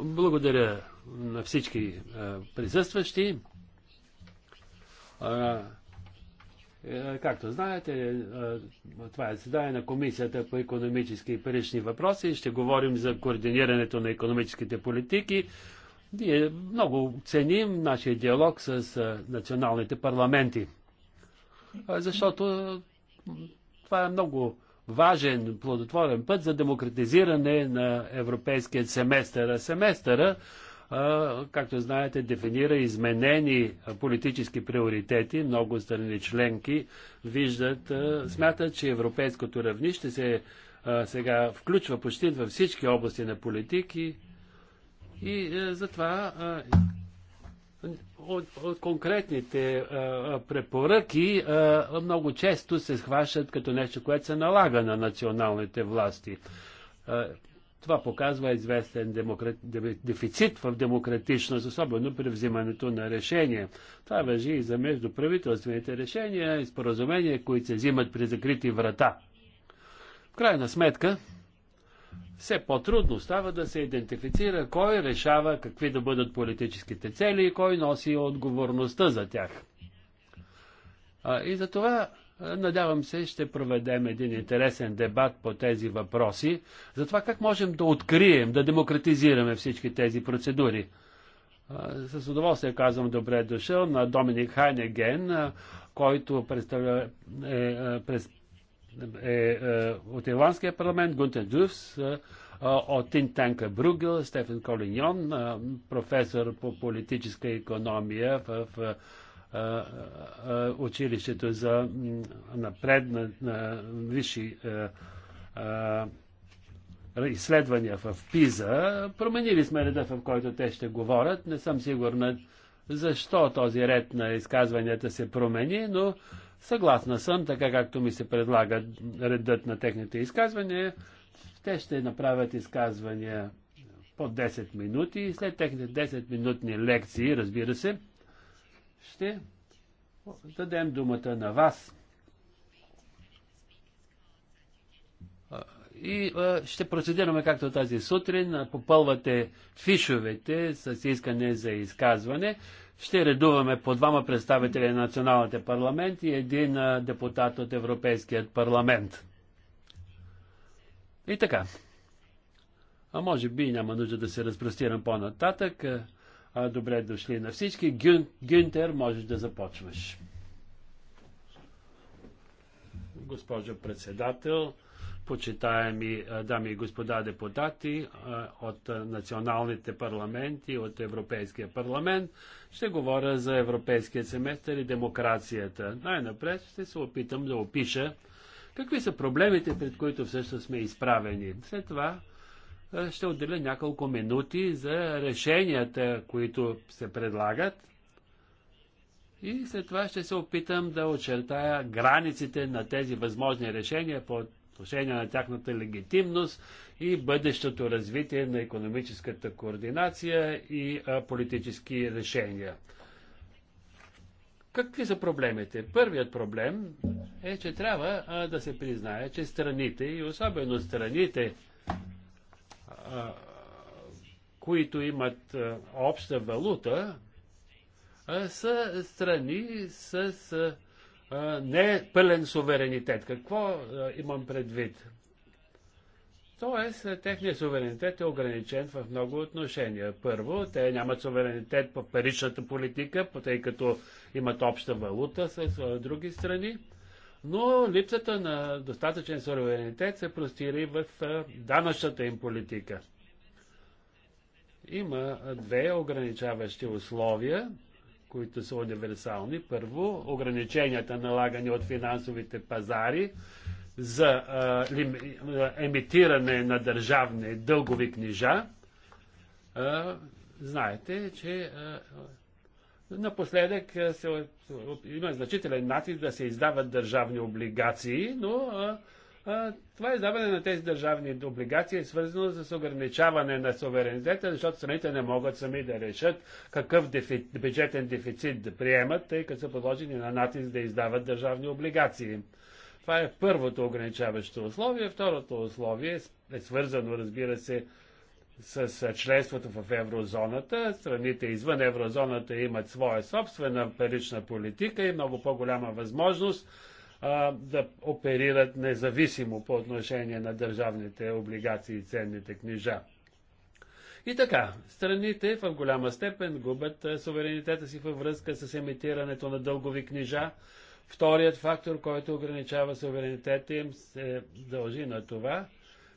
Благодаря на всички е, присъстващи. Е, е, както знаете, това е седание на Комисията по економически и парични въпроси. Ще говорим за координирането на економическите политики. Ние много ценим нашия диалог с националните парламенти, защото това е много важен, плодотворен път за демократизиране на Европейския семестър. семестъра, както знаете, дефинира изменени политически приоритети. Много страни членки виждат, смятат, че европейското равнище се сега включва почти във всички области на политики и затова от, от конкретните а, препоръки а, много често се схващат като нещо, което се налага на националните власти. А, това показва известен демокра... дефицит в демократичност, особено при взимането на решения. Това въжи и за междуправителствените решения и споразумения, които се взимат при закрити врата. В крайна сметка, все по-трудно става да се идентифицира кой решава какви да бъдат политическите цели и кой носи отговорността за тях. И за това Надявам се, ще проведем един интересен дебат по тези въпроси, за това как можем да открием, да демократизираме всички тези процедури. С удоволствие казвам добре дошъл на Доминик Хайнеген, който представля, е, през, е, е от Ирландския парламент, Гунтер Дювс, е, е, от Тинтанка Бругел, Стефан Колиньон, професор по политическа економия в училището за напред на, на висши изследвания в Пиза. Променили сме реда, в който те ще говорят. Не съм сигурна защо този ред на изказванията се промени, но Съгласна съм, така както ми се предлага редът на техните изказвания, те ще направят изказвания по 10 минути и след техните 10-минутни лекции, разбира се, ще дадем думата на вас. И ще процедираме както тази сутрин. Попълвате фишовете с искане за изказване ще редуваме по двама представители на националните парламенти и един депутат от Европейският парламент. И така. А може би няма нужда да се разпростирам по-нататък. добре дошли на всички. Гюн, Гюнтер, можеш да започваш. Госпожо председател, почитаеми е, дами и господа депутати е, от националните парламенти, от Европейския парламент. Ще говоря за Европейския семестър и демокрацията. Най-напред ще се опитам да опиша какви са проблемите, пред които всъщност сме изправени. След това е, ще отделя няколко минути за решенията, които се предлагат. И след това ще се опитам да очертая границите на тези възможни решения по отношение на тяхната легитимност и бъдещото развитие на економическата координация и политически решения. Какви са проблемите? Първият проблем е, че трябва да се признае, че страните и особено страните, които имат обща валута, са страни с не е пълен суверенитет. Какво имам предвид? Тоест, техният суверенитет е ограничен в много отношения. Първо, те нямат суверенитет по паричната политика, тъй като имат обща валута с други страни, но липсата на достатъчен суверенитет се простири в данъчната им политика. Има две ограничаващи условия които са универсални. Първо, ограниченията налагани от финансовите пазари за а, лим, емитиране на държавни дългови книжа. А, знаете, че а, напоследък се, има значителен натиск да се издават държавни облигации, но а, това е издаване на тези държавни облигации е свързано с ограничаване на суверенитета, защото страните не могат сами да решат какъв дефи... бюджетен дефицит да приемат, тъй като са подложени на натиск да издават държавни облигации. Това е първото ограничаващо условие. Второто условие е, е свързано, разбира се, с членството в еврозоната. Страните извън еврозоната имат своя собствена парична политика и много по-голяма възможност а, да оперират независимо по отношение на държавните облигации и ценните книжа. И така, страните в голяма степен губят суверенитета си във връзка с емитирането на дългови книжа. Вторият фактор, който ограничава суверенитета им, се дължи на това,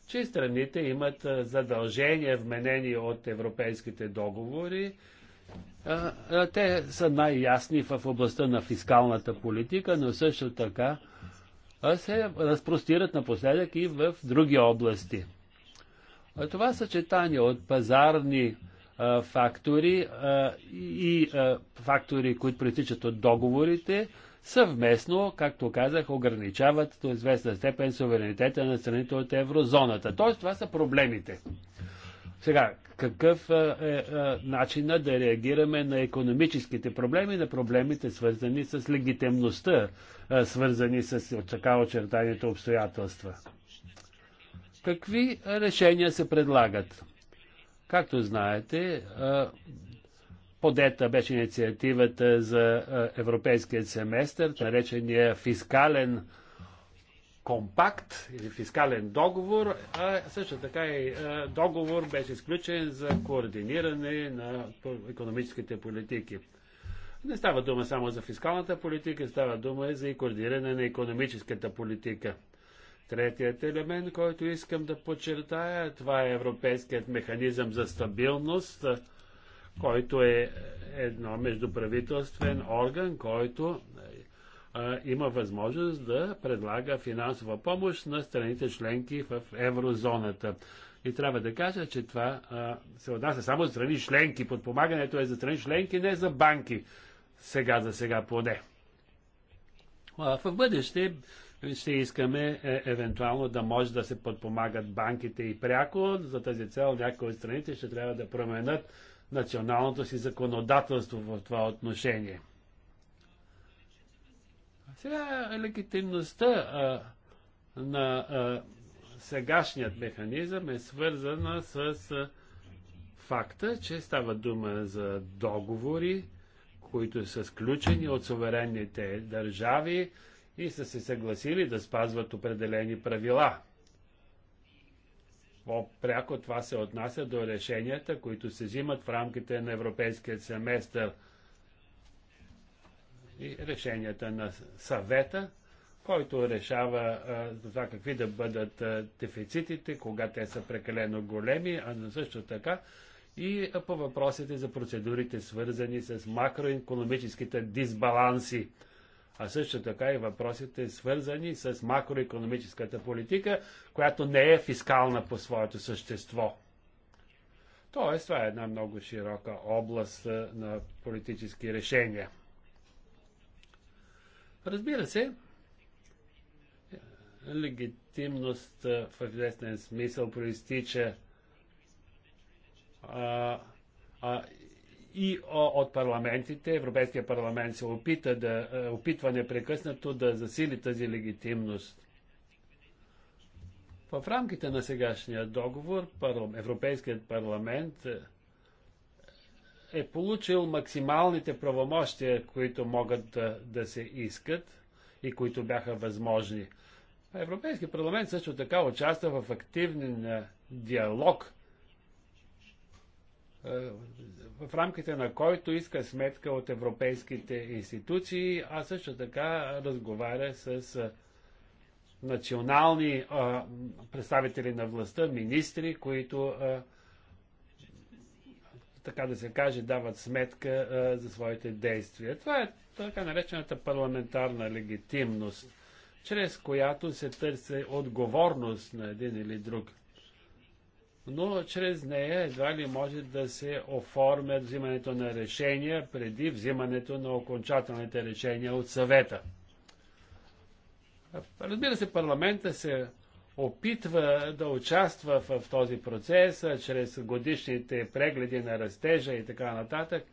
че страните имат задължения, вменени от европейските договори, те са най-ясни в областта на фискалната политика, но също така се разпростират напоследък и в други области. Това съчетание от пазарни фактори и фактори, които притичат от договорите, съвместно, както казах, ограничават до известна степен суверенитета на страните от еврозоната. Тоест, това са проблемите. Сега, какъв е начина да реагираме на економическите проблеми, на проблемите свързани с легитимността, свързани с така очертаните обстоятелства? Какви решения се предлагат? Както знаете, подета беше инициативата за европейския семестър, наречения фискален компакт или фискален договор, а също така и договор беше изключен за координиране на економическите политики. Не става дума само за фискалната политика, става дума и за и координиране на економическата политика. Третият елемент, който искам да подчертая, това е Европейският механизъм за стабилност, който е едно междуправителствен орган, който има възможност да предлага финансова помощ на страните членки в еврозоната. И трябва да кажа, че това а, се отнася само за страни членки. Подпомагането е за страни членки, не за банки. Сега за сега поне. А, в бъдеще ще искаме е, евентуално да може да се подпомагат банките и пряко. За тази цел някои от страните ще трябва да променят националното си законодателство в това отношение. Сега легитимността а, на а, сегашният механизъм е свързана с а, факта, че става дума за договори, които са сключени от суверенните държави и са се съгласили да спазват определени правила. По-пряко това се отнася до решенията, които се взимат в рамките на европейския семестър – и решенията на съвета, който решава за това какви да бъдат дефицитите, кога те са прекалено големи, а на също така и по въпросите за процедурите, свързани с макроекономическите дисбаланси, а също така и въпросите, свързани с макроекономическата политика, която не е фискална по своето същество. Тоест, това е една много широка област на политически решения. Разбира се, легитимност в известен смисъл проистича а, а, и от парламентите. Европейския парламент се опита да, опитва непрекъснато да засили тази легитимност. В рамките на сегашния договор Европейският парламент е получил максималните правомощия, които могат да, да се искат и които бяха възможни. Европейски парламент също така участва в активен диалог, в рамките на който иска сметка от европейските институции, а също така разговаря с национални представители на властта, министри, които така да се каже, дават сметка а, за своите действия. Това е така наречената парламентарна легитимност, чрез която се търси отговорност на един или друг. Но чрез нея едва ли може да се оформят взимането на решения преди взимането на окончателните решения от съвета. Разбира се, парламента се опитва да участва в, в този процес а, чрез годишните прегледи на растежа и така нататък,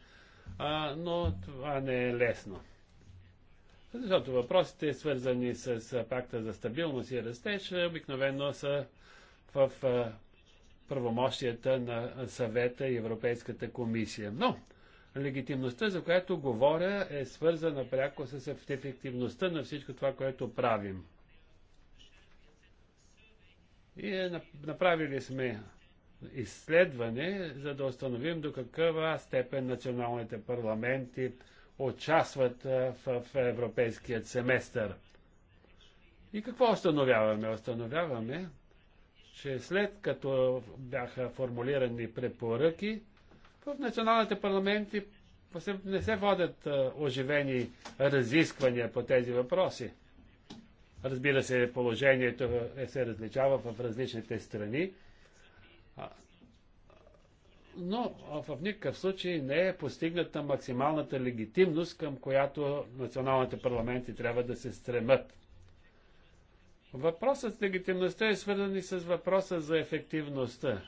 а, но това не е лесно. Защото въпросите, свързани с, пакта за стабилност и растеж, обикновено са в правомощията на съвета и Европейската комисия. Но легитимността, за която говоря, е свързана пряко с ефективността на всичко това, което правим. И е направили сме изследване, за да установим до какъва степен националните парламенти участват в европейският семестър. И какво установяваме? Установяваме, че след като бяха формулирани препоръки, в националните парламенти не се водят оживени разисквания по тези въпроси. Разбира се, положението е, се различава в различните страни, но в никакъв случай не е постигната максималната легитимност, към която националните парламенти трябва да се стремят. Въпросът с легитимността е свързан и с въпроса за ефективността.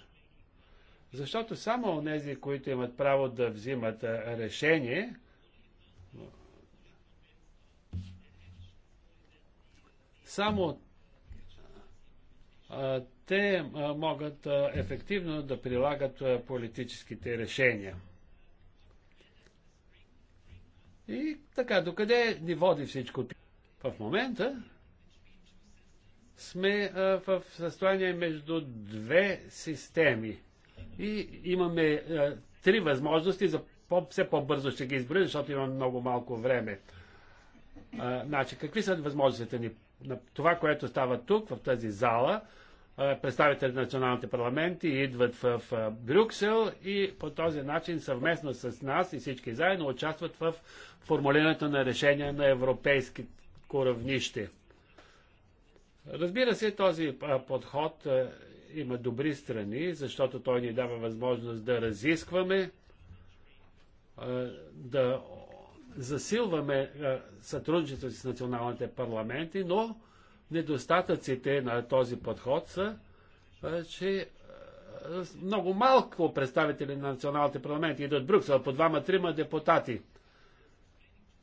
Защото само нези, които имат право да взимат решение, Само те могат ефективно да прилагат политическите решения. И така, докъде ни води всичко? В момента сме в състояние между две системи. И имаме три възможности за по, все по-бързо ще ги изброя, защото имам много малко време. А, значи, какви са възможностите ни? на това, което става тук, в тази зала, представители на националните парламенти идват в Брюксел и по този начин съвместно с нас и всички заедно участват в формулирането на решения на европейски равнище. Разбира се, този подход има добри страни, защото той ни дава възможност да разискваме, да засилваме е, сътрудничеството с националните парламенти, но недостатъците на този подход са, е, че е, много малко представители на националните парламенти идват в Брюксел, по двама-трима депутати.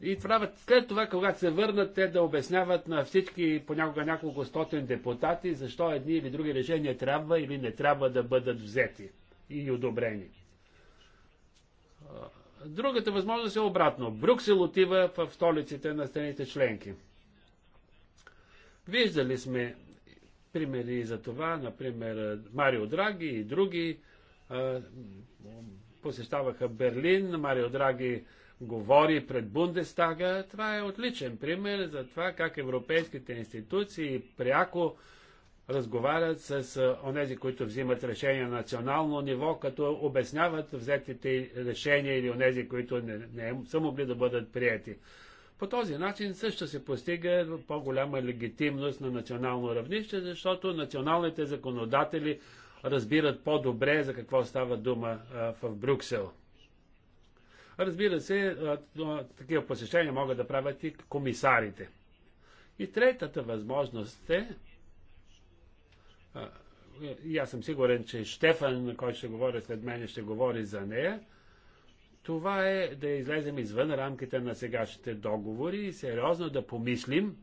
И правят, след това, когато се върнат, те да обясняват на всички понякога няколко стотин депутати, защо едни или други решения трябва или не трябва да бъдат взети и одобрени. Другата възможност е обратно. Брюксел отива в столиците на страните членки. Виждали сме примери за това, например Марио Драги и други посещаваха Берлин, Марио Драги говори пред Бундестага. Това е отличен пример за това как европейските институции пряко разговарят с онези, които взимат решения на национално ниво, като обясняват взетите решения или онези, които не, не са могли да бъдат прияти. По този начин също се постига по-голяма легитимност на национално равнище, защото националните законодатели разбират по-добре за какво става дума в Брюксел. Разбира се, такива посещения могат да правят и комисарите. И третата възможност е и аз съм сигурен, че Штефан, който ще говори след мен, ще говори за нея, това е да излезем извън рамките на сегашните договори и сериозно да помислим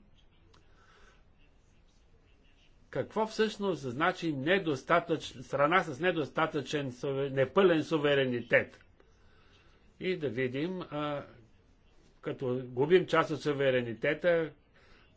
какво всъщност значи недостатъч, страна с недостатъчен, непълен суверенитет. И да видим, а, като губим част от суверенитета,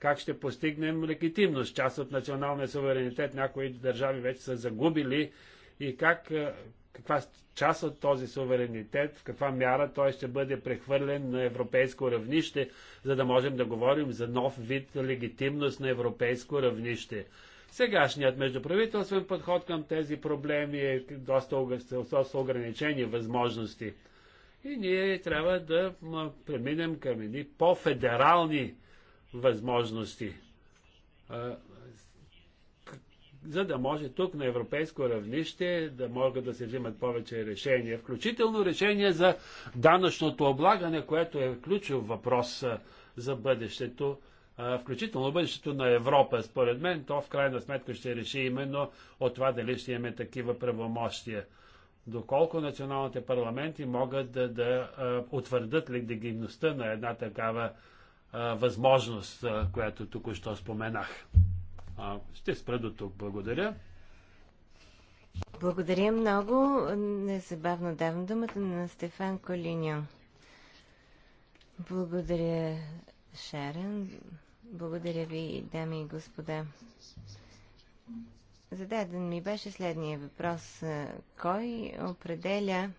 как ще постигнем легитимност. Част от националния суверенитет някои държави вече са загубили и как, е, каква част от този суверенитет, в каква мяра той ще бъде прехвърлен на европейско равнище, за да можем да говорим за нов вид легитимност на европейско равнище. Сегашният междуправителствен подход към тези проблеми е доста, доста ограничени възможности. И ние трябва да преминем към едни по-федерални възможности, за да може тук на европейско равнище да могат да се взимат повече решения, включително решение за данъчното облагане, което е ключов въпрос за бъдещето, включително бъдещето на Европа. Според мен то в крайна сметка ще реши именно от това дали ще имаме такива правомощия доколко националните парламенти могат да, да а, утвърдят легитимността на една такава възможност, която току-що споменах. ще спра до тук. Благодаря. Благодаря много. Незабавно давам думата на Стефан Колиньо. Благодаря, Шарен. Благодаря ви, дами и господа. Зададен ми беше следния въпрос. Кой определя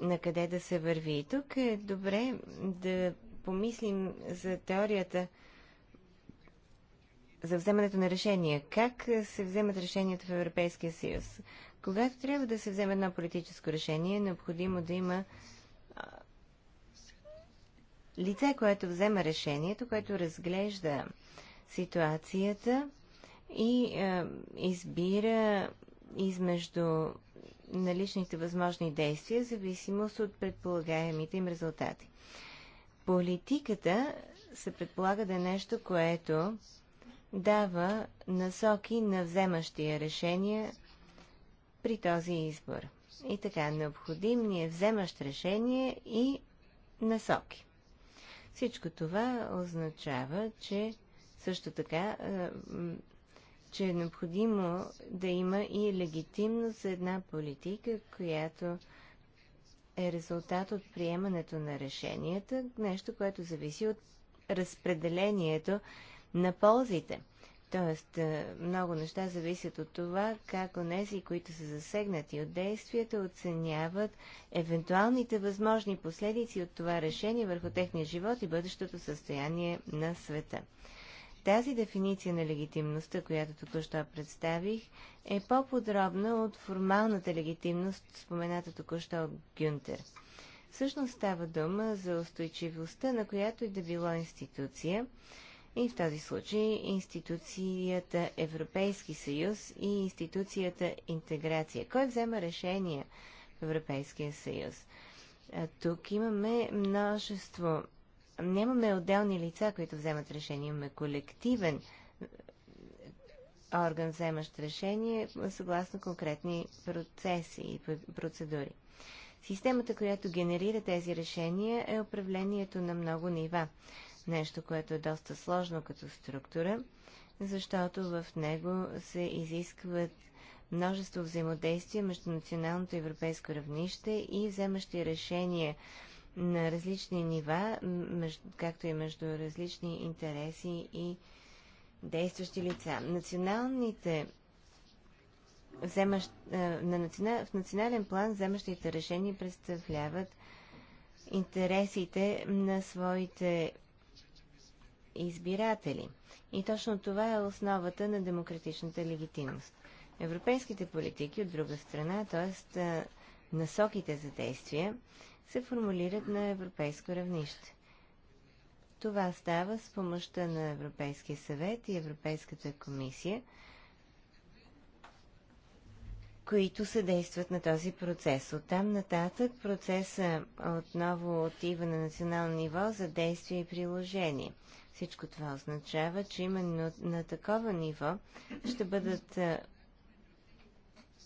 на къде да се върви. И тук е добре да помислим за теорията за вземането на решения. Как се вземат решенията в Европейския съюз? Когато трябва да се вземе едно политическо решение, е необходимо да има лице, което взема решението, което разглежда ситуацията и е, избира измежду наличните възможни действия в зависимост от предполагаемите им резултати. Политиката се предполага да е нещо, което дава насоки на вземащия решения при този избор. И така, необходим ни е вземащ решение и насоки. Всичко това означава, че също така е, че е необходимо да има и легитимност за една политика, която е резултат от приемането на решенията, нещо, което зависи от разпределението на ползите. Тоест, е, много неща зависят от това, как онези, които са засегнати от действията, оценяват евентуалните възможни последици от това решение върху техния живот и бъдещото състояние на света. Тази дефиниция на легитимността, която току-що представих, е по-подробна от формалната легитимност, спомената току-що от Гюнтер. Всъщност става дума за устойчивостта на която и да било институция, и в този случай институцията Европейски съюз и институцията интеграция. Кой взема решения в Европейския съюз? тук имаме множество нямаме отделни лица, които вземат решение. Имаме колективен орган, вземащ решение съгласно конкретни процеси и процедури. Системата, която генерира тези решения е управлението на много нива. Нещо, което е доста сложно като структура, защото в него се изискват множество взаимодействия между националното и европейско равнище и вземащи решения на различни нива, както и между различни интереси и действащи лица. Националните вземащ, е, на в национален план вземащите решения представляват интересите на своите избиратели. И точно това е основата на демократичната легитимност. Европейските политики, от друга страна, т.е. Е, насоките за действие, се формулират на европейско равнище. Това става с помощта на Европейския съвет и Европейската комисия, които съдействат на този процес. Оттам нататък процеса отново отива на национално ниво за действие и приложение. Всичко това означава, че именно на такова ниво ще бъдат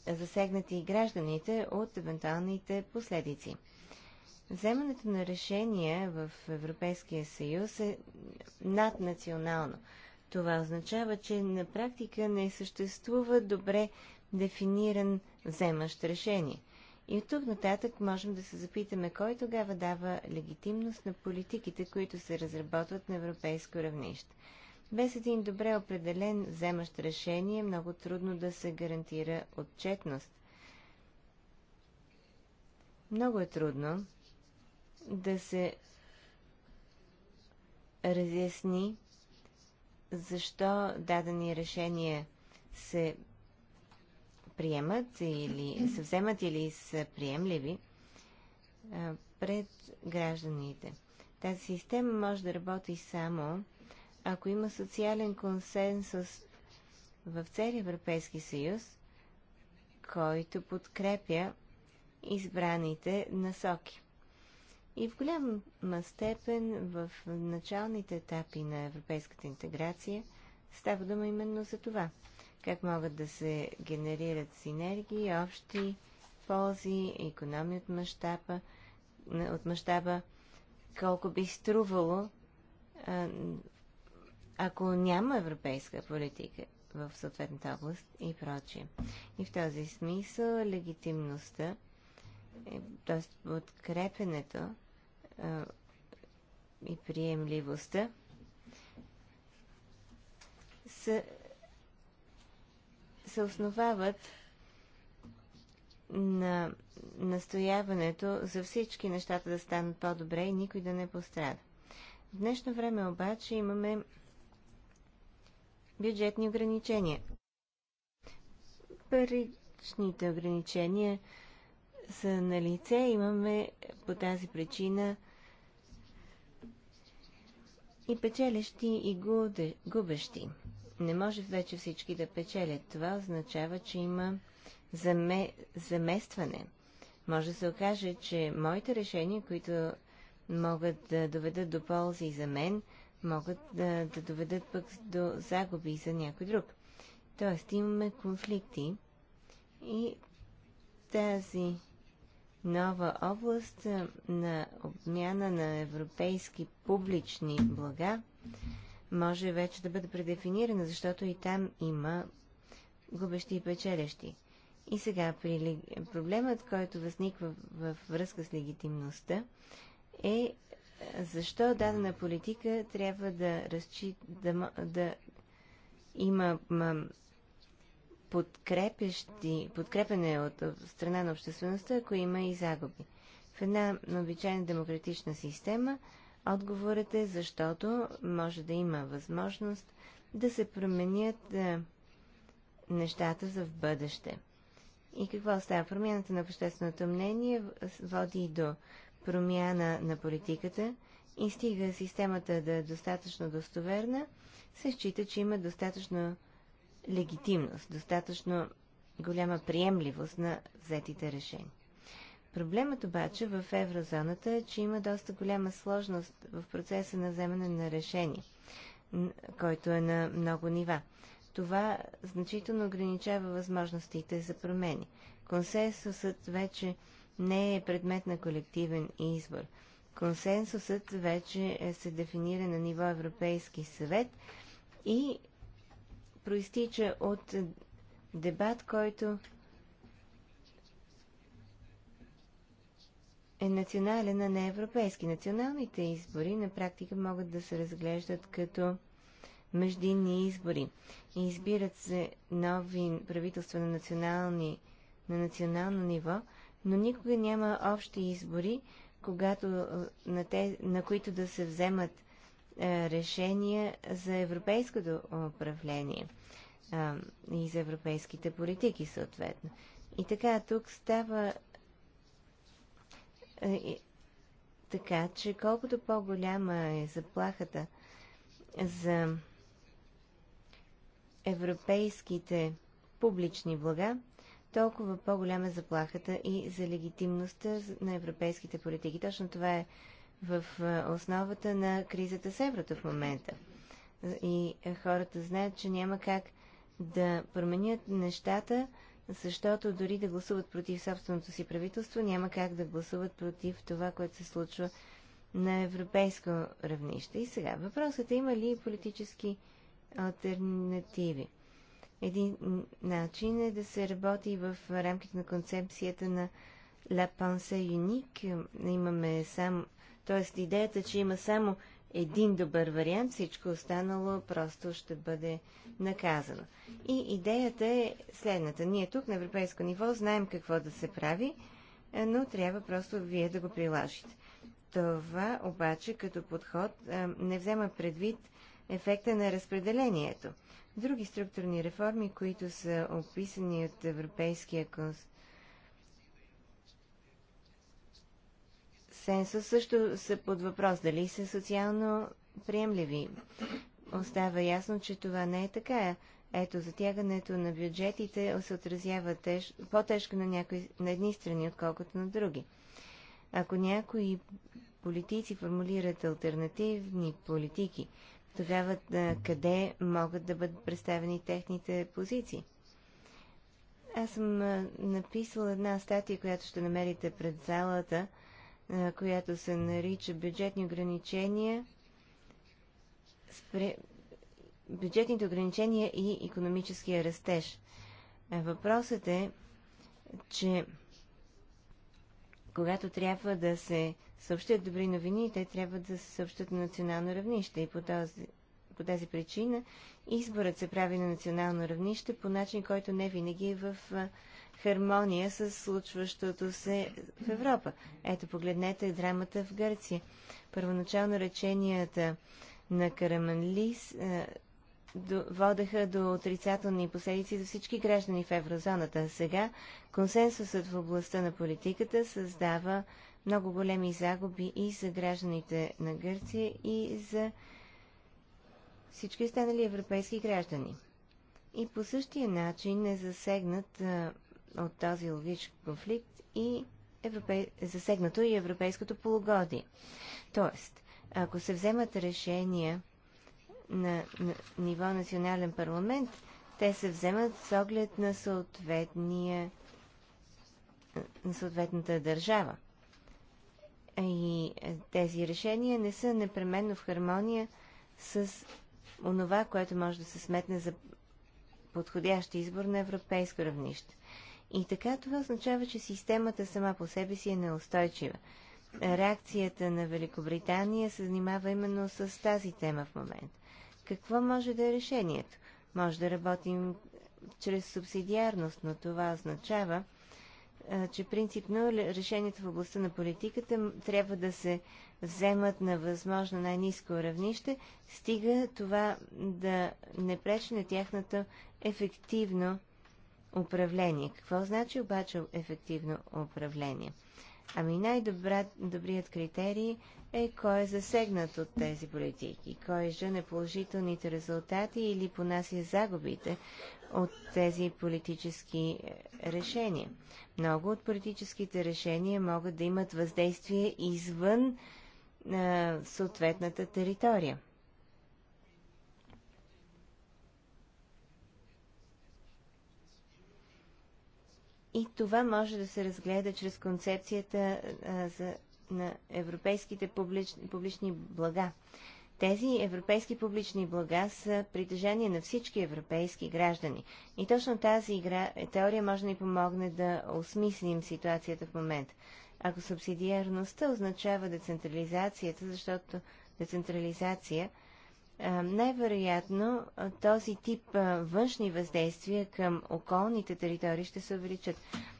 засегнати и гражданите от евентуалните последици. Вземането на решения в Европейския съюз е наднационално. Това означава, че на практика не съществува добре дефиниран вземащ решение. И от тук нататък можем да се запитаме кой тогава дава легитимност на политиките, които се разработват на европейско равнище. Без един добре определен вземащ решение е много трудно да се гарантира отчетност. Много е трудно да се разясни защо дадени решения се приемат или се вземат или са приемливи пред гражданите. Тази система може да работи само ако има социален консенсус в целия Европейски съюз, който подкрепя избраните насоки. И в голяма степен в началните етапи на европейската интеграция става дума именно за това. Как могат да се генерират синергии, общи ползи, економи от мащаба, от мащаба колко би струвало, ако няма европейска политика в съответната област и прочие. И в този смисъл легитимността, е, т.е. подкрепенето и приемливостта се, се основават на настояването за всички нещата да станат по-добре и никой да не пострада. В днешно време обаче имаме бюджетни ограничения. Паричните ограничения – са на лице. Имаме по тази причина и печелещи, и губещи. Не може вече всички да печелят. Това означава, че има заме... заместване. Може да се окаже, че моите решения, които могат да доведат до ползи за мен, могат да, да доведат пък до загуби за някой друг. Тоест имаме конфликти и тази нова област на обмяна на европейски публични блага може вече да бъде предефинирана, защото и там има губещи и печелещи. И сега при проблемът, който възниква във връзка с легитимността, е, е защо дадена политика трябва да, разчи, да, да има подкрепящи, подкрепене от, страна на обществеността, ако има и загуби. В една обичайна демократична система отговорът е защото може да има възможност да се променят е, нещата за в бъдеще. И какво става? Промяната на общественото мнение води до промяна на политиката и стига системата да е достатъчно достоверна, се счита, че има достатъчно легитимност, достатъчно голяма приемливост на взетите решения. Проблемът обаче в еврозоната е, че има доста голяма сложност в процеса на вземане на решение, който е на много нива. Това значително ограничава възможностите за промени. Консенсусът вече не е предмет на колективен избор. Консенсусът вече е, се дефинира на ниво Европейски съвет и проистича от дебат, който е национален, а не европейски. Националните избори на практика могат да се разглеждат като междинни избори. И избират се нови правителства на, национални, на национално ниво, но никога няма общи избори, когато е, на, те, на които да се вземат е, решения за европейското управление и за европейските политики съответно. И така, тук става е, така, че колкото по-голяма е заплахата за европейските публични блага, толкова по-голяма е заплахата и за легитимността на европейските политики. Точно това е в основата на кризата с еврото в момента. И хората знаят, че няма как да променят нещата, защото дори да гласуват против собственото си правителство, няма как да гласуват против това, което се случва на европейско равнище. И сега въпросът е има ли политически альтернативи. Един начин е да се работи в рамките на концепцията на La Pensée Unique. Имаме сам Тоест идеята, че има само един добър вариант, всичко останало просто ще бъде наказано. И идеята е следната. Ние тук на европейско ниво знаем какво да се прави, е, но трябва просто вие да го приложите. Това обаче като подход е, не взема предвид ефекта на разпределението. Други структурни реформи, които са описани от Европейския конс... консенсус също са под въпрос дали са социално приемливи. Остава ясно, че това не е така. Ето, затягането на бюджетите се отразява теж... по-тежко на, някои... на едни страни, отколкото на други. Ако някои политици формулират альтернативни политики, тогава а, къде могат да бъдат представени техните позиции? Аз съм написала една статия, която ще намерите пред залата която се нарича бюджетни ограничения, спре... бюджетните ограничения и економическия растеж. Въпросът е, че когато трябва да се съобщат добри новини, те трябва да се съобщат на национално равнище. И по тази, по тази причина изборът се прави на национално равнище по начин, който не винаги е в хармония с случващото се в Европа. Ето, погледнете драмата в Гърция. Първоначално реченията на Караманлис е, водеха до отрицателни последици за всички граждани в еврозоната. Сега консенсусът в областта на политиката създава много големи загуби и за гражданите на Гърция, и за всички останали европейски граждани. И по същия начин е засегнат а, е, от този логичен конфликт и европе... засегнато и европейското полугодие. Тоест, ако се вземат решения на, на ниво национален парламент, те се вземат с оглед на, съответния, на съответната държава. И тези решения не са непременно в хармония с онова, което може да се сметне за подходящ избор на европейско равнище. И така това означава, че системата сама по себе си е неустойчива. Реакцията на Великобритания се занимава именно с тази тема в момента. Какво може да е решението? Може да работим чрез субсидиарност, но това означава, че принципно решението в областта на политиката трябва да се вземат на възможно най-низко равнище, стига това да не пречи на тяхната ефективно управление. Какво значи обаче ефективно управление? Ами най-добрият критерий е кой е засегнат от тези политики, кой жене е положителните резултати или понася загубите от тези политически е, решения. Много от политическите решения могат да имат въздействие извън а, е, съответната територия. И това може да се разгледа чрез концепцията а, за, на европейските публич, публични блага. Тези европейски публични блага са притежание на всички европейски граждани. И точно тази игра, е, теория може да ни помогне да осмислим ситуацията в момента. Ако субсидиарността означава децентрализацията, защото децентрализация – е, най-вероятно е, този тип е, външни въздействия към околните територии ще се увеличат.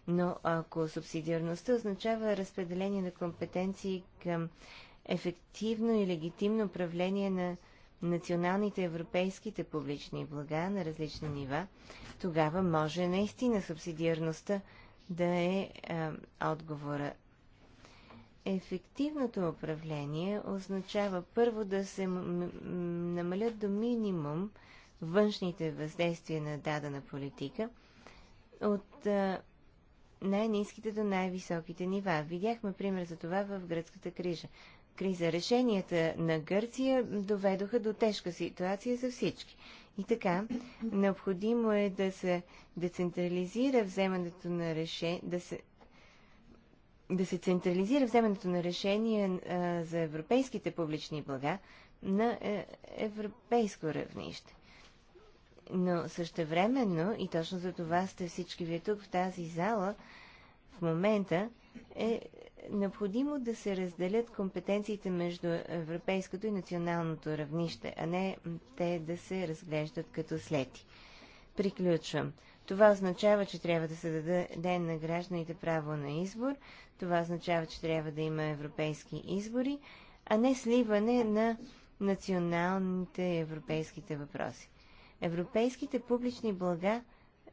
Но ако субсидиарността означава разпределение на компетенции към ефективно и легитимно управление на националните европейските публични блага на различни нива, тогава може наистина субсидиарността да е а, отговора Ефективното управление означава първо да се намалят до минимум външните въздействия на дадена политика от най-низките до най-високите нива. Видяхме пример за това в гръцката криза. криза. Решенията на Гърция доведоха до тежка ситуация за всички. И така, необходимо е да се децентрализира вземането на решение, да се да се централизира вземането на решения а, за европейските публични блага на е, европейско равнище. Но същевременно, и точно за това сте всички вие тук в тази зала, в момента е необходимо да се разделят компетенциите между европейското и националното равнище, а не те да се разглеждат като слети. Приключвам. Това означава, че трябва да се даде ден на гражданите право на избор. Това означава, че трябва да има европейски избори, а не сливане на националните европейските въпроси. Европейските публични блага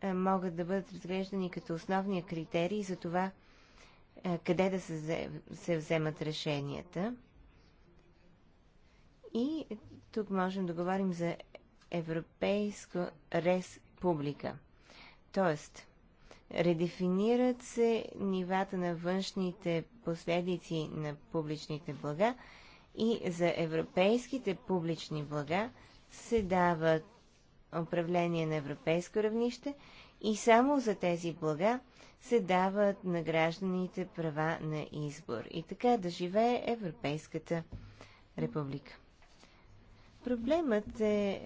е, могат да бъдат разглеждани като основния критерий за това е, къде да се, се вземат решенията. И тук можем да говорим за европейско рес публика. Тоест, редефинират се нивата на външните последици на публичните блага и за европейските публични блага се дават управление на европейско равнище и само за тези блага се дават на гражданите права на избор. И така да живее Европейската република. Проблемът е,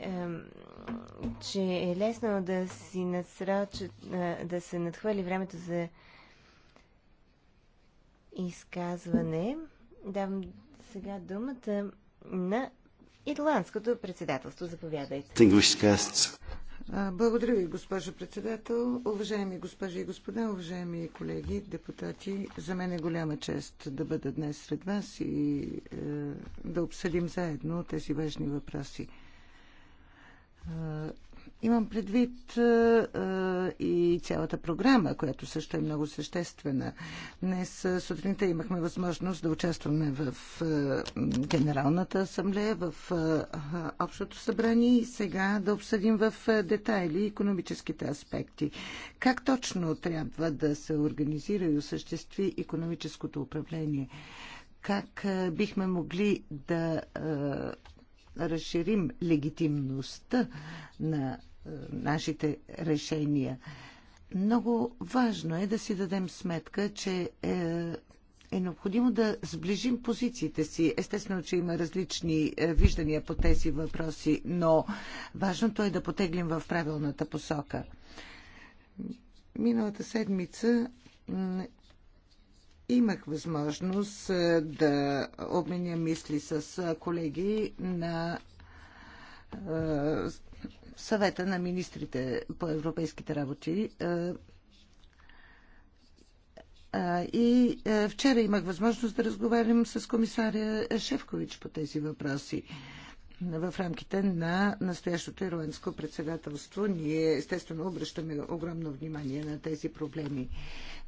че е лесно да, си надсрочат, да се надхвърли времето за изказване. Давам сега думата на Ирландското председателство. Заповядайте. Благодаря ви, госпожо председател. Уважаеми госпожи и господа, уважаеми колеги, депутати, за мен е голяма чест да бъда днес сред вас и е, да обсъдим заедно тези важни въпроси. Имам предвид е, е, и цялата програма, която също е много съществена. Днес е, сутринта имахме възможност да участваме в Генералната асамблея, в Общото събрание и сега да обсъдим в детайли економическите аспекти. Как точно трябва да се организира и осъществи економическото управление? Как бихме могли да разширим легитимността на е, нашите решения. Много важно е да си дадем сметка, че е, е необходимо да сближим позициите си. Естествено, че има различни е, виждания по тези въпроси, но важното е да потеглим в правилната посока. Миналата седмица Имах възможност да обменя мисли с колеги на съвета на министрите по европейските работи. И вчера имах възможност да разговарям с комисаря Шефкович по тези въпроси в рамките на настоящото ирландско председателство. Ние естествено обръщаме огромно внимание на тези проблеми.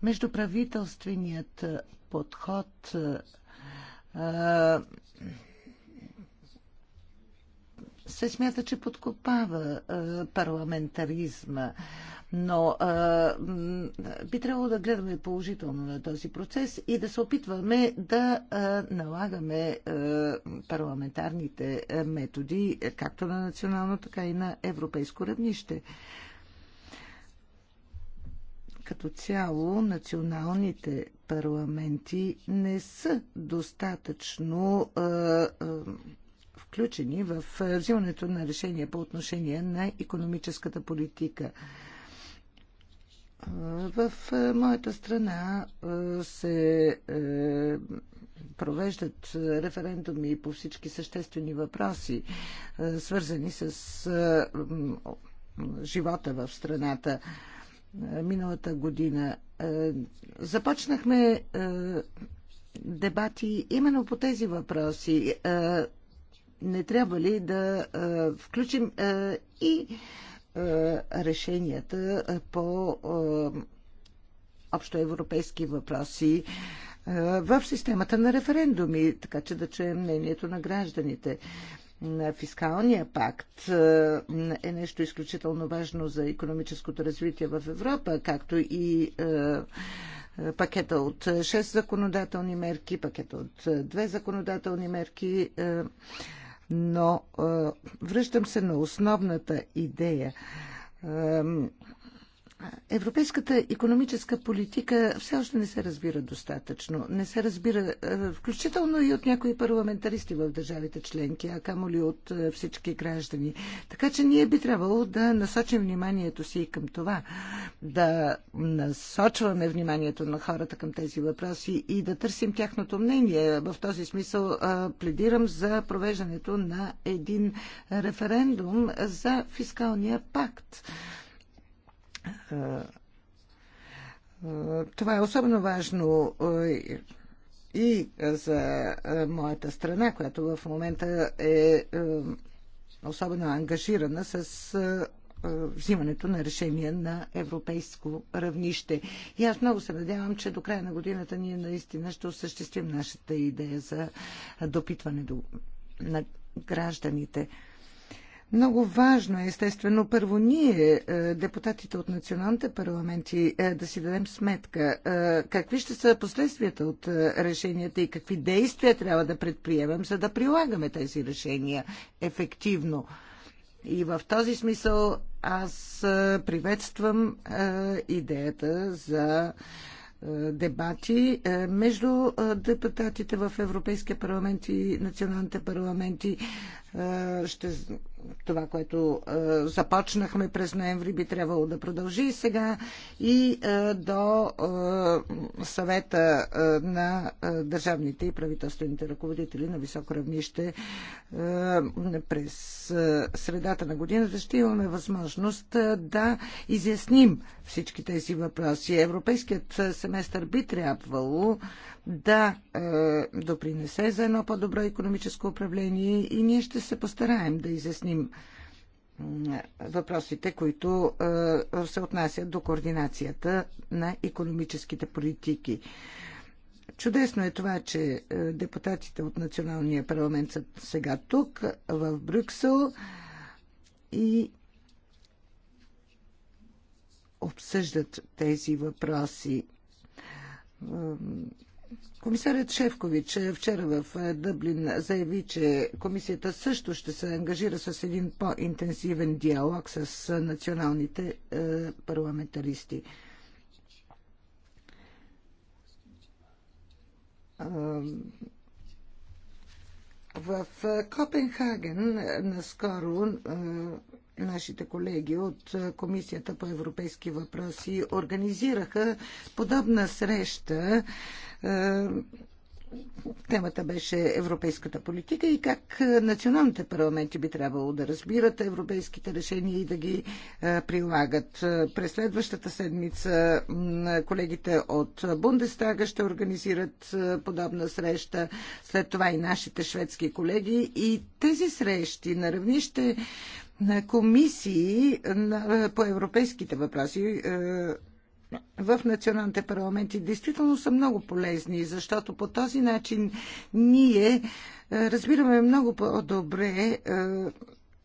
Междуправителственият подход се смята, че подкопава парламентаризма но а, би трябвало да гледаме положително на този процес и да се опитваме да а, налагаме а, парламентарните методи, е, както на национално, така и на европейско равнище като цяло националните парламенти не са достатъчно а, а, включени в взимането на решения по отношение на економическата политика. В е, моята страна е, се е, провеждат референдуми по всички съществени въпроси, свързани с живота в страната. Миналата година започнахме дебати именно по тези въпроси. Не трябва ли да включим и е, решенията е, по е, общоевропейски въпроси в системата на референдуми, така че да чуем мнението на гражданите. Фискалния пакт е нещо изключително важно за економическото развитие в Европа, както и пакета от 6 законодателни мерки, пакета от 2 законодателни мерки но е, връщам се на основната идея. Европейската економическа политика все още не се разбира достатъчно. Не се разбира е, включително и от някои парламентаристи в държавите членки, а камо ли от е, всички граждани. Така че ние би трябвало да насочим вниманието си и към това. Да насочваме вниманието на хората към тези въпроси и да търсим тяхното мнение. В този смисъл е, пледирам за провеждането на един референдум за фискалния пакт това е особено важно и за моята страна, която в момента е особено ангажирана с взимането на решения на европейско равнище. И аз много се надявам, че до края на годината ние наистина ще осъществим нашата идея за допитване до, на гражданите. Много важно е, естествено, първо ние, е, депутатите от националните парламенти, е, да си дадем сметка е, какви ще са последствията от решенията и какви действия трябва да предприемем, за да прилагаме тези решения ефективно. И в този смисъл аз приветствам идеята за дебати между депутатите в Европейския парламент и националните парламенти. Ще това, което започнахме през ноември, би трябвало да продължи и сега и до съвета на държавните и правителствените ръководители на високо равнище през средата на годината ще имаме възможност да изясним всички тези въпроси. Европейският семестър би трябвало да е, допринесе за едно по-добро економическо управление и ние ще се постараем да изясним въпросите, които е, се отнасят до координацията на економическите политики. Чудесно е това, че е, депутатите от Националния парламент са сега тук, в Брюксел и обсъждат тези въпроси. Комисарят Шефкович е, вчера в е, Дъблин заяви, че комисията също ще се ангажира с един по-интенсивен диалог с е, националните парламентаристи. В Копенхаген наскоро нашите колеги от Комисията по европейски въпроси организираха подобна среща. Темата беше европейската политика и как националните парламенти би трябвало да разбират европейските решения и да ги прилагат. През следващата седмица колегите от Бундестага ще организират подобна среща, след това и нашите шведски колеги. И тези срещи на равнище на комисии е, по европейските въпроси е, в националните парламенти действително са много полезни, защото по този начин ние е, разбираме много по-добре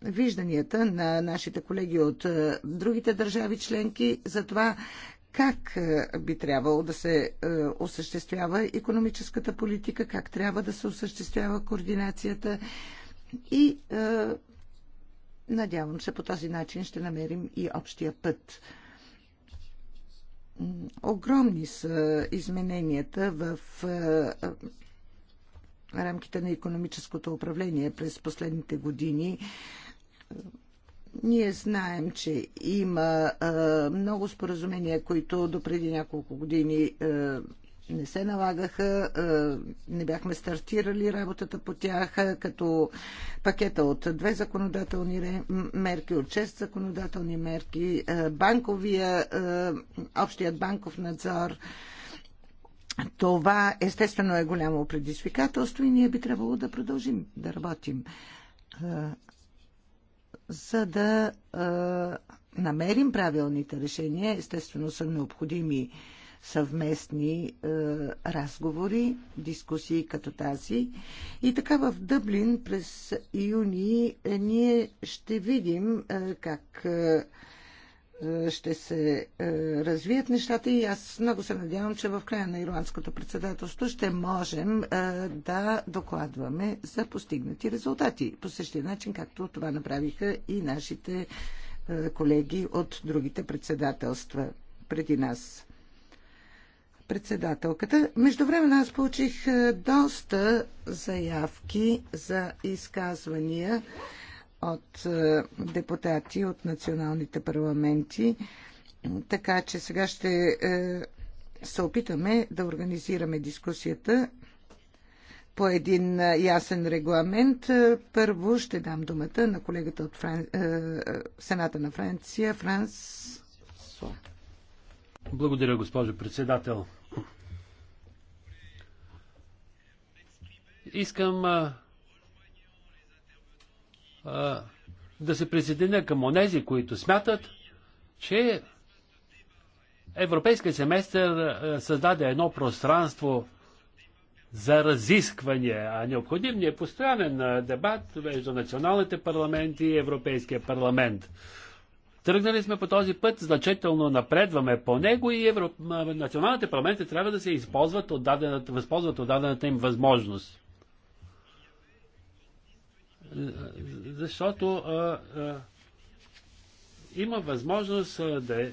вижданията на нашите колеги от другите държави членки за това как би трябвало да се осъществява економическата политика, как трябва да се осъществява координацията и Надявам се, по този начин ще намерим и общия път. Огромни са измененията в е, е, рамките на економическото управление през последните години. Ние знаем, че има е, много споразумения, които допреди няколко години не се налагаха, не бяхме стартирали работата по тях, като пакета от две законодателни мерки, от шест законодателни мерки, банковия, общият банков надзор. Това естествено е голямо предизвикателство и ние би трябвало да продължим да работим, за да намерим правилните решения. Естествено са необходими съвместни е, разговори, дискусии като тази. И така в Дъблин през юни е, ние ще видим е, как е, е, ще се е, развият нещата и аз много се надявам, че в края на ирландското председателство ще можем е, да докладваме за постигнати резултати. По същия начин, както това направиха и нашите е, колеги от другите председателства преди нас председателката. Между време аз получих е, доста заявки за изказвания от е, депутати от националните парламенти, така че сега ще е, се опитаме да организираме дискусията по един ясен регламент. Първо ще дам думата на колегата от Фран... Сената на Франция, Франс благодаря, госпожо председател. Искам а, а, да се присъединя към онези, които смятат, че Европейския семестър създаде едно пространство за разискване, а необходим ни е постоянен дебат между националните парламенти и Европейския парламент. Тръгнали сме по този път, значително напредваме по него и Евро... националните парламенти трябва да се използват от дадената, възползват от дадената им възможност. Защото а, а, има възможност а, да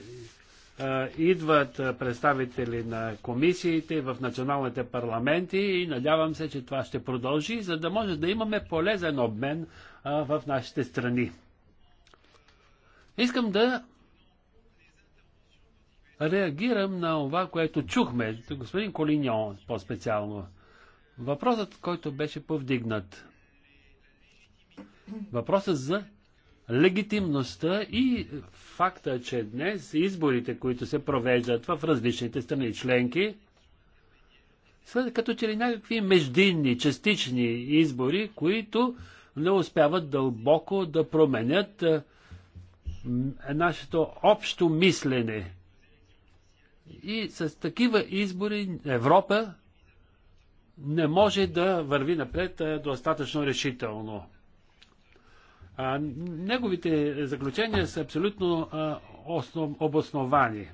а, идват представители на комисиите в националните парламенти и надявам се, че това ще продължи, за да може да имаме полезен обмен а, в нашите страни. Искам да реагирам на това, което чухме, господин Колиньон по-специално. Въпросът, който беше повдигнат. Въпросът за легитимността и факта, че днес изборите, които се провеждат в различните страни членки, са като че ли някакви междинни, частични избори, които не успяват дълбоко да променят е нашето общо мислене. И с такива избори Европа не може да върви напред достатъчно решително. А, неговите заключения са абсолютно а, основ, обосновани.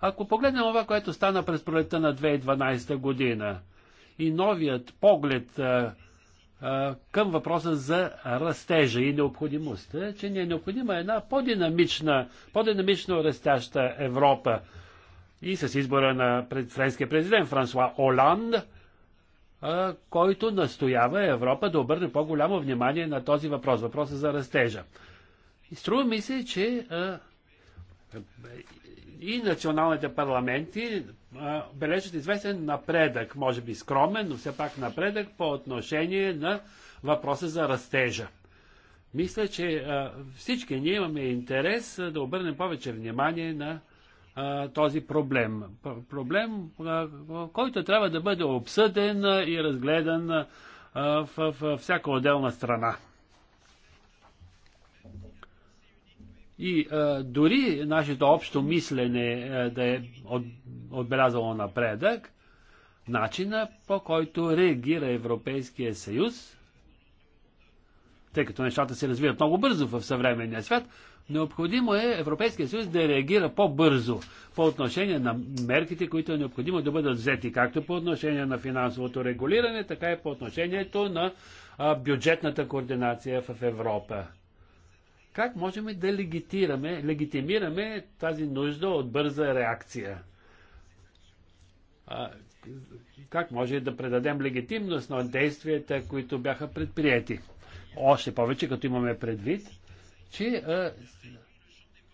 Ако погледнем това, което стана през пролета на 2012 година и новият поглед а, към въпроса за растежа и необходимостта, че ни е необходима една по-динамична, по-динамично растяща Европа. И с избора на френския президент Франсуа Оланд, който настоява Европа да обърне по-голямо внимание на този въпрос, въпроса за растежа. И струва ми се, че и националните парламенти бележат известен напредък, може би скромен, но все пак напредък по отношение на въпроса за растежа. Мисля, че всички ние имаме интерес да обърнем повече внимание на този проблем. Проблем, който трябва да бъде обсъден и разгледан в всяка отделна страна. И е, дори нашето общо мислене е, да е от, отбелязало напредък, начина по който реагира Европейския съюз, тъй като нещата се развиват много бързо в съвременния свят, необходимо е Европейския съюз да реагира по-бързо по отношение на мерките, които е необходимо да бъдат взети, както по отношение на финансовото регулиране, така и по отношението на а, бюджетната координация в Европа. Как можем да легитираме, легитимираме тази нужда от бърза реакция? А, как може да предадем легитимност на действията, които бяха предприяти? Още повече, като имаме предвид, че а,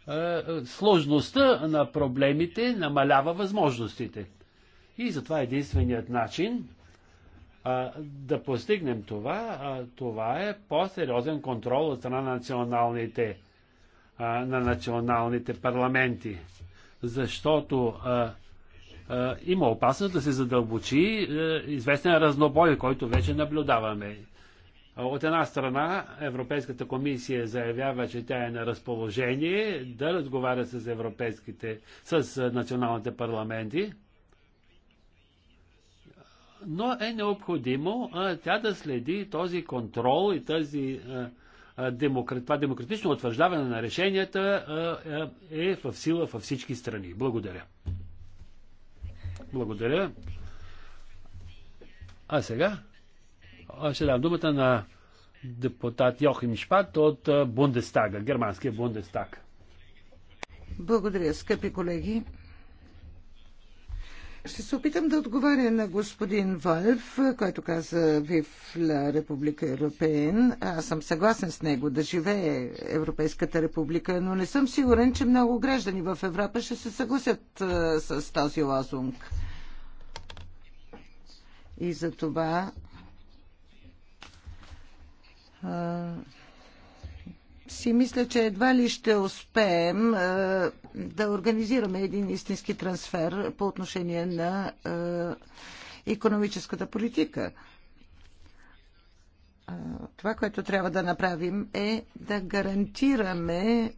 а, сложността на проблемите намалява възможностите. И затова единственият начин а, да постигнем това, а, това е по-сериозен контрол от страна на националните, а, на националните парламенти. Защото а, а, има опасност да се задълбочи а, е, известен разнобой, който вече наблюдаваме. От една страна, Европейската комисия заявява, че тя е на разположение да разговаря с европейските, с е, националните парламенти, но е необходимо а, тя да следи този контрол и тази, а, демократ, това демократично утвърждаване на решенията а, е в сила във всички страни. Благодаря. Благодаря. А сега ще дам думата на депутат Йохим Шпат от Бундестага, германския Бундестаг. Благодаря, скъпи колеги. Ще се опитам да отговаря на господин Вольф, който каза Вив ла Република Европеен. Аз съм съгласен с него да живее Европейската република, но не съм сигурен, че много граждани в Европа ще се съгласят а, с този лозунг. И за това а, си мисля, че едва ли ще успеем е, да организираме един истински трансфер по отношение на е, економическата политика. Е, това, което трябва да направим е да гарантираме е,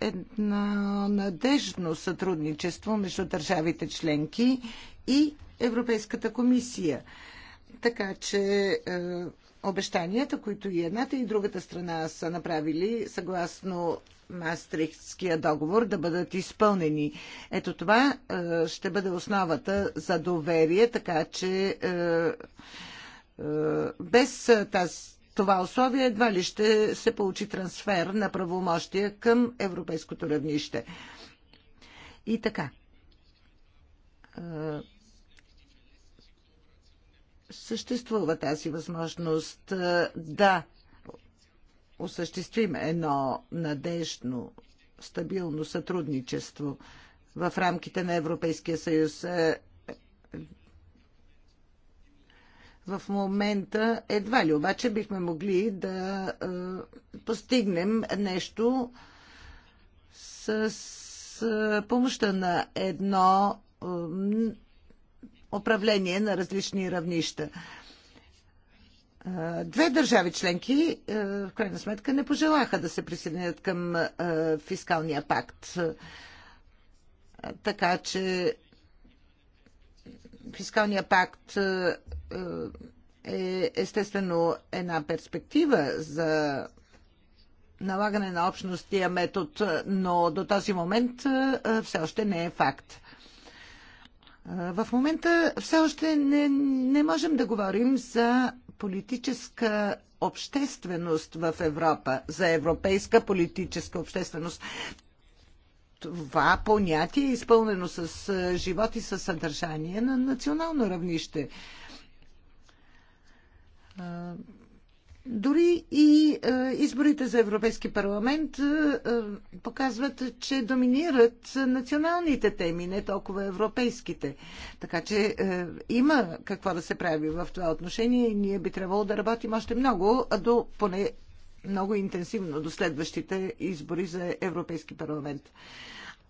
едно надежно сътрудничество между държавите членки и Европейската комисия. Така че е, обещанията, които и едната и другата страна са направили съгласно Мастрихтския договор да бъдат изпълнени. Ето това е, ще бъде основата за доверие, така че е, е, без тази, това условие едва ли ще се получи трансфер на правомощия към европейското равнище. И така. Е, съществува тази възможност да осъществим едно надежно, стабилно сътрудничество в рамките на Европейския съюз. В момента едва ли обаче бихме могли да постигнем нещо с помощта на едно управление на различни равнища. Две държави членки в крайна сметка не пожелаха да се присъединят към фискалния пакт. Така че фискалния пакт е естествено една перспектива за налагане на общностия метод, но до този момент все още не е факт. В момента все още не, не можем да говорим за политическа общественост в Европа, за европейска политическа общественост. Това понятие е изпълнено с живот и със съдържание на национално равнище. Дори и е, изборите за Европейски парламент е, е, показват, че доминират националните теми, не толкова европейските. Така че е, има какво да се прави в това отношение и ние би трябвало да работим още много, а до поне много интенсивно до следващите избори за Европейски парламент.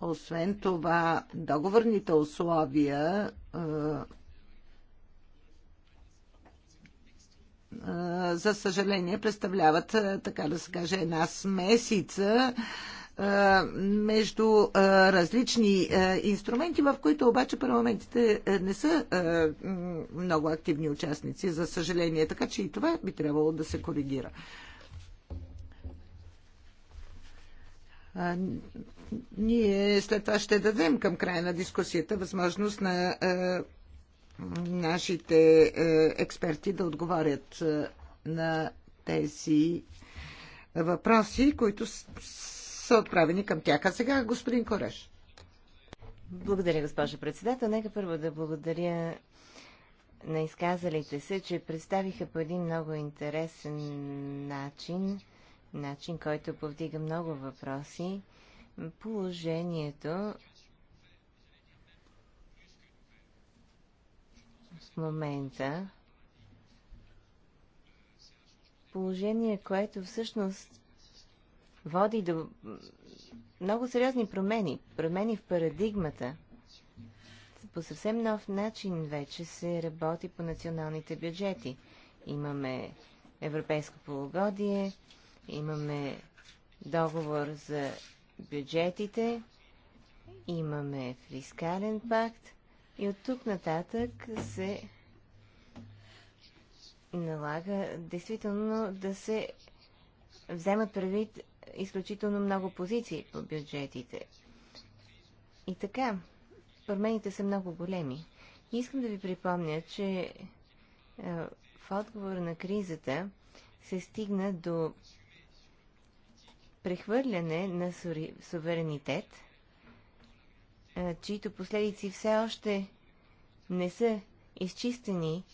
Освен това, договорните условия е, за съжаление, представляват, така да се каже, една смесица между различни инструменти, в които обаче парламентите не са много активни участници, за съжаление. Така че и това би трябвало да се коригира. Ние след това ще дадем към края на дискусията възможност на нашите е, експерти да отговорят е, на тези въпроси, които са отправени към тях. А сега господин Кореш. Благодаря, госпожа председател. Нека първо да благодаря на изказалите се, че представиха по един много интересен начин, начин, който повдига много въпроси, положението момента положение, което всъщност води до много сериозни промени. Промени в парадигмата. По съвсем нов начин вече се работи по националните бюджети. Имаме европейско полугодие, имаме договор за бюджетите, имаме фискален пакт – и от тук нататък се налага действително да се вземат предвид изключително много позиции по бюджетите. И така, промените са много големи. И искам да ви припомня, че е, в отговор на кризата се стигна до прехвърляне на суверенитет – чието последици все още не са изчистени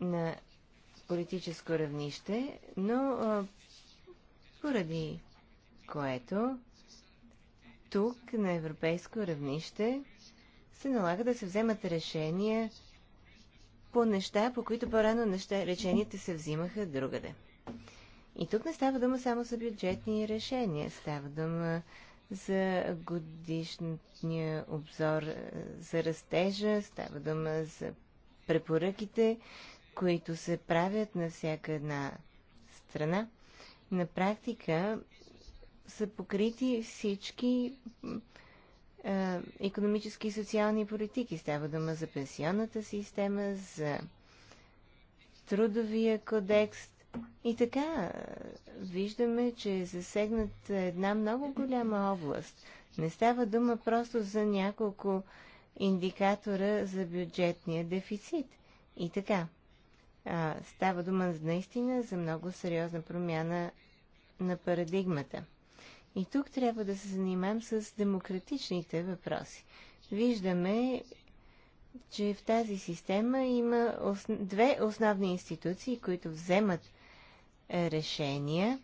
на политическо равнище, но поради което тук на европейско равнище се налага да се вземат решения по неща, по които по-рано решенията се взимаха другаде. И тук не става дума само за бюджетни решения, става дума за годишния обзор е, за растежа, става дума за препоръките, които се правят на всяка една страна. На практика са покрити всички е, економически и социални политики. Става дума за пенсионната система, за трудовия кодекс, и така, виждаме, че е засегната една много голяма област. Не става дума просто за няколко индикатора за бюджетния дефицит. И така, а, става дума наистина за много сериозна промяна на парадигмата. И тук трябва да се занимаем с демократичните въпроси. Виждаме, че в тази система има ос... две основни институции, които вземат решения,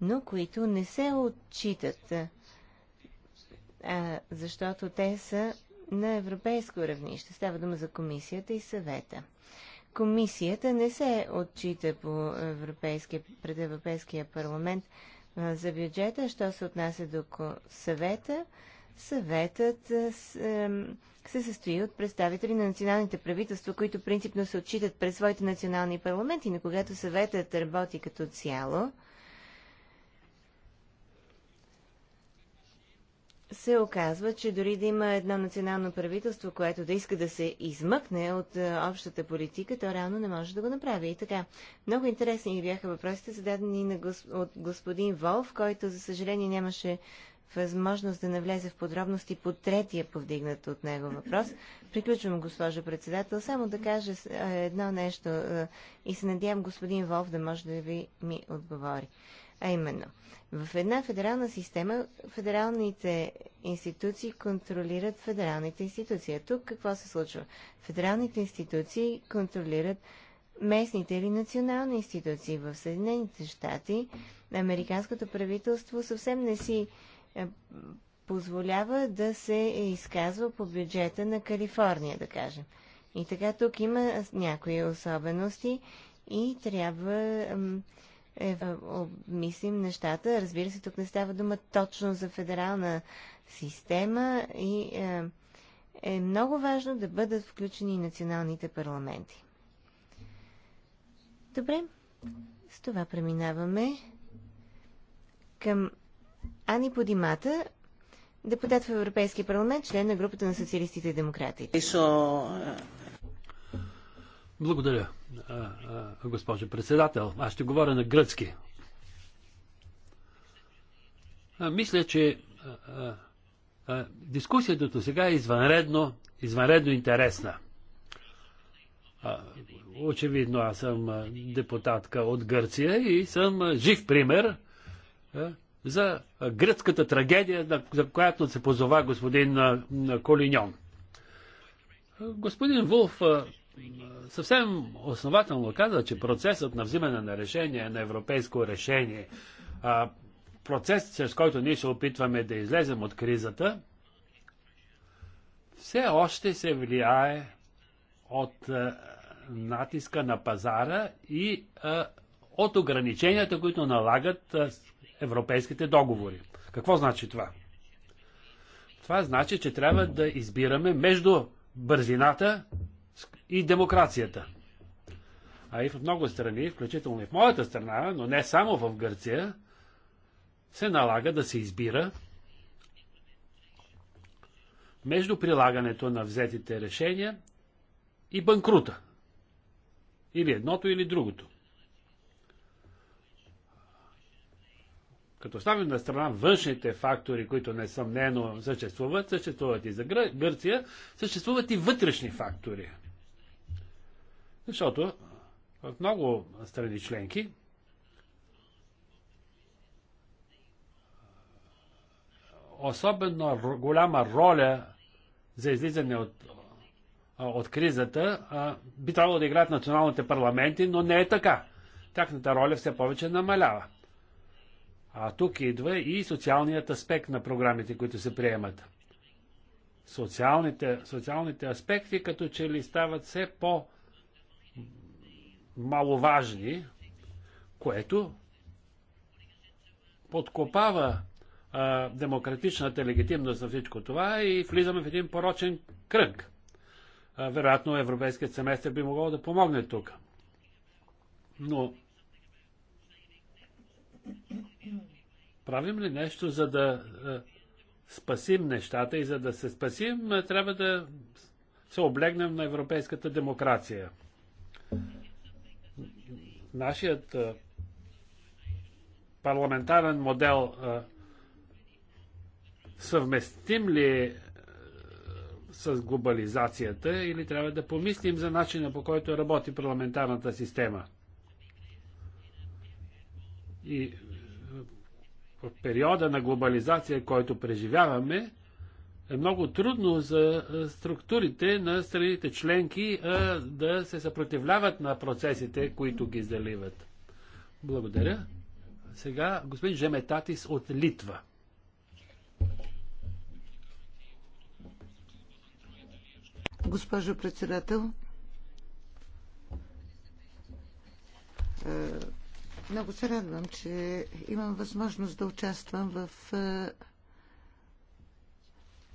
но които не се отчитат, а, защото те са на европейско равнище. Става дума за комисията и съвета. Комисията не се отчита по европейския, пред Европейския парламент а, за бюджета, що се отнася до съвета. Съветът е, е, се състои от представители на националните правителства, които принципно се отчитат пред своите национални парламенти, но когато съветът работи като цяло, се оказва, че дори да има едно национално правителство, което да иска да се измъкне от е, общата политика, то реално не може да го направи. И така, много интересни бяха въпросите, зададени от господин Волф, който, за съжаление, нямаше възможност да навлезе в подробности по третия повдигнат от него въпрос. Приключвам, госпожо председател, само да кажа е, едно нещо е, и се надявам господин Волф да може да ви ми отговори. А именно, в една федерална система федералните институции контролират федералните институции. А тук какво се случва? Федералните институции контролират местните или национални институции. В Съединените щати американското правителство съвсем не си е, позволява да се изказва по бюджета на Калифорния, да кажем. И така тук има някои особености и трябва е, е, обмислим нещата. Разбира се, тук не става дума точно за федерална система и е, е много важно да бъдат включени националните парламенти. Добре, с това преминаваме към Ани Подимата, депутат в Европейския парламент, член на групата на социалистите и демократи. Е, Благодаря, госпожо председател. Аз ще говоря на гръцки. Мисля, че дискусията до сега е извънредно, извънредно интересна. Очевидно, аз съм депутатка от Гърция и съм жив пример за гръцката трагедия, за която се позова господин Колиньон. Господин Вулф съвсем основателно каза, че процесът на взимане на решение на европейско решение, процес, чрез който ние се опитваме да излезем от кризата, все още се влияе от натиска на пазара и от ограниченията, които налагат европейските договори. Какво значи това? Това значи, че трябва да избираме между бързината и демокрацията. А и в много страни, включително и в моята страна, но не само в Гърция, се налага да се избира между прилагането на взетите решения и банкрута. Или едното, или другото. Като ставим на страна външните фактори, които несъмнено съществуват, съществуват и за Гърция, съществуват и вътрешни фактори. Защото в много страни членки особено голяма роля за излизане от, от кризата би трябвало да играят националните парламенти, но не е така. Тяхната роля все повече намалява. А тук идва и социалният аспект на програмите, които се приемат. Социалните, социалните аспекти като че ли стават все по- маловажни, което подкопава а, демократичната легитимност на всичко това и влизаме в един порочен кръг. А, вероятно Европейският семестър би могъл да помогне тук. Но правим ли нещо, за да е, спасим нещата и за да се спасим, е, трябва да се облегнем на европейската демокрация. Нашият е, парламентарен модел съвместим ли с глобализацията или трябва да помислим за начина по който работи парламентарната система? И периода на глобализация, който преживяваме, е много трудно за структурите на страните членки да се съпротивляват на процесите, които ги заливат. Благодаря. Сега господин Жеметатис от Литва. Госпожо председател, много се радвам, че имам възможност да участвам в е,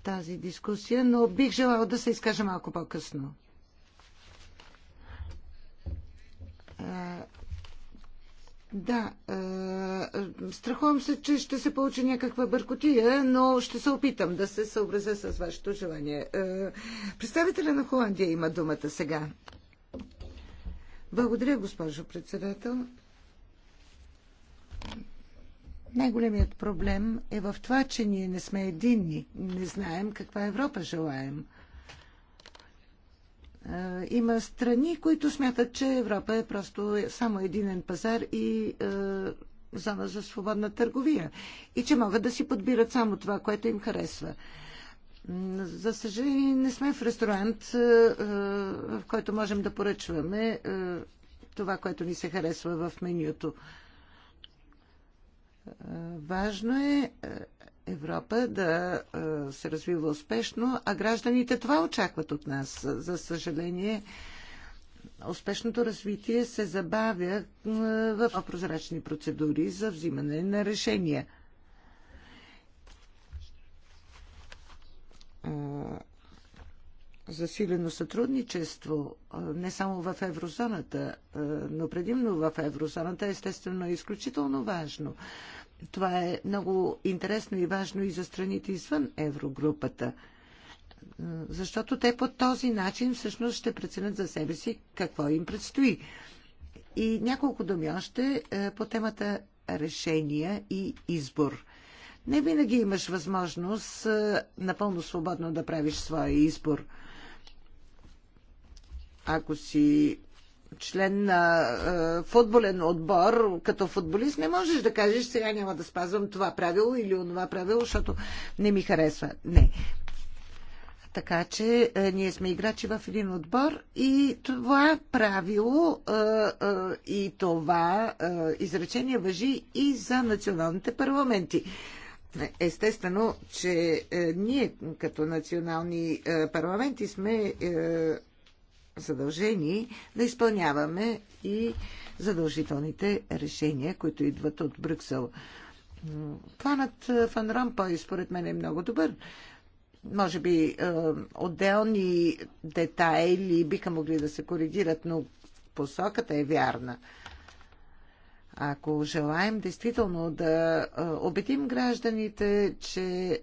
тази дискусия, но бих желал да се изкажа малко по-късно. Е, да, е, страхувам се, че ще се получи някаква бъркотия, но ще се опитам да се съобразя с вашето желание. представителя на Холандия има думата сега. Благодаря, госпожо председател. Най-големият проблем е в това, че ние не сме единни. Не знаем каква Европа желаем. Е, има страни, които смятат, че Европа е просто само единен пазар и е, зона за свободна търговия. И че могат да си подбират само това, което им харесва. За съжаление, не сме в ресторант, е, е, в който можем да поръчваме това, което ни се харесва в менюто. Важно е, е Европа да е, се развива успешно, а гражданите това очакват от нас. За съжаление, успешното развитие се забавя е, в прозрачни процедури за взимане на решения засилено сътрудничество не само в еврозоната, но предимно в еврозоната, естествено е изключително важно. Това е много интересно и важно и за страните извън еврогрупата. Защото те по този начин всъщност ще преценят за себе си какво им предстои. И няколко думи още по темата решения и избор. Не винаги имаш възможност напълно свободно да правиш своя избор – ако си член на е, футболен отбор, като футболист, не можеш да кажеш, сега няма да спазвам това правило или онова правило, защото не ми харесва. Не. Така че е, ние сме играчи в един отбор и това правило е, е, и това е, изречение въжи и за националните парламенти. Естествено, че е, ние като национални е, парламенти сме. Е, задължени да изпълняваме и задължителните решения, които идват от Брюксел. Планът Фан Ромпой според мен е много добър. Може би е, отделни детайли биха могли да се коригират, но посоката е вярна. Ако желаем действително да е, убедим гражданите, че е,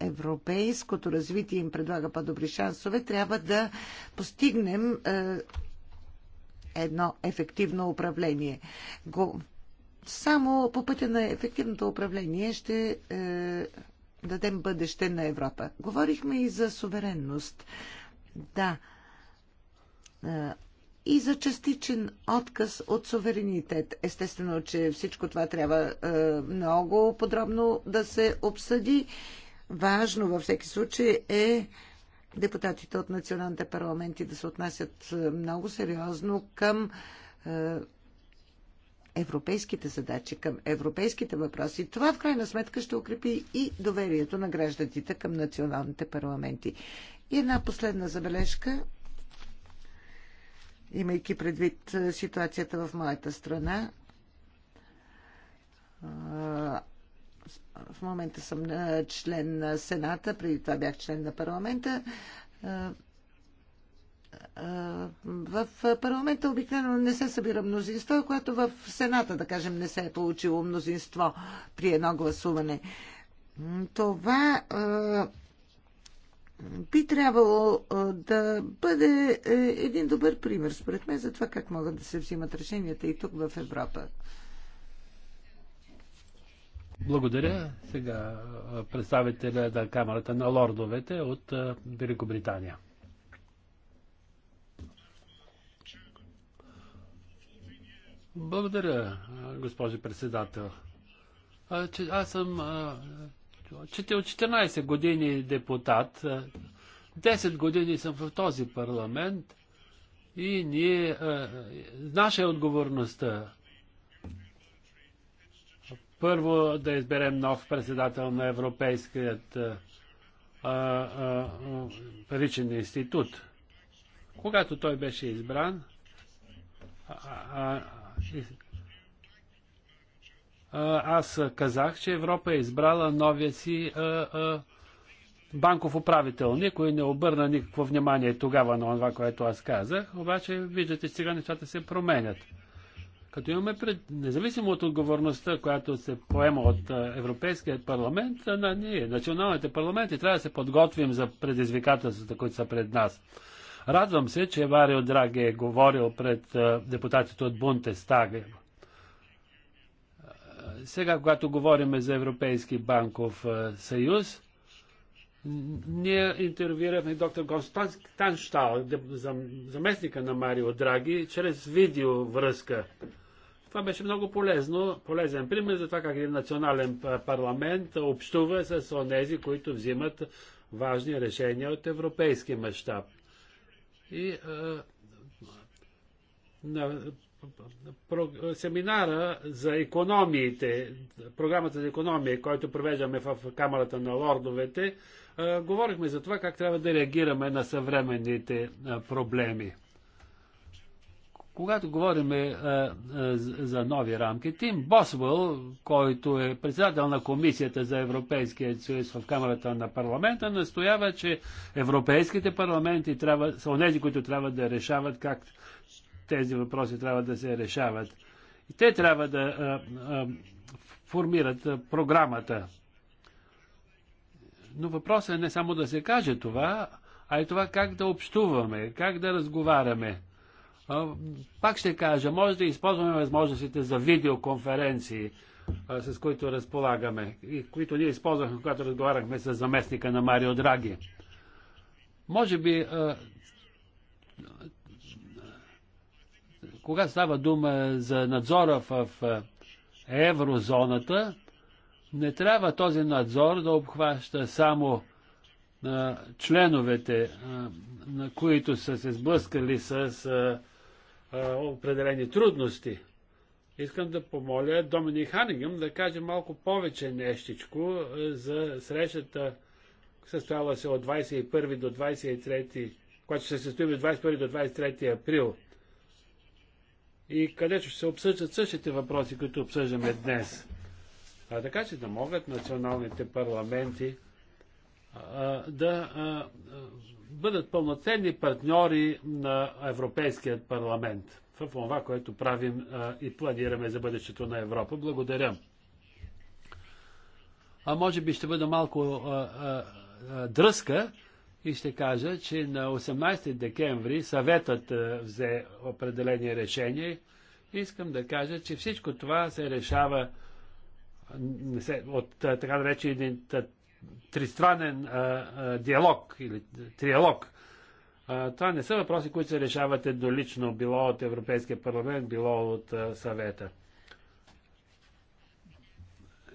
европейското развитие им предлага по-добри шансове, трябва да постигнем е, едно ефективно управление. Го... Само по пътя на ефективното управление ще е, дадем бъдеще на Европа. Говорихме и за суверенност. Да. Е, и за частичен отказ от суверенитет. Естествено, че всичко това трябва е, много подробно да се обсъди Важно във всеки случай е депутатите от националните парламенти да се отнасят е, много сериозно към е, европейските задачи, към европейските въпроси. Това в крайна сметка ще укрепи и доверието на гражданите към националните парламенти. И една последна забележка, имайки предвид е, ситуацията в моята страна в момента съм член на Сената, преди това бях член на парламента. В парламента обикновено не се събира мнозинство, което в Сената, да кажем, не се е получило мнозинство при едно гласуване. Това би трябвало да бъде е, един добър пример, според мен, за това как могат да се взимат решенията и тук в Европа. Благодаря. Сега представителя на Камерата на лордовете от Великобритания. Благодаря, госпожо председател. А, че, аз съм а, че, от 14 години депутат. 10 години съм в този парламент и ние, а, наша е отговорността първо да изберем нов председател на Европейският а, а, паричен институт. Когато той беше избран, а, а, а, аз казах, че Европа е избрала новия си а, а, банков управител. Никой не обърна никакво внимание тогава на това, което аз казах, обаче виждате, сега нещата се променят. Като имаме пред, независимо от отговорността, която се поема от Европейският парламент, на ние, националните парламенти, трябва да се подготвим за предизвикателствата, които са пред нас. Радвам се, че Варио Драги е говорил пред депутатите от Бунтестага. Сега, когато говорим за Европейски банков съюз, ние интервюирахме доктор Гонстан Танштал, заместника на Марио Драги, чрез видеовръзка. Това беше много полезно, полезен пример за това как един национален парламент общува с онези, които взимат важни решения от европейски мащаб. И а, на, про, семинара за економиите, програмата за економия, който провеждаме в Камерата на лордовете, а, говорихме за това как трябва да реагираме на съвременните а, проблеми. Когато говорим е, е, за нови рамки, Тим Босвел, който е председател на Комисията за Европейския съюз в Камерата на парламента, настоява, че европейските парламенти трябва, са онези, които трябва да решават как тези въпроси трябва да се решават. И те трябва да е, е, формират програмата. Но въпросът е не само да се каже това, а и това как да общуваме, как да разговаряме. Пак ще кажа, може да използваме възможностите за видеоконференции, с които разполагаме и които ние използвахме, когато разговаряхме с заместника на Марио Драги. Може би, когато става дума за надзора в еврозоната, не трябва този надзор да обхваща само членовете, на които са се сблъскали с определени трудности. Искам да помоля Домини Ханигъм да каже малко повече нещичко за срещата, състояла се от 21 до 23, която ще се състои от 21 до 23 април. И където ще се обсъждат същите въпроси, които обсъждаме днес. А така че да могат националните парламенти а, да а, бъдат пълноценни партньори на Европейският парламент в това, което правим и планираме за бъдещето на Европа. Благодаря. А може би ще бъда малко а, а, дръска и ще кажа, че на 18 декември съветът а, взе определени решения. Искам да кажа, че всичко това се решава от така наречената тристранен а, а, диалог или триалог. А, това не са въпроси, които се решават еднолично, било от Европейския парламент, било от а, съвета.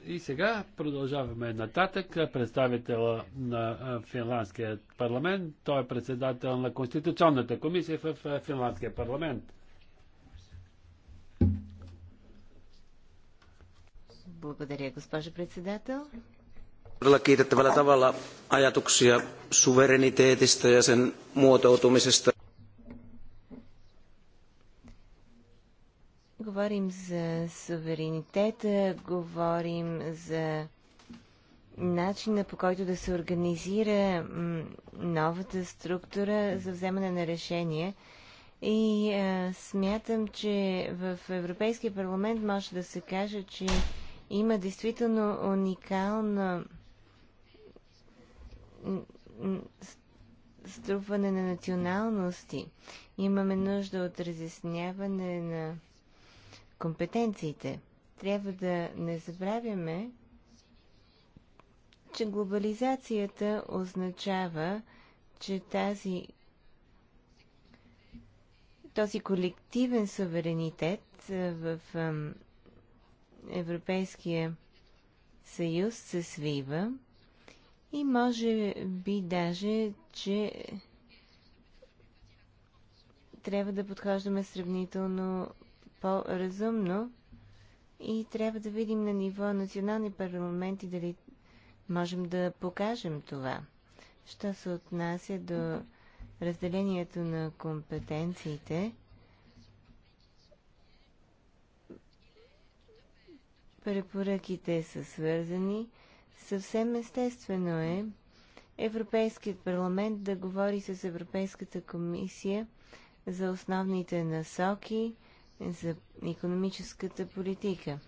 И сега продължаваме нататък. Представител на Финландския парламент, той е председател на Конституционната комисия в Финландския парламент. Благодаря, госпожо председател. Todella kiitettävällä tavalla ajatuksia suvereniteetista ja sen muotoutumisesta. Говорим за суверенитета, говорим за начина по който да се организира новата структура за вземане на решение. И а, е, смятам, че в Европейския парламент може да се каже, че има действително уникална струпване на националности. Имаме нужда от разясняване на компетенциите. Трябва да не забравяме, че глобализацията означава, че тази, този колективен суверенитет в Европейския съюз се свива и може би даже, че трябва да подхождаме сравнително по-разумно и трябва да видим на ниво национални парламенти дали можем да покажем това. Що се отнася до разделението на компетенциите, препоръките са свързани – Съвсем естествено е Европейският парламент да говори с Европейската комисия за основните насоки за економическата политика.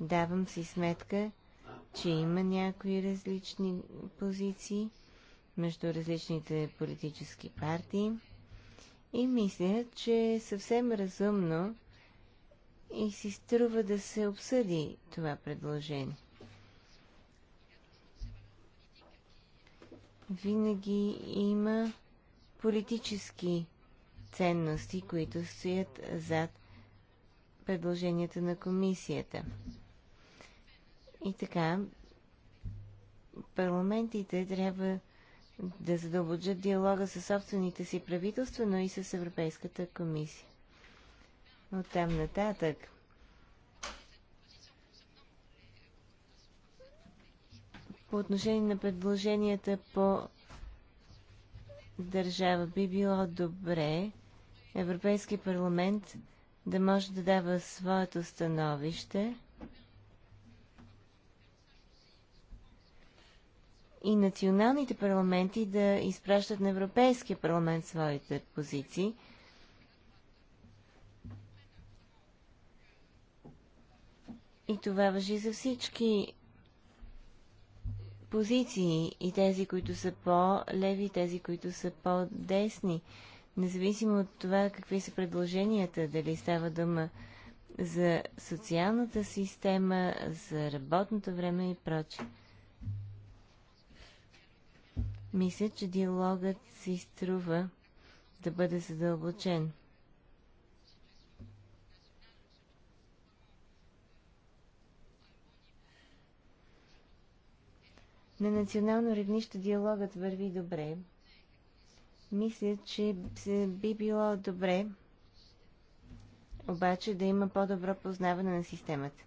Давам си сметка, че има някои различни позиции между различните политически партии и мисля, че е съвсем разумно и си струва да се обсъди това предложение. Винаги има политически ценности, които стоят зад предложенията на комисията. И така, парламентите трябва да задълбочат диалога с собствените си правителства, но и с Европейската комисия от там нататък. По отношение на предложенията по държава би било добре Европейски парламент да може да дава своето становище и националните парламенти да изпращат на Европейския парламент своите позиции – И това въжи за всички позиции и тези, които са по-леви, и тези, които са по-десни. Независимо от това какви са предложенията, дали става дума за социалната система, за работното време и прочее. Мисля, че диалогът си струва да бъде задълбочен. На национално равнище диалогът върви добре. Мисля, че би било добре обаче да има по-добро познаване на системата.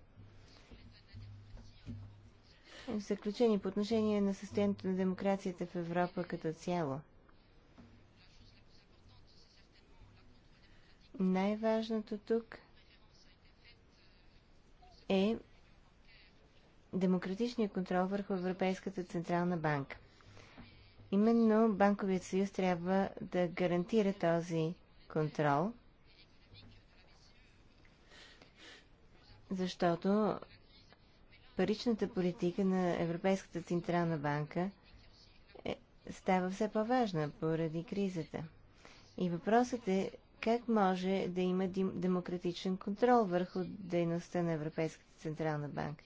В заключение по отношение на състоянието на демокрацията в Европа като цяло. Най-важното тук е демократичния контрол върху Европейската Централна банка. Именно Банковият съюз трябва да гарантира този контрол, защото паричната политика на Европейската Централна банка е, става все по-важна поради кризата. И въпросът е как може да има демократичен контрол върху дейността на Европейската Централна банка.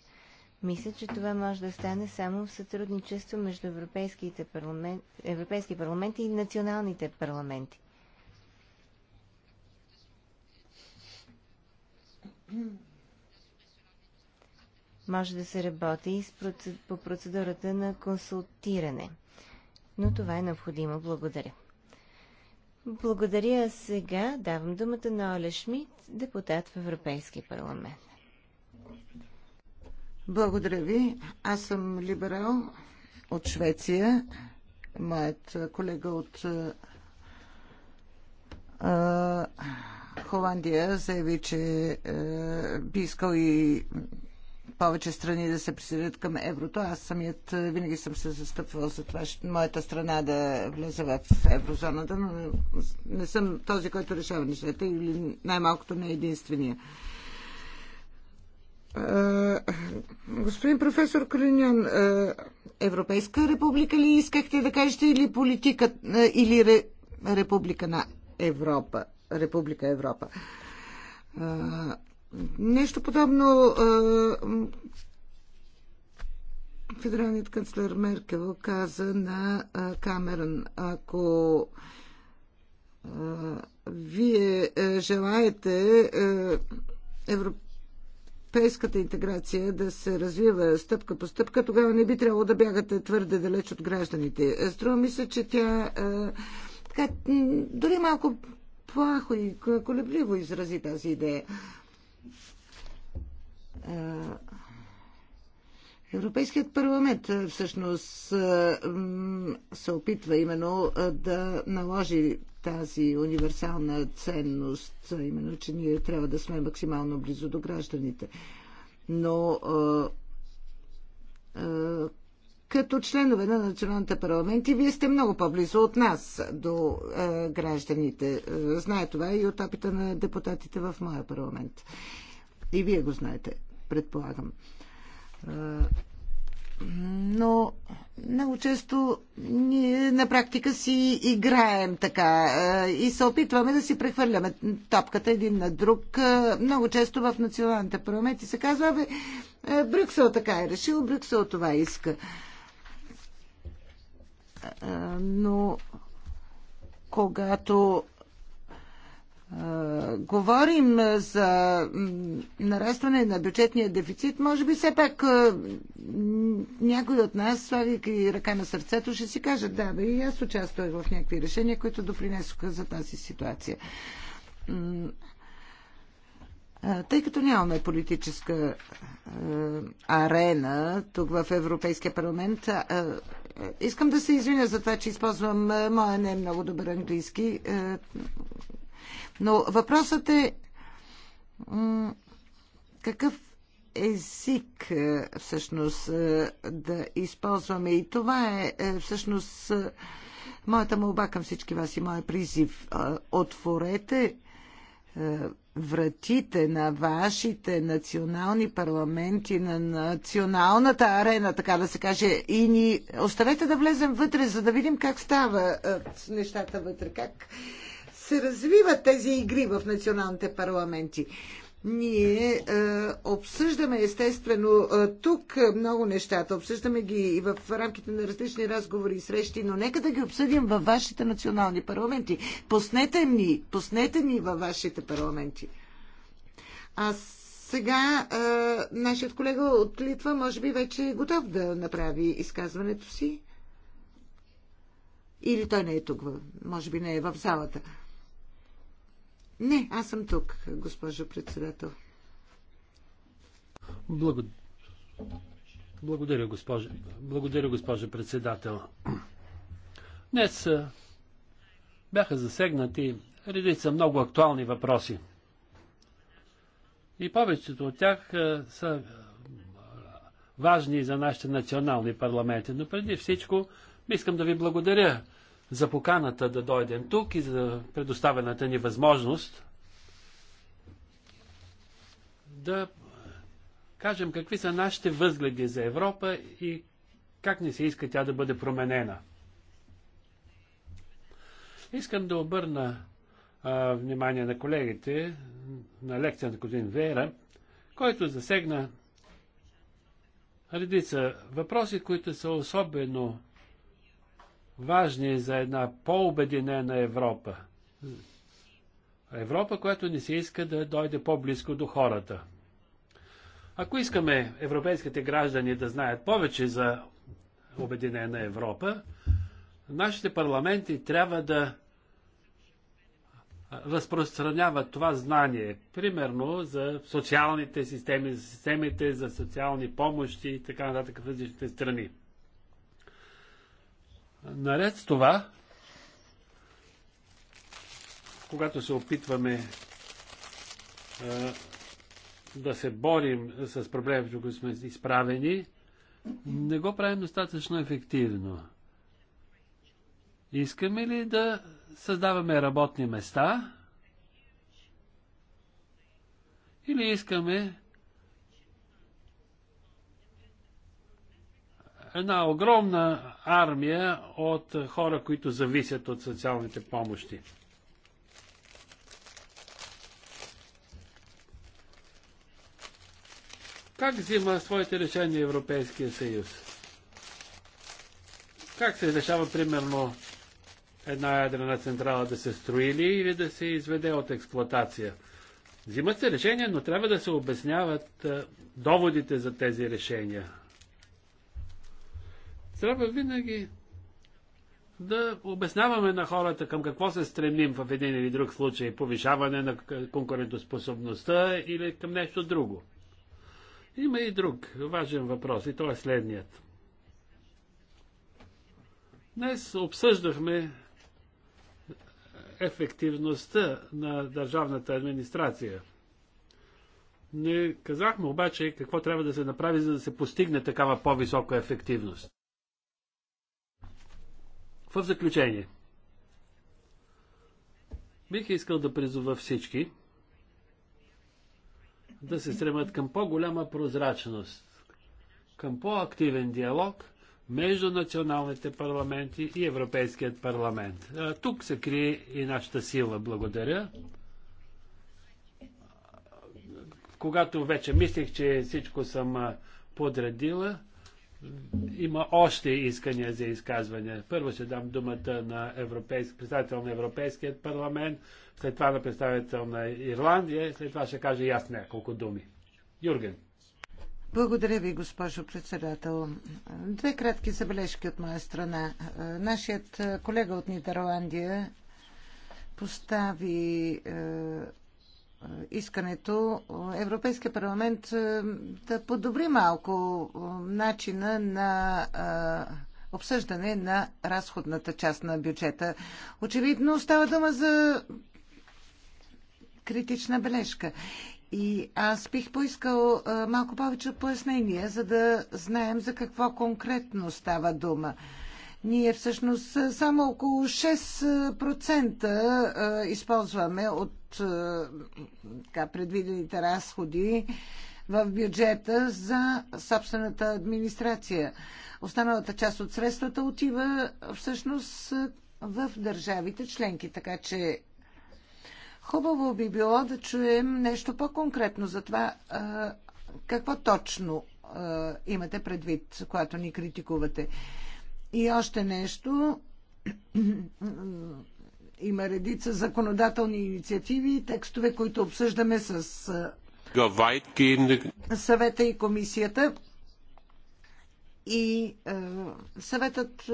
Мисля, че това може да стане само в сътрудничество между Европейските парламент, Европейски парламент и националните парламенти. Може да се работи и по процедурата на консултиране. Но това е необходимо. Благодаря. Благодаря сега. Давам думата на Оле Шмидт, депутат в Европейския парламент. Благодаря ви. Аз съм либерал от Швеция. Моят колега от Холандия заяви, че би искал и повече страни да се присъединят към еврото. Аз самият винаги съм се застъпвал за това, моята страна да влезе в еврозоната, но не съм този, който решава нещата или най-малкото не е единствения. Е, господин професор Калинян, е, Европейска република ли искахте да кажете или политика, е, или ре, република на Европа? Република Европа. нещо подобно федералният канцлер Меркел каза на Камерън, ако вие желаете Европейска европейската интеграция да се развива стъпка по стъпка, тогава не би трябвало да бягате твърде далеч от гражданите. Струва ми се, че тя така, дори малко плахо и колебливо изрази тази идея. Европейският парламент всъщност се опитва именно да наложи тази универсална ценност, именно, че ние трябва да сме максимално близо до гражданите. Но като членове на националните парламенти, вие сте много по-близо от нас до гражданите. Знае това и от опита на депутатите в моя парламент. И вие го знаете, предполагам. Но много често ние на практика си играем така и се опитваме да си прехвърляме топката един на друг. Много често в националните парламенти се казва, бе, Брюксел така е решил, Брюксел това иска. Но когато говорим за нарастване на бюджетния дефицит, може би все пак някой от нас, слагайки ръка на сърцето, ще си каже, да, бе, и аз участвах в някакви решения, които допринесоха за тази ситуация. Тъй като нямаме политическа арена тук в Европейския парламент, искам да се извиня за това, че използвам моя не е много добър английски но въпросът е какъв език е, всъщност е, да използваме. И това е, е всъщност моята молба към всички вас и моя призив. Отворете вратите на вашите национални парламенти, на националната арена, така да се каже, и ни оставете да влезем вътре, за да видим как става нещата вътре, как се развиват тези игри в националните парламенти. Ние е, обсъждаме естествено е, тук много нещата, обсъждаме ги и в рамките на различни разговори и срещи, но нека да ги обсъдим във вашите национални парламенти. Поснете ни, поснете ни във вашите парламенти. А сега е, нашият колега от Литва може би вече е готов да направи изказването си. Или той не е тук, може би не е в залата. Не, аз съм тук, госпожо председател. Благодаря. Благодаря, госпожо. Благодаря, госпожа председател. Днес бяха засегнати редица много актуални въпроси. И повечето от тях са важни за нашите национални парламенти. Но преди всичко искам да ви благодаря за поканата да дойдем тук и за предоставената ни възможност да кажем какви са нашите възгледи за Европа и как ни се иска тя да бъде променена. Искам да обърна а, внимание на колегите на лекция на господин Вера, който засегна редица въпроси, които са особено важни за една по-обединена Европа. Европа, която не се иска да дойде по-близко до хората. Ако искаме европейските граждани да знаят повече за Обединена Европа, нашите парламенти трябва да разпространяват това знание, примерно за социалните системи, за системите за социални помощи и така нататък в различните страни. Наред с това, когато се опитваме е, да се борим с проблемите, които сме изправени, не го правим достатъчно ефективно. Искаме ли да създаваме работни места? Или искаме една огромна армия от хора, които зависят от социалните помощи. Как взима своите решения Европейския съюз? Как се решава, примерно, една ядрена централа да се строи ли или да се изведе от експлоатация? Взимат се решения, но трябва да се обясняват е, доводите за тези решения. Трябва винаги да обясняваме на хората към какво се стремим в един или друг случай. Повишаване на конкурентоспособността или към нещо друго. Има и друг важен въпрос и то е следният. Днес обсъждахме ефективността на държавната администрация. Не казахме обаче какво трябва да се направи, за да се постигне такава по-висока ефективност. В заключение, бих искал да призова всички да се стремят към по-голяма прозрачност, към по-активен диалог между националните парламенти и Европейският парламент. Тук се крие и нашата сила. Благодаря. Когато вече мислех, че всичко съм подредила, има още искания за изказвания. Първо ще дам думата на европейски, представител на Европейският парламент, след това на представител на Ирландия, и след това ще кажа ясно няколко думи. Юрген. Благодаря ви, госпожо председател. Две кратки забележки от моя страна. Нашият колега от Нидерландия постави е, искането Европейския парламент е, да подобри малко е, начина на е, обсъждане на разходната част на бюджета. Очевидно става дума за критична бележка. И аз бих поискал малко повече пояснения, за да знаем за какво конкретно става дума. Ние всъщност само около 6% използваме от така, предвидените разходи в бюджета за собствената администрация. Останалата част от средствата отива всъщност в държавите членки, така че хубаво би било да чуем нещо по-конкретно за това какво точно имате предвид, когато ни критикувате. И още нещо. Има редица законодателни инициативи и текстове, които обсъждаме с съвета и комисията. И съветът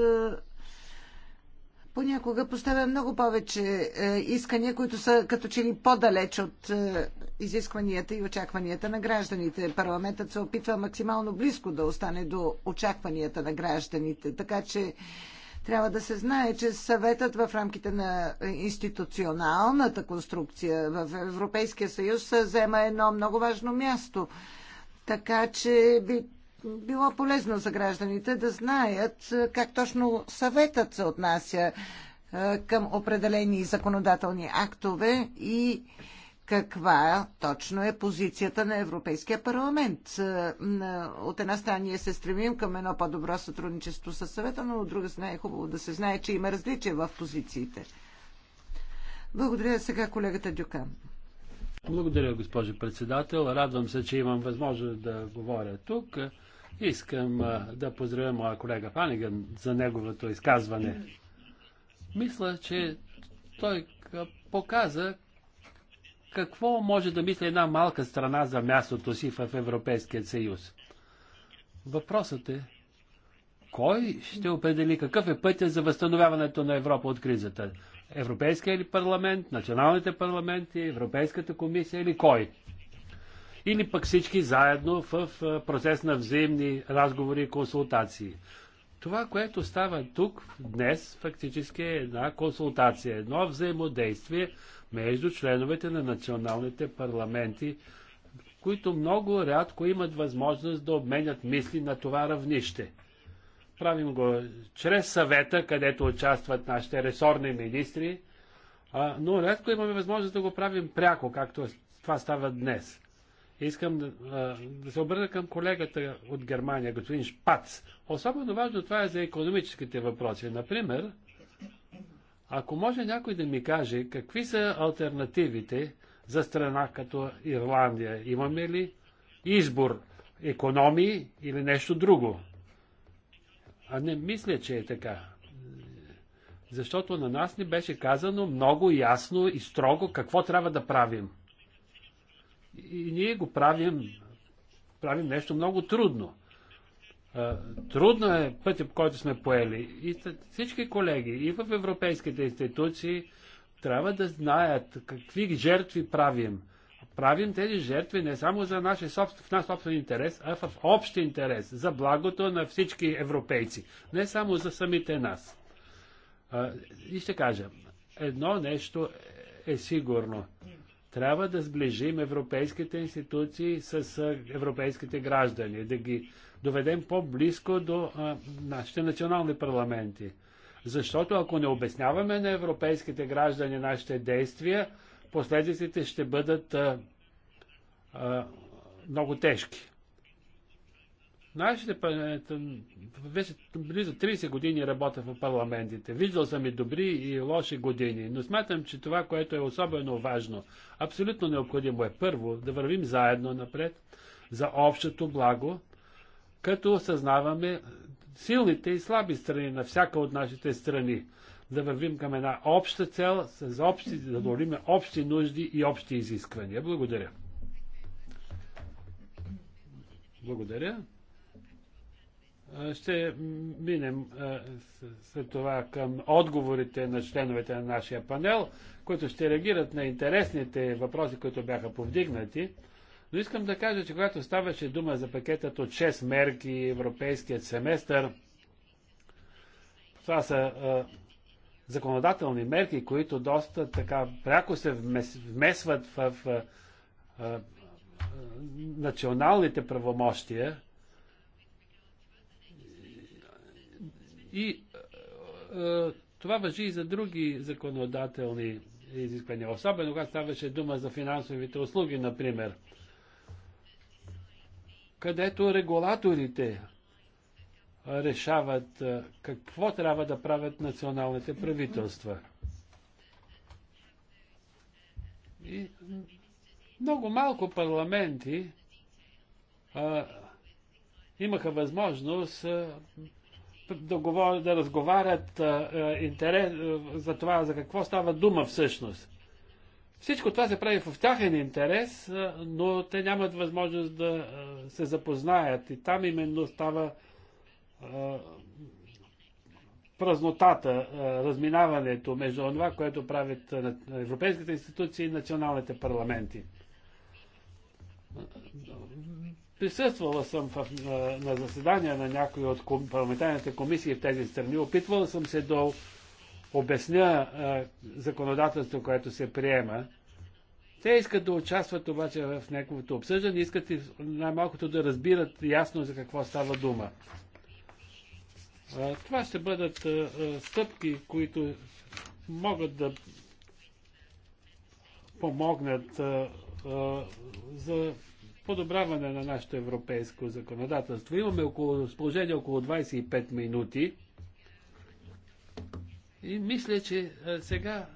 понякога поставя много повече е, искания, които са като че ли по-далеч от е, изискванията и очакванията на гражданите. Парламентът се опитва максимално близко да остане до очакванията на гражданите. Така че трябва да се знае, че съветът в рамките на институционалната конструкция в Европейския съюз взема едно много важно място. Така че би било полезно за гражданите да знаят е, как точно съветът се отнася е, към определени законодателни актове и каква точно е позицията на Европейския парламент. Е, от една страна ние се стремим към едно по-добро сътрудничество с съвета, но от друга страна е хубаво да се знае, че има различия в позициите. Благодаря сега колегата Дюкан. Благодаря, госпожо председател. Радвам се, че имам възможност да говоря тук. Искам а, да поздравя моя колега Паниган за неговото изказване. Мисля, че той показа какво може да мисли една малка страна за мястото си в Европейския съюз. Въпросът е, кой ще определи какъв е пътя за възстановяването на Европа от кризата? Европейския ли парламент, националните парламенти, Европейската комисия или кой? или пък всички заедно в процес на взаимни разговори и консултации. Това, което става тук днес, фактически е една консултация, едно взаимодействие между членовете на националните парламенти, които много рядко имат възможност да обменят мисли на това равнище. Правим го чрез съвета, където участват нашите ресорни министри, но рядко имаме възможност да го правим пряко, както това става днес. Искам да, да се обърна към колегата от Германия, господин Шпац. Особено важно това е за економическите въпроси. Например, ако може някой да ми каже какви са альтернативите за страна като Ирландия, имаме ли избор економии или нещо друго? А не мисля, че е така. Защото на нас ни беше казано много ясно и строго какво трябва да правим. И ние го правим, правим нещо много трудно. Трудно е пътя, по който сме поели. И всички колеги, и в европейските институции, трябва да знаят какви жертви правим. Правим тези жертви не само за нашия собствен, в наш собствен интерес, а в общ интерес, за благото на всички европейци. Не само за самите нас. И ще кажа, едно нещо е сигурно. Трябва да сближим европейските институции с европейските граждани, да ги доведем по-близко до а, нашите национални парламенти. Защото ако не обясняваме на европейските граждани нашите действия, последиците ще бъдат а, а, много тежки. Нашите вече близо 30 години работя в парламентите. Виждал съм и добри и лоши години, но смятам, че това, което е особено важно, абсолютно необходимо е първо да вървим заедно напред за общото благо, като осъзнаваме силните и слаби страни на всяка от нашите страни. Да вървим към една обща цел, с общи, да говорим общи нужди и общи изисквания. Благодаря. Благодаря. Ще минем след това към отговорите на членовете на нашия панел, които ще реагират на интересните въпроси, които бяха повдигнати. Но искам да кажа, че когато ставаше дума за пакетът от 6 мерки, европейският семестър, това са а, законодателни мерки, които доста така пряко се вмесват в а, а, националните правомощия И е, е, това въжи и за други законодателни изисквания. Особено когато ставаше дума за финансовите услуги, например, където регулаторите решават е, какво трябва да правят националните правителства. И много малко парламенти а, имаха възможност а, да, говор, да разговарят а, а, интерес, а, за това, за какво става дума всъщност. Всичко това се прави в тяхен интерес, а, но те нямат възможност да а, се запознаят. И там именно става а, празнотата, а, разминаването между това, което правят а, европейските институции и националните парламенти Присъствала съм в, на, на заседания на някои от ком, парламентарните комисии в тези страни. Опитвала съм се да обясня а, законодателство, което се приема. Те искат да участват обаче в неговото обсъждане, искат и най-малкото да разбират ясно за какво става дума. А, това ще бъдат а, а, стъпки, които могат да помогнат а, а, за подобряване на нашето европейско законодателство. Имаме около, положение около 25 минути и мисля, че а, сега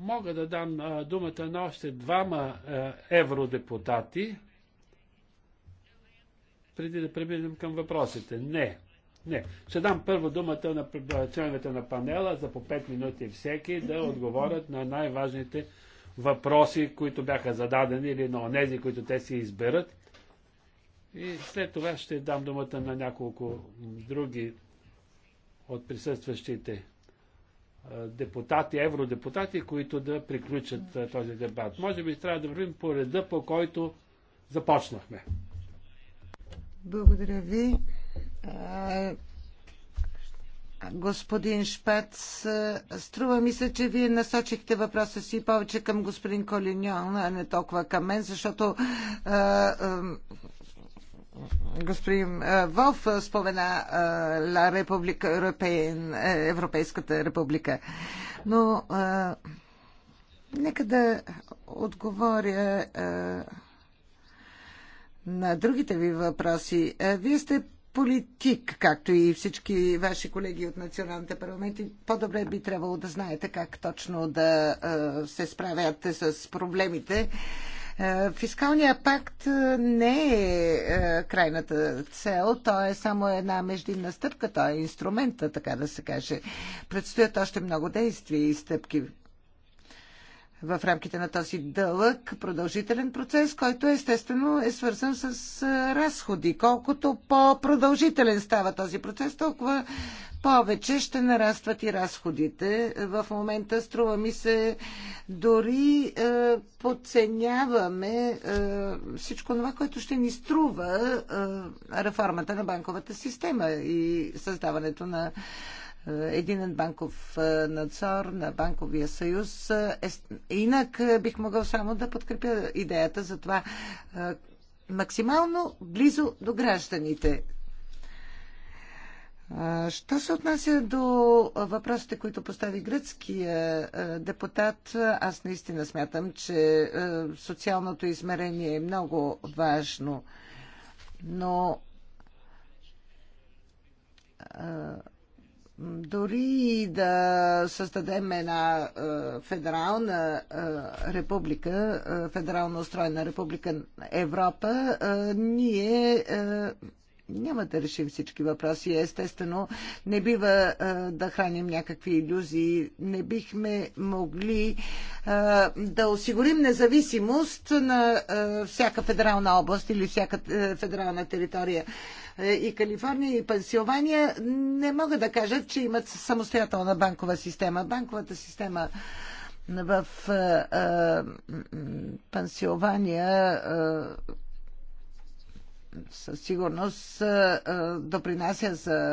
мога да дам а, думата на още двама а, евродепутати, преди да преминем към въпросите. Не. Не. Ще дам първо думата на членовете на панела за по 5 минути всеки да отговорят на най-важните въпроси въпроси, които бяха зададени или на онези, които те си изберат. И след това ще дам думата на няколко други от присъстващите депутати, евродепутати, които да приключат този дебат. Може би трябва да вървим по реда, по който започнахме. Благодаря ви господин Шпац. Струва ми се, че вие насочихте въпроса си повече към господин Колиньон, а не толкова към мен, защото а, а, господин Волф спомена а, Ла Република, Европейн, Европейската република. Но а, нека да отговоря а, на другите ви въпроси. Вие сте политик, както и всички ваши колеги от националните парламенти, по-добре би трябвало да знаете как точно да се справяте с проблемите. Фискалният пакт не е крайната цел, той е само една междинна стъпка, той е инструмента, така да се каже. Предстоят още много действия и стъпки в рамките на този дълъг, продължителен процес, който естествено е свързан с разходи. Колкото по-продължителен става този процес, толкова повече ще нарастват и разходите. В момента, струва ми се, дори е, подценяваме е, всичко това, което ще ни струва е, реформата на банковата система и създаването на единен банков надзор на Банковия съюз. Инак бих могъл само да подкрепя идеята за това максимално близо до гражданите Що се отнася до въпросите, които постави гръцкия депутат, аз наистина смятам, че социалното измерение е много важно, но дори и да създадем една е, федерална е, република, е, федерално устроена република Европа, ние няма да решим всички въпроси. Естествено, не бива а, да храним някакви иллюзии. Не бихме могли а, да осигурим независимост на а, всяка федерална област или всяка а, федерална територия. И Калифорния, и Пенсилвания не мога да кажа, че имат самостоятелна банкова система. Банковата система в а, а, Пенсилвания. А, със сигурност допринася за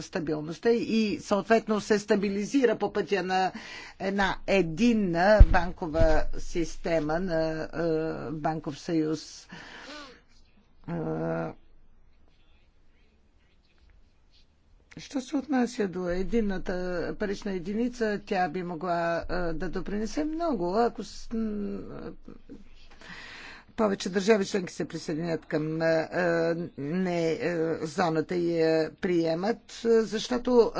стабилността и съответно се стабилизира по пътя на една единна банкова система на банков съюз. Що се отнася до единната парична единица, тя би могла да допринесе много, ако повече държави членки се присъединят към не зоната и я приемат, защото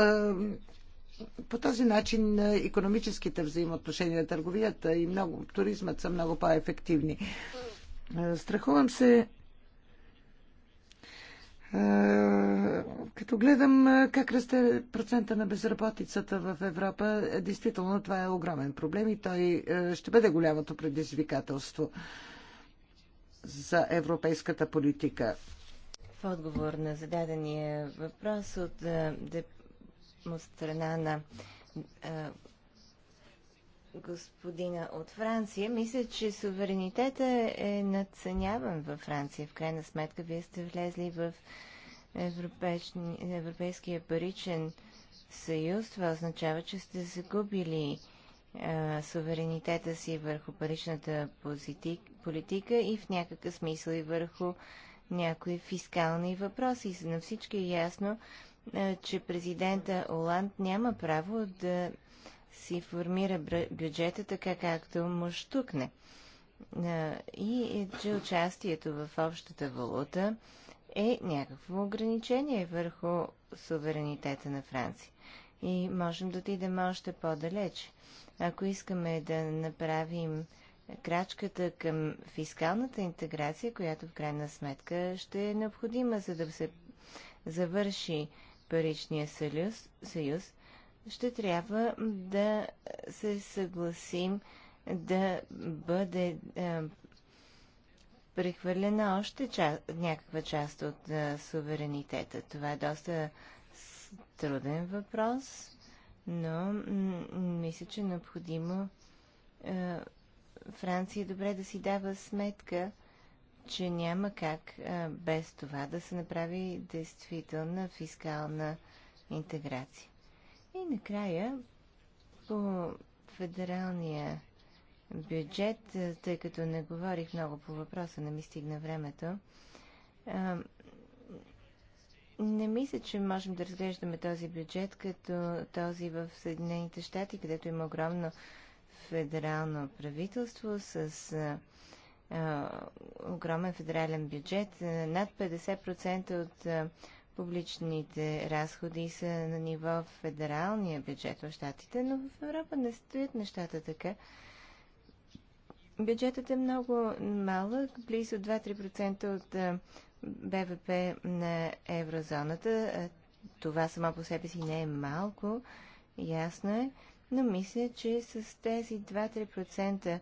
по този начин економическите взаимоотношения, търговията и много, туризмът са много по-ефективни. Страхувам се, като гледам как расте процента на безработицата в Европа, действително това е огромен проблем и той ще бъде голямото предизвикателство за европейската политика. В отговор на зададения въпрос от, е, от страна на е, господина от Франция. Мисля, че суверенитета е надценяван във Франция. В крайна сметка, вие сте влезли в Европейски, Европейския паричен съюз. Това означава, че сте загубили е, суверенитета си върху паричната позитик политика и в някакъв смисъл и върху някои фискални въпроси. На всички е ясно, че президента Оланд няма право да си формира бюджета така, както му штукне. И е, че участието в общата валута е някакво ограничение върху суверенитета на Франция. И можем да отидем още по-далеч. Ако искаме да направим крачката към фискалната интеграция, която в крайна сметка ще е необходима, за да се завърши паричния съюз, съюз ще трябва да се съгласим да бъде е, прехвърлена още ча, някаква част от е, суверенитета. Това е доста труден въпрос, но мисля, че е необходимо е, Франция е добре да си дава сметка, че няма как а, без това да се направи действителна фискална интеграция. И накрая, по федералния бюджет, тъй като не говорих много по въпроса, не ми стигна времето, а, не мисля, че можем да разглеждаме този бюджет като този в Съединените щати, където има огромно федерално правителство с а, а, огромен федерален бюджет. Е, над 50% от а, публичните разходи са на ниво федералния бюджет в Штатите, но в Европа не стоят нещата така. Бюджетът е много малък, близо 2-3% от а, БВП на еврозоната. Това само по себе си не е малко, ясно е но мисля, че с тези 2-3%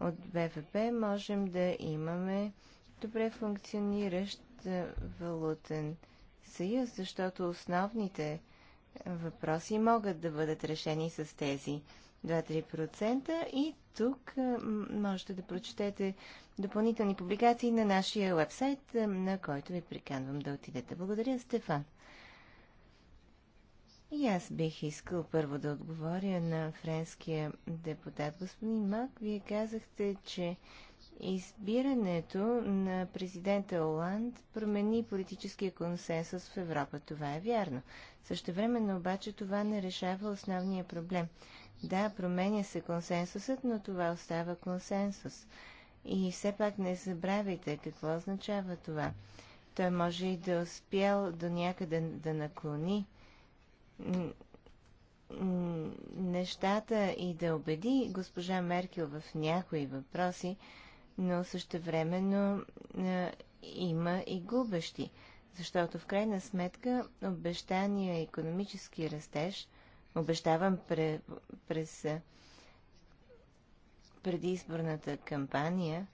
от БВП можем да имаме добре функциониращ валутен съюз, защото основните въпроси могат да бъдат решени с тези 2-3% и тук можете да прочетете допълнителни публикации на нашия вебсайт, на който ви приканвам да отидете. Благодаря, Стефан. И аз бих искал първо да отговоря на френския депутат. Господин Мак, вие казахте, че избирането на президента Оланд промени политическия консенсус в Европа. Това е вярно. Също време, обаче това не решава основния проблем. Да, променя се консенсусът, но това остава консенсус. И все пак не забравяйте какво означава това. Той може и да е успял до някъде да наклони нещата и да убеди госпожа Меркел в някои въпроси, но също времено има и губещи, защото в крайна сметка обещания економически растеж, обещаван през предизборната кампания,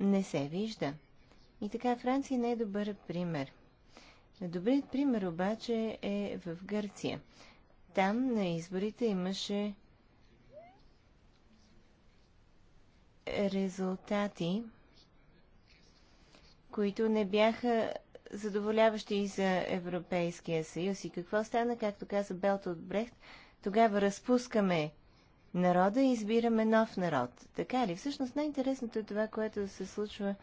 не се вижда. И така Франция не е добър пример – Добрият пример обаче е в Гърция. Там на изборите имаше резултати, които не бяха задоволяващи и за Европейския съюз. И какво стана, както каза Белт от Брехт, тогава разпускаме народа и избираме нов народ. Така ли? Всъщност най-интересното е това, което се случва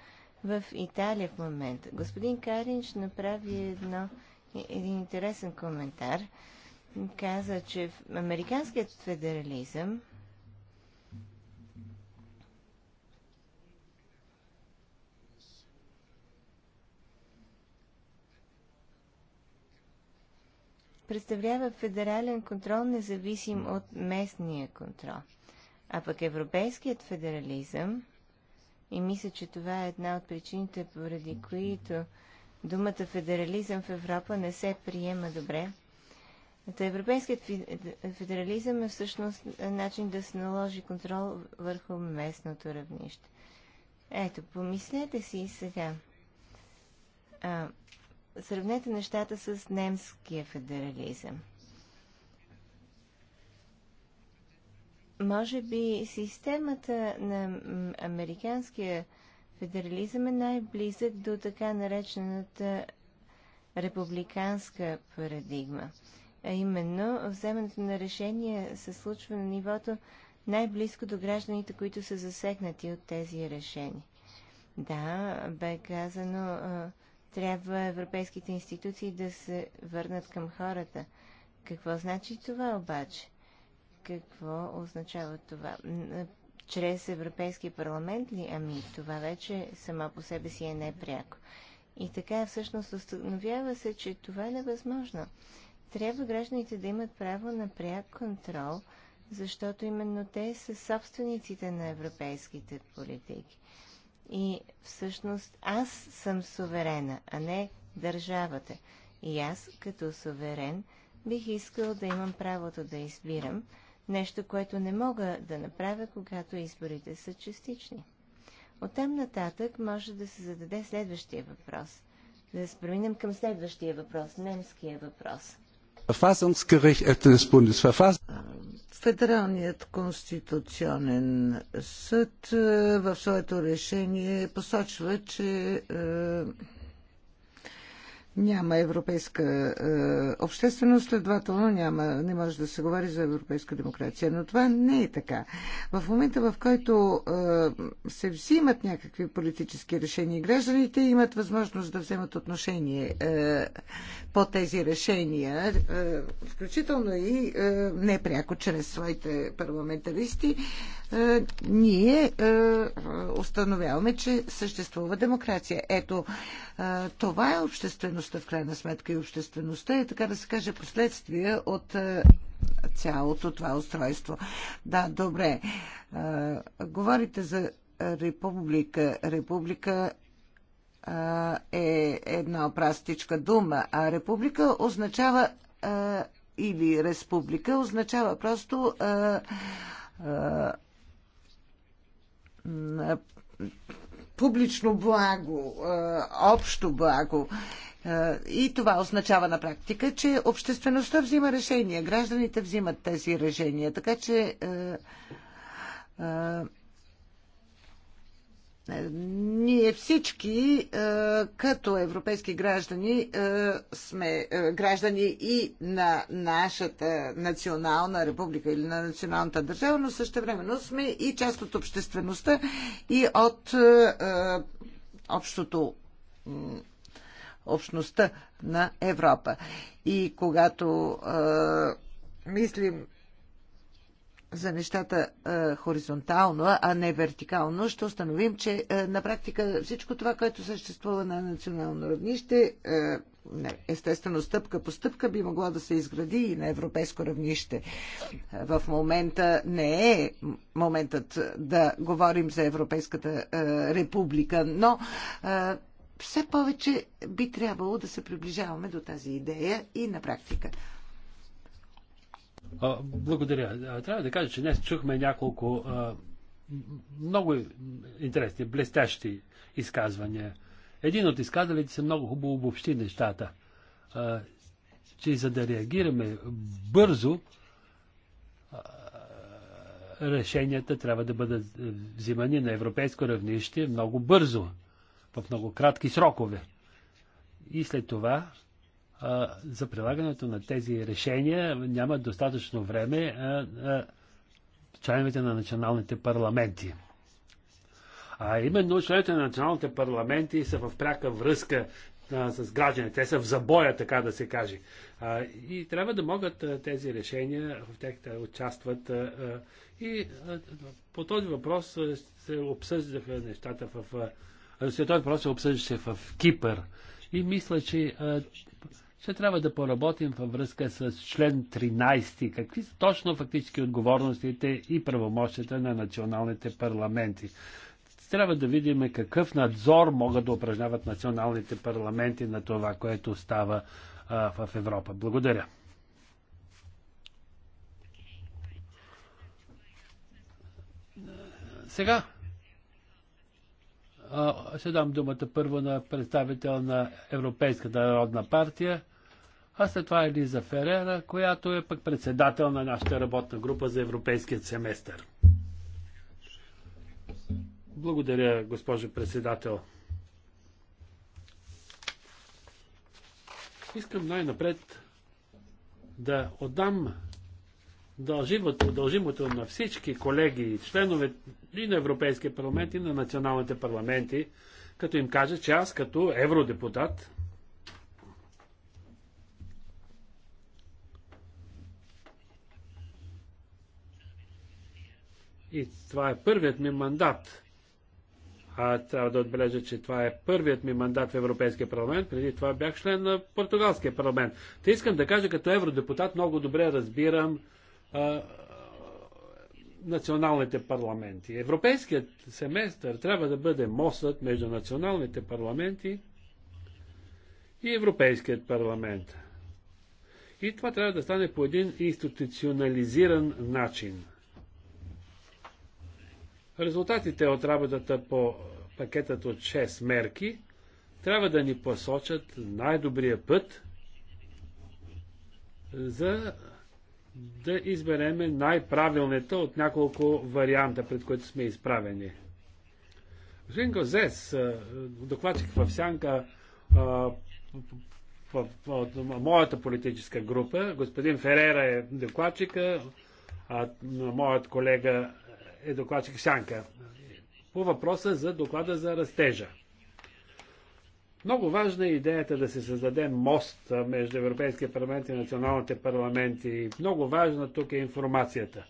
в Италия в момента. Господин Каринч направи едно, един интересен коментар. Каза, че в американският федерализъм представлява федерален контрол, независим от местния контрол. А пък европейският федерализъм и мисля, че това е една от причините, поради които думата федерализъм в Европа не се приема добре. Та европейският федерализъм е всъщност начин да се наложи контрол върху местното равнище. Ето, помислете си сега. А, сравнете нещата с немския федерализъм. Може би системата на американския федерализъм е най-близък до така наречената републиканска парадигма. А именно, вземането на решения се случва на нивото най-близко до гражданите, които са засегнати от тези решения. Да, бе казано, трябва европейските институции да се върнат към хората. Какво значи това обаче? какво означава това? Чрез Европейския парламент ли? Ами, това вече сама по себе си е непряко. И така всъщност установява се, че това е невъзможно. Трябва гражданите да имат право на пряк контрол, защото именно те са собствениците на европейските политики. И всъщност аз съм суверена, а не държавата. И аз, като суверен, бих искал да имам правото да избирам Нещо, което не мога да направя, когато изборите са частични. Оттам нататък може да се зададе следващия въпрос. Да се преминем към следващия въпрос, немския въпрос. Федералният конституционен съд в своето решение посочва, че няма европейска е, общественост, следователно няма, не може да се говори за европейска демокрация. Но това не е така. В момента, в който е, се взимат някакви политически решения, гражданите имат възможност да вземат отношение е, по тези решения, е, включително и е, непряко чрез своите парламентаристи, е, ние е, установяваме, че съществува демокрация. Ето, е, това е обществеността среща в крайна сметка и обществеността и така да се каже последствия от е, цялото това устройство. Да, добре. Е, говорите за република. Република е, е една прастичка дума, а република означава или республика означава просто публично благо, общо благо. И това означава на практика, че обществеността взима решения, гражданите взимат тези решения. Така че ние всички, като европейски граждани, сме граждани и на нашата национална република или на националната държава, но времено сме и част от обществеността и от общото общността на Европа. И когато а, мислим за нещата а, хоризонтално, а не вертикално, ще установим, че а, на практика всичко това, което съществува на национално равнище, е, естествено стъпка по стъпка би могло да се изгради и на европейско равнище. В момента не е моментът да говорим за Европейската а, република, но а, все повече би трябвало да се приближаваме до тази идея и на практика. Благодаря. Трябва да кажа, че днес чухме няколко много интересни, блестящи изказвания. Един от изказалите се много хубаво обобщи нещата. Че за да реагираме бързо, решенията трябва да бъдат взимани на европейско равнище много бързо в много кратки срокове. И след това а, за прилагането на тези решения няма достатъчно време а, а, членовете на националните парламенти. А именно членовете на националните парламенти са в пряка връзка а, с гражданите. Те са в забоя, така да се каже. А, и трябва да могат а, тези решения в тях да участват. А, и а, по този въпрос се обсъждаха нещата в. А, Светой просто обсъждаше в Кипър. И мисля, че ще трябва да поработим във връзка с член 13. Какви са точно фактически отговорностите и правомощите на националните парламенти? Трябва да видим какъв надзор могат да упражняват националните парламенти на това, което става а, в Европа. Благодаря. Сега ще дам думата първо на представител на Европейската народна партия, а след това Елиза Ферера, която е пък председател на нашата работна група за европейският семестър. Благодаря, госпожо председател. Искам най-напред да отдам дължимото, дължимото на всички колеги, членове и на Европейския парламент, и на националните парламенти, като им кажа, че аз като евродепутат и това е първият ми мандат. А трябва да отбележа, че това е първият ми мандат в Европейския парламент. Преди това бях член на Португалския парламент. Та искам да кажа, като евродепутат много добре разбирам националните парламенти. Европейският семестър трябва да бъде мостът между националните парламенти и Европейският парламент. И това трябва да стане по един институционализиран начин. Резултатите от работата по пакетът от 6 мерки трябва да ни посочат най-добрия път за да избереме най-правилната от няколко варианта, пред които сме изправени. Господин Зес, докладчик в Сянка, в, моята политическа група, господин Ферера е докладчика, а моят колега е докладчик Сянка. По въпроса за доклада за растежа. Много важна е идеята да се създаде мост между Европейския парламент и националните парламенти. Много важна тук е информацията.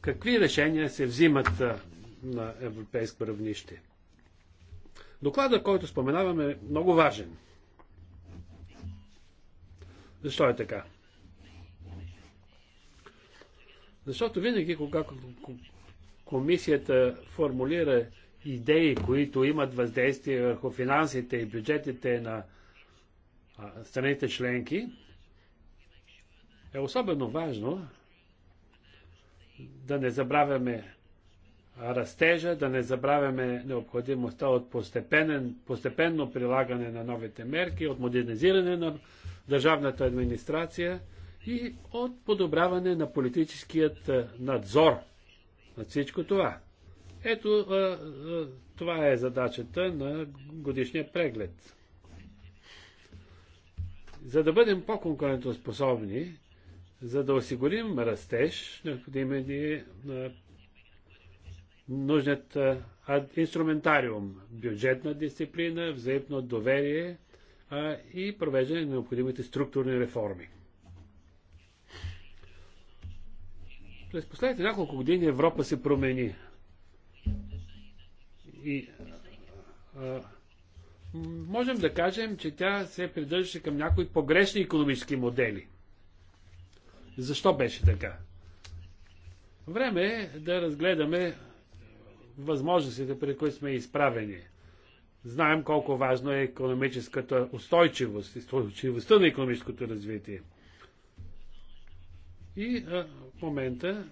Какви решения се взимат на европейско равнище? Докладът, който споменаваме, е много важен. Защо е така? Защото винаги, когато комисията формулира идеи, които имат въздействие върху финансите и бюджетите на страните членки, е особено важно да не забравяме растежа, да не забравяме необходимостта от постепенно прилагане на новите мерки, от модернизиране на държавната администрация и от подобряване на политическият надзор от всичко това. Ето, това е задачата на годишния преглед. За да бъдем по-конкурентоспособни, за да осигурим растеж, необходим е ни нужният инструментариум, бюджетна дисциплина, взаимно доверие а, и провеждане на необходимите структурни реформи. През последните няколко години Европа се промени. И а, можем да кажем, че тя се придържаше към някои погрешни економически модели. Защо беше така? Време е да разгледаме възможностите, при които сме изправени. Знаем колко важно е економическата устойчивост, устойчивостта на економическото развитие. И а, в момента,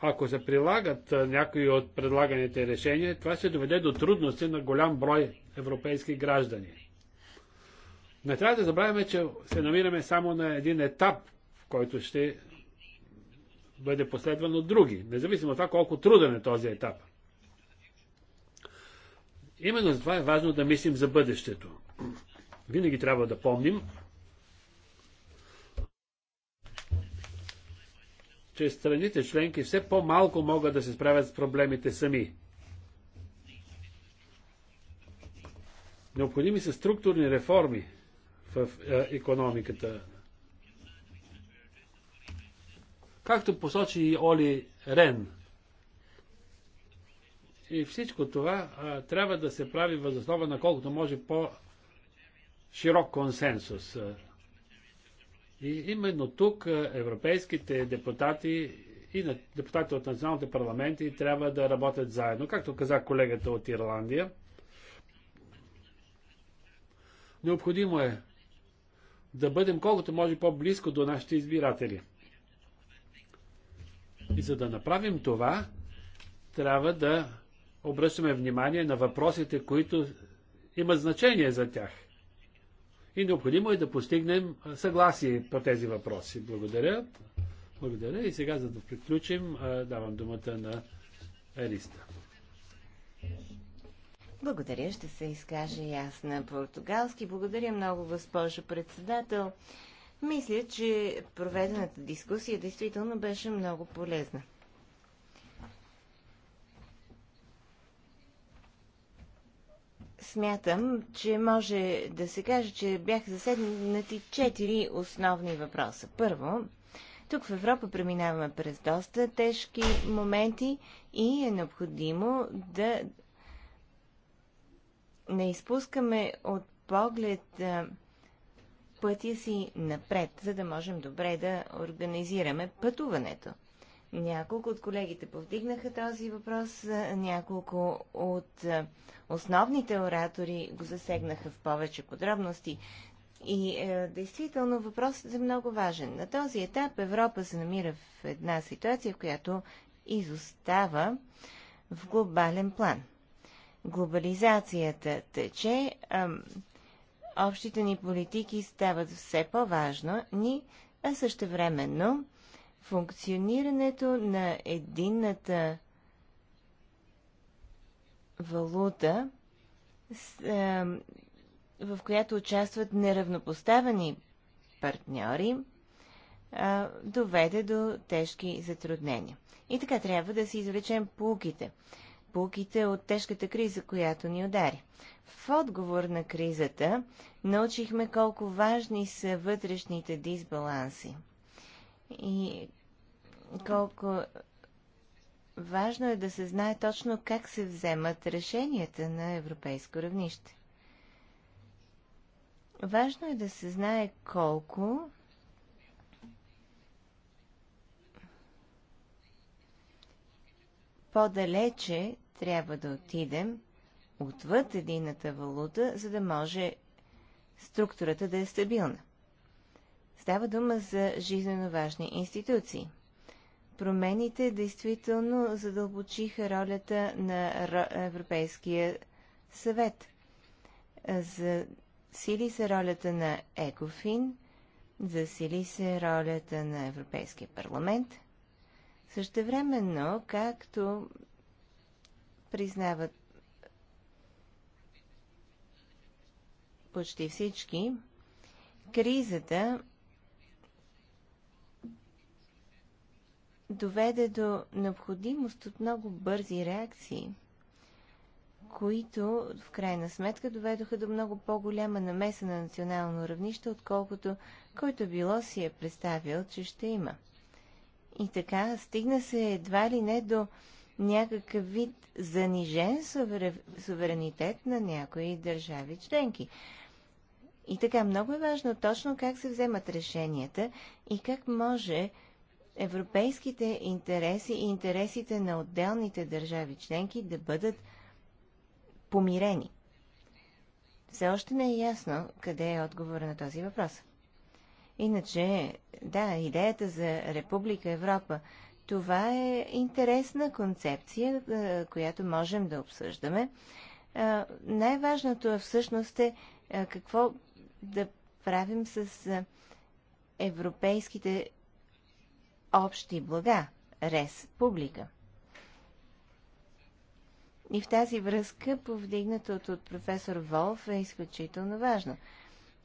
ако се прилагат някои от предлаганите решения, това ще доведе до трудности на голям брой европейски граждани. Не трябва да забравяме, че се намираме само на един етап, в който ще бъде последван от други, независимо от това колко труден е този етап. Именно за това е важно да мислим за бъдещето. Винаги трябва да помним, че страните членки все по-малко могат да се справят с проблемите сами. Необходими са структурни реформи в е, економиката. Както посочи и Оли Рен. И всичко това а, е, трябва да се прави възоснова на колкото може по- широк консенсус. И именно тук е, европейските депутати и депутати от националните парламенти трябва да работят заедно. Както каза колегата от Ирландия, необходимо е да бъдем колкото може по-близко до нашите избиратели. И за да направим това, трябва да обръщаме внимание на въпросите, които имат значение за тях. И необходимо е да постигнем съгласие по тези въпроси. Благодаря. Благодаря. И сега, за да приключим, давам думата на Ериста. Благодаря. Ще се изкаже и аз на португалски. Благодаря много, госпожо председател. Мисля, че проведената дискусия действително беше много полезна. смятам, че може да се каже, че бяха заседнати четири основни въпроса. Първо, тук в Европа преминаваме през доста тежки моменти и е необходимо да не изпускаме от поглед пътя си напред, за да можем добре да организираме пътуването. Няколко от колегите повдигнаха този въпрос, няколко от основните оратори го засегнаха в повече подробности. И е, действително въпросът е много важен. На този етап Европа се намира в една ситуация, в която изостава в глобален план. Глобализацията тече, е, общите ни политики стават все по-важно, ни, а същевременно функционирането на единната валута, в която участват неравнопоставени партньори, доведе до тежки затруднения. И така трябва да си извлечем пулките. Пулките от тежката криза, която ни удари. В отговор на кризата научихме колко важни са вътрешните дисбаланси и колко важно е да се знае точно как се вземат решенията на европейско равнище. Важно е да се знае колко по-далече трябва да отидем отвъд едината валута, за да може структурата да е стабилна. Става дума за жизненно важни институции – промените действително задълбочиха ролята на Европейския съвет. Засили се ролята на ЕКОФИН, засили се ролята на Европейския парламент. Същевременно, както признават почти всички, кризата доведе до необходимост от много бързи реакции, които в крайна сметка доведоха до много по-голяма намеса на национално равнище, отколкото който било си е представил, че ще има. И така стигна се едва ли не до някакъв вид занижен суверенитет на някои държави членки. И така много е важно точно как се вземат решенията и как може европейските интереси и интересите на отделните държави членки да бъдат помирени. Все още не е ясно къде е отговор на този въпрос. Иначе, да, идеята за Република Европа, това е интересна концепция, която можем да обсъждаме. Най-важното е всъщност е какво да правим с европейските общи блага, рез публика. И в тази връзка повдигнатото от професор Волф е изключително важно.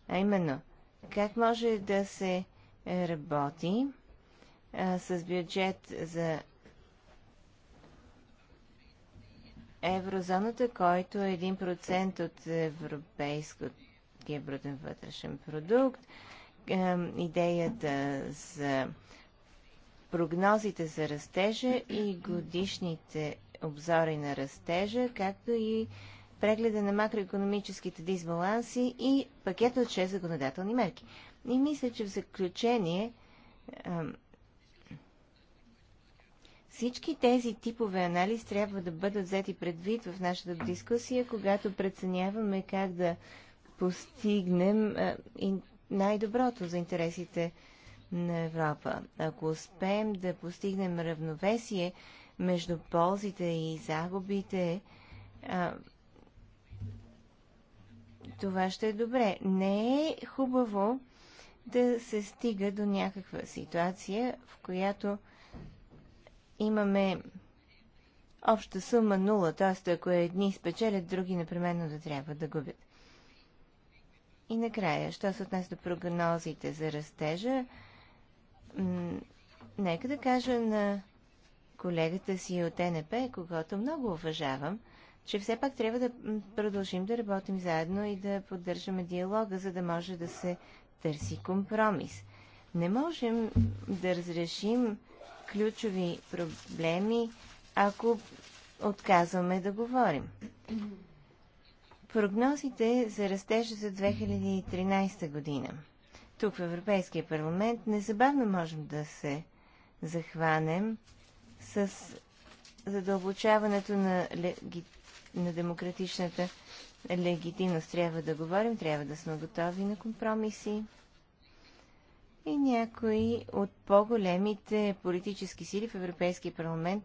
А именно, как може да се работи а, с бюджет за еврозоната, който е 1% от европейския брутен вътрешен продукт. Идеята за прогнозите за растежа и годишните обзори на растежа, както и прегледа на макроекономическите дисбаланси и пакета от 6 законодателни мерки. И мисля, че в заключение всички тези типове анализ трябва да бъдат взети предвид в нашата дискусия, когато преценяваме как да постигнем най-доброто за интересите на Европа. Ако успеем да постигнем равновесие между ползите и загубите, а, това ще е добре. Не е хубаво да се стига до някаква ситуация, в която имаме обща сума нула, т.е. ако едни спечелят, други непременно да трябва да губят. И накрая, що се отнесе до прогнозите за растежа, нека да кажа на колегата си от НП, когато много уважавам, че все пак трябва да продължим да работим заедно и да поддържаме диалога, за да може да се търси компромис. Не можем да разрешим ключови проблеми, ако отказваме да говорим. Прогнозите за растежа за 2013 година – тук в Европейския парламент незабавно можем да се захванем с задълбочаването на, леги... на демократичната легитимност. Трябва да говорим, трябва да сме готови на компромиси. И някои от по-големите политически сили в Европейския парламент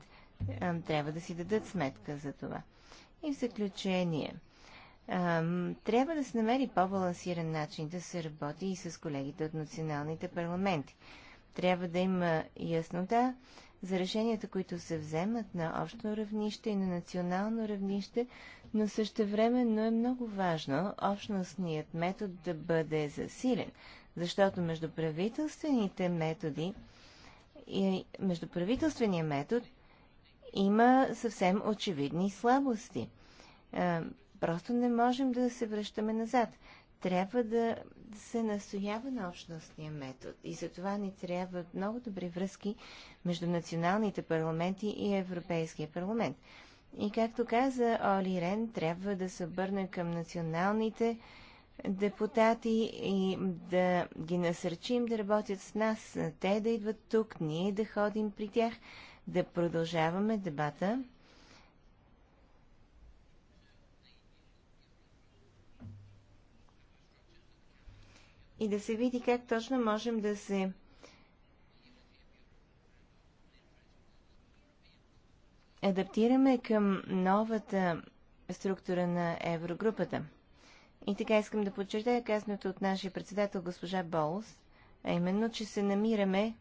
трябва да си дадат сметка за това. И в заключение – трябва да се намери по-балансиран начин да се работи и с колегите от националните парламенти. Трябва да има яснота за решенията, които се вземат на общо равнище и на национално равнище, но но е много важно общностният метод да бъде засилен, защото правителствените методи и между правителствения метод има съвсем очевидни слабости Просто не можем да се връщаме назад. Трябва да се настоява на общностния метод и за това ни трябват много добри връзки между националните парламенти и Европейския парламент. И както каза Оли Рен, трябва да се обърне към националните депутати и да ги насърчим да работят с нас, те да идват тук, ние да ходим при тях, да продължаваме дебата и да се види как точно можем да се адаптираме към новата структура на Еврогрупата. И така искам да подчертая казаното от нашия председател госпожа Болс, а именно, че се намираме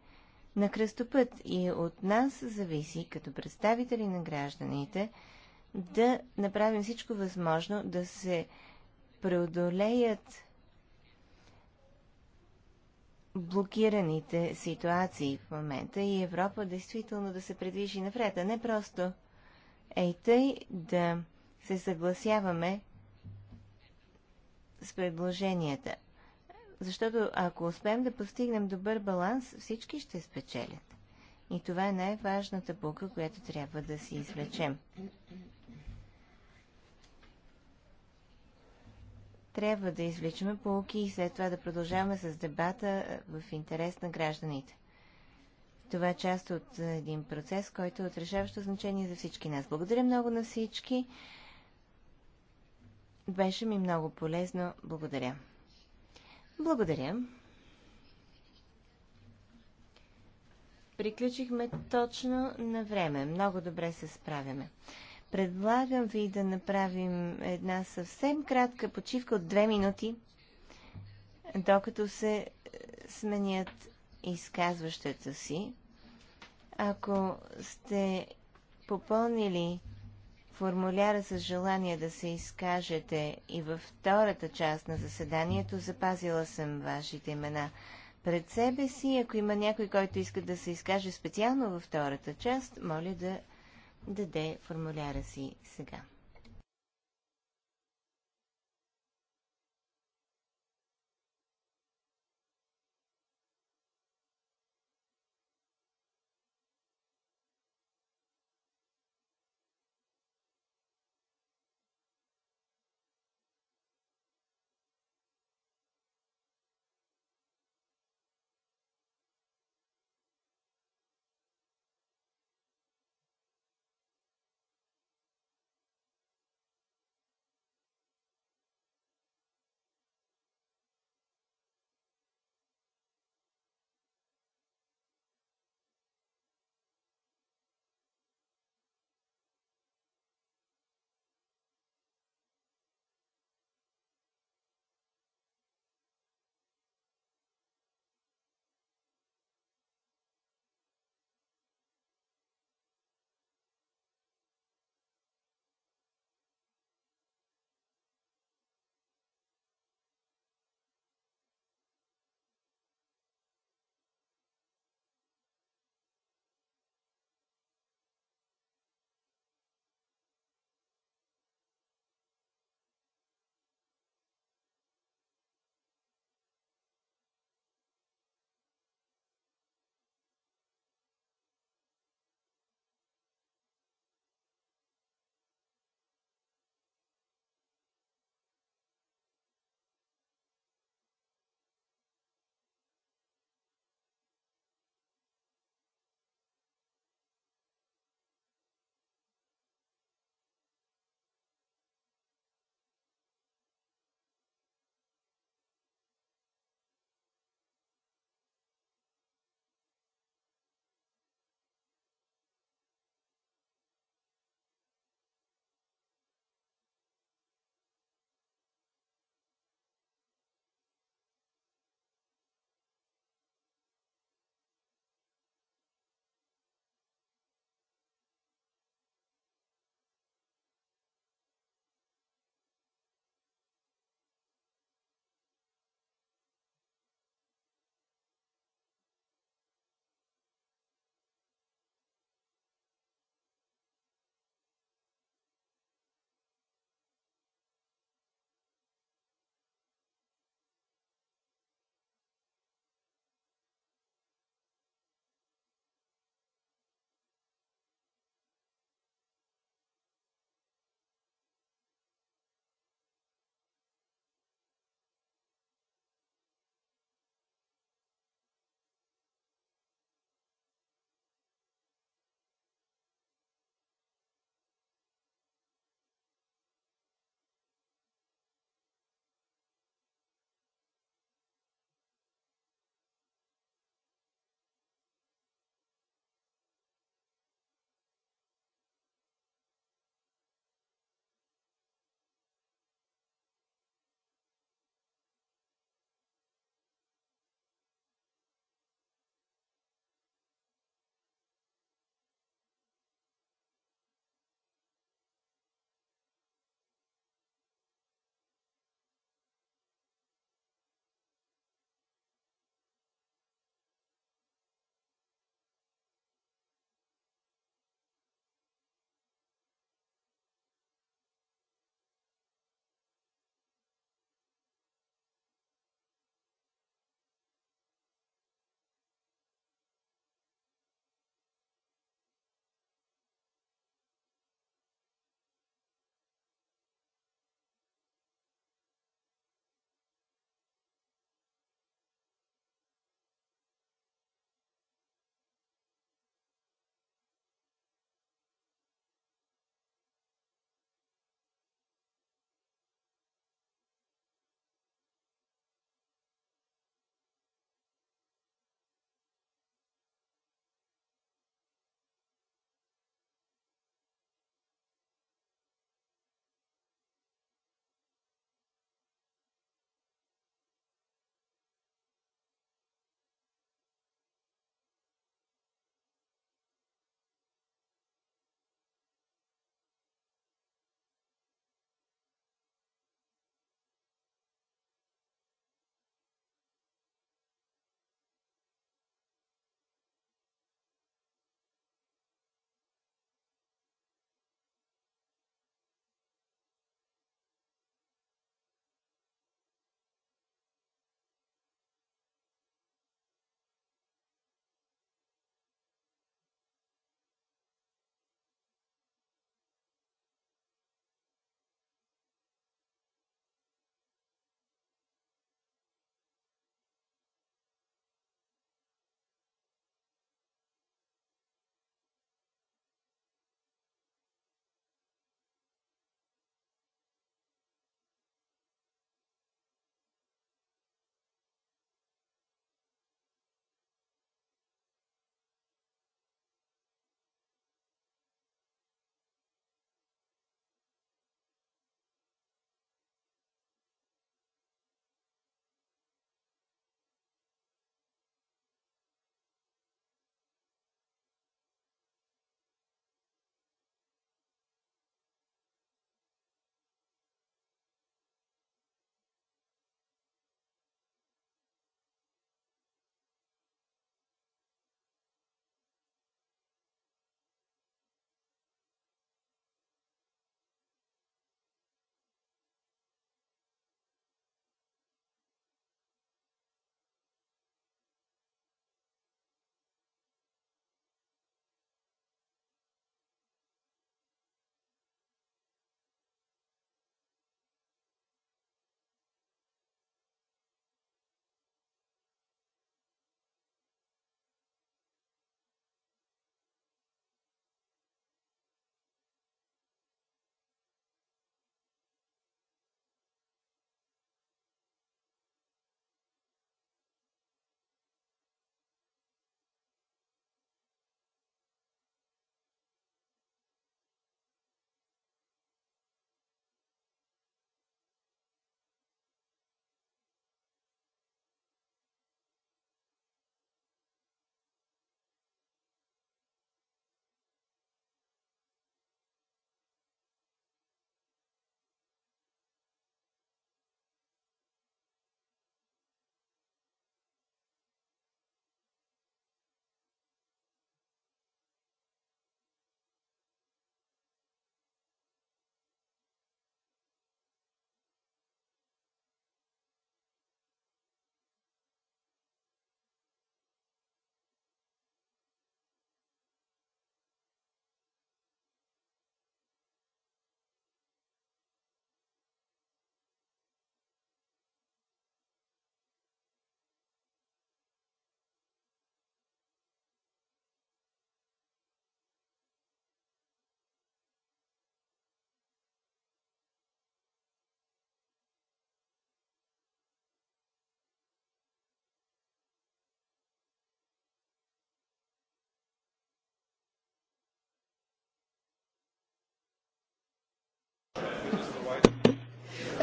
на кръстопът и от нас зависи, като представители на гражданите, да направим всичко възможно да се преодолеят блокираните ситуации в момента и Европа действително да се предвижи напред, а не просто ей тъй да се съгласяваме с предложенията. Защото ако успеем да постигнем добър баланс, всички ще спечелят. И това е най-важната бука, която трябва да си извлечем. трябва да извличаме полки и след това да продължаваме с дебата в интерес на гражданите. Това е част от един процес, който е от решаващо значение за всички нас. Благодаря много на всички. Беше ми много полезно. Благодаря. Благодаря. Приключихме точно на време. Много добре се справяме. Предлагам ви да направим една съвсем кратка почивка от две минути, докато се е, сменят изказващата си. Ако сте попълнили формуляра с желание да се изкажете и във втората част на заседанието, запазила съм вашите имена пред себе си. Ако има някой, който иска да се изкаже специално във втората част, моля да даде формуляра си сега.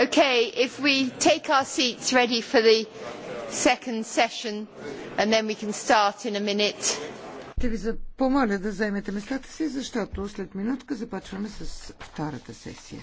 Okay, if we take our seats ready for the second session and then we can start in a minute. Ще ви помоля да заемете местата си, защото след минутка започваме с втората сесия.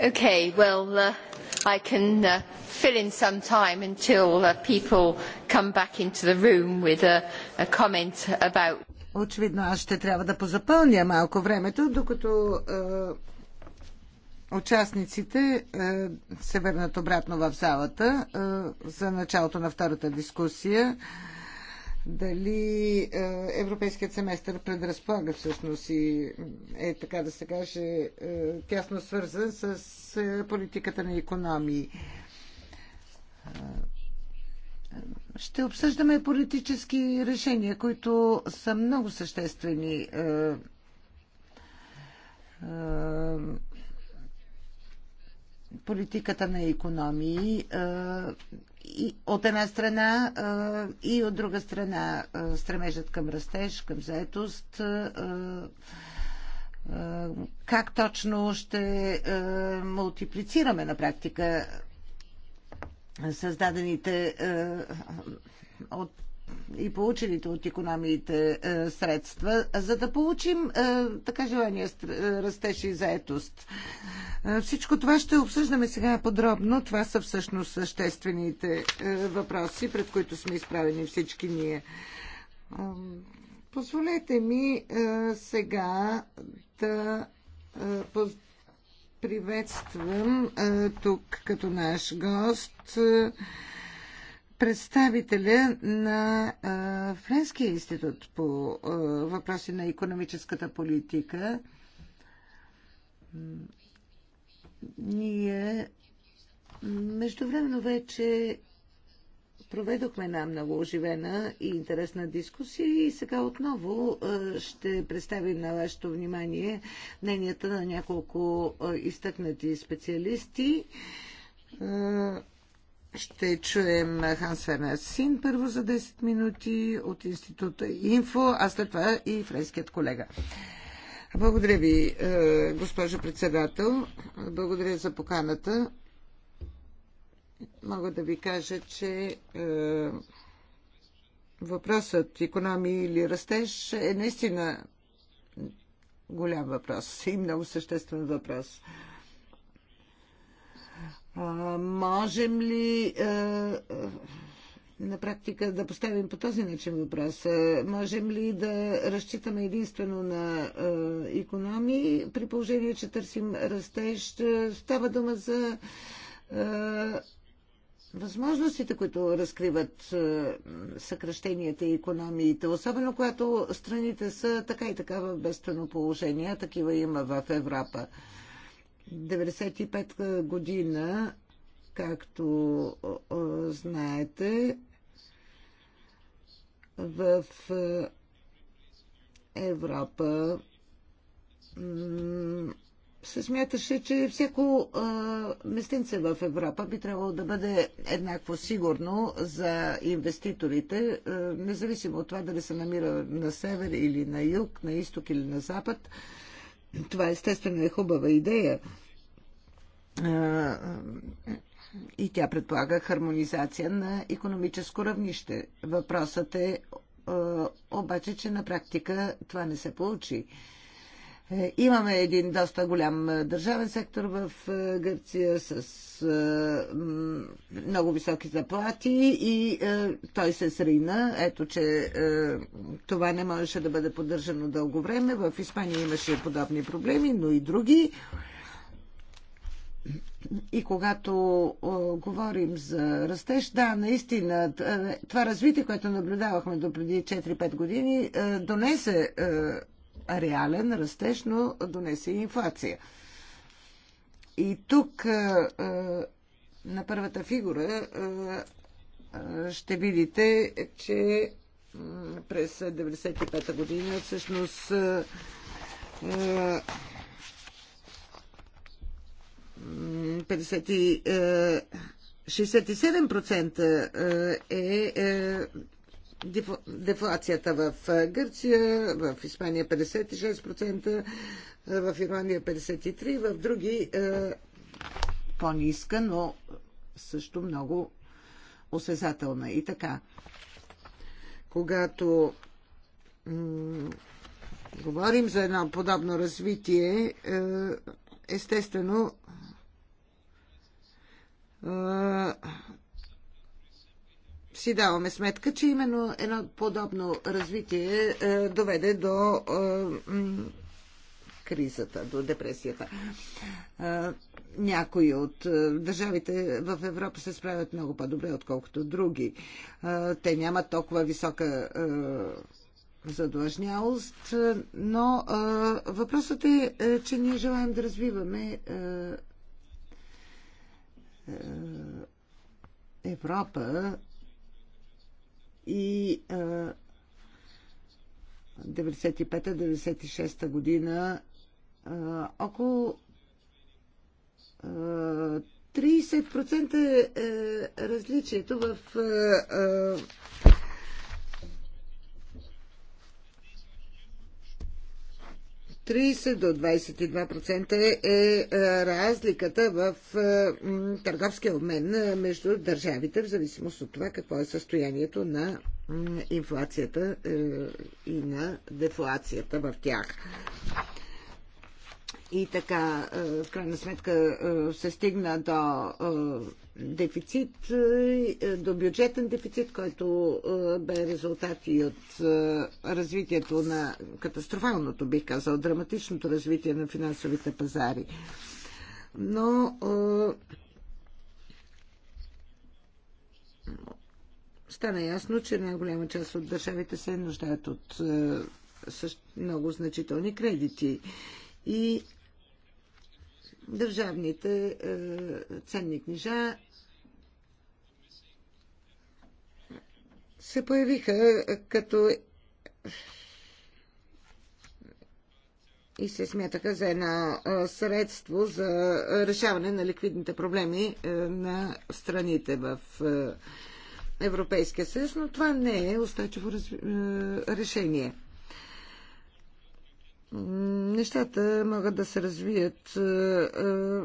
Okay, well, uh, I can uh, fill in some time until uh, people come back into the room with a, a comment about. Очевидно, аз ще трябва да позапълня малко времето, докато е, участниците е, се върнат обратно в залата е, за началото на втората дискусия дали е, европейският семестър предразполага всъщност и е така да се каже е, тясно свързан с е, политиката на економии. Ще обсъждаме политически решения, които са много съществени. Политиката на економии и от една страна и от друга страна стремежът към растеж, към заетост. Как точно ще мултиплицираме на практика създадените от и получените от економиите е, средства, за да получим е, така желания растеж и заетост. Всичко това ще обсъждаме сега подробно. Това са всъщност съществените е, въпроси, пред които сме изправени всички ние. Позволете ми е, сега да е, приветствам тук като наш гост представителя на Френския институт по въпроси на економическата политика ние междувременно вече проведохме една много оживена и интересна дискусия и сега отново ще представим на вашето внимание мненията на няколко изтъкнати специалисти. Ще чуем Ханс Фернер Син първо за 10 минути от института Инфо, а след това и френският колега. Благодаря ви, е, госпожо председател. Благодаря за поканата. Мога да ви кажа, че е, въпросът економия или растеж е наистина голям въпрос и много съществен въпрос. А, можем ли е, на практика да поставим по този начин въпрос. Е, можем ли да разчитаме единствено на економии при положение, че търсим растеж? Е, става дума за е, възможностите, които разкриват съкръщенията и економиите, особено когато страните са така и така в бедствено положение, такива има в Европа. 95 година Както знаете, в Европа се смяташе, че всяко а, местенце в Европа би трябвало да бъде еднакво сигурно за инвеститорите, а, независимо от това дали се намира на север или на юг, на изток или на запад. Това естествено е хубава идея и тя предполага хармонизация на економическо равнище. Въпросът е, е обаче, че на практика това не се получи. Е, имаме един доста голям е, държавен сектор в Гърция с много високи заплати и той се срина. Ето, че това не можеше да бъде поддържано дълго време. В Испания имаше подобни проблеми, но и други. И когато а, говорим за растеж, да, наистина, това развитие, което наблюдавахме до преди 4-5 години, а, донесе а, реален растеж, но донесе и инфлация. И тук а, а, на първата фигура а, а, ще видите, че през 95-та година всъщност. А, 50, е, е, е дефлацията в е, Гърция, в Испания 56%, в Ирландия 53%, в други по-ниска, но също много осезателна. И така, когато говорим за едно подобно развитие, естествено си даваме сметка, че именно едно подобно развитие доведе до кризата, до депресията. Някои от държавите в Европа се справят много по-добре, отколкото други. Те нямат толкова висока задлъжнялост, но въпросът е, е, че ние желаем да развиваме е, Европа и 95-96 година около 30% е, е различието в 30 до 22% е, е разликата в е, търговския обмен е, между държавите, в зависимост от това какво е състоянието на инфлацията и на дефлацията в тях. И така, е, в крайна сметка, е, се стигна до е, дефицит, до бюджетен дефицит, който бе резултат и от развитието на катастрофалното, бих казал, драматичното развитие на финансовите пазари. Но стана ясно, че най-голяма част от държавите се нуждаят от много значителни кредити и държавните е, ценни книжа се появиха като и се смятаха за едно е, средство за решаване на ликвидните проблеми е, на страните в Европейския съюз, но това не е устойчиво решение нещата могат да се развият е, е,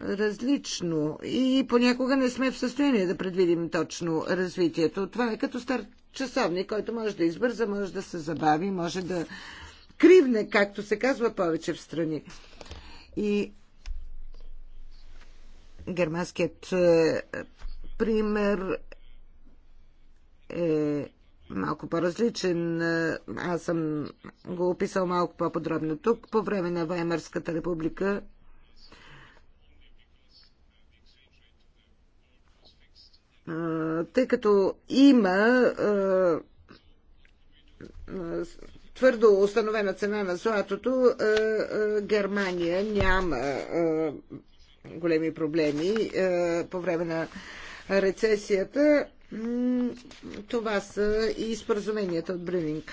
различно и понякога не сме в състояние да предвидим точно развитието. Това е като стар часовник, който може да избърза, може да се забави, може да кривне, както се казва повече в страни. И германският е, пример е малко по-различен. Аз съм го описал малко по-подробно тук. По време на Ваймарската република тъй като има твърдо установена цена на златото, Германия няма големи проблеми по време на рецесията. Това са и споразуменията от Брюнинг.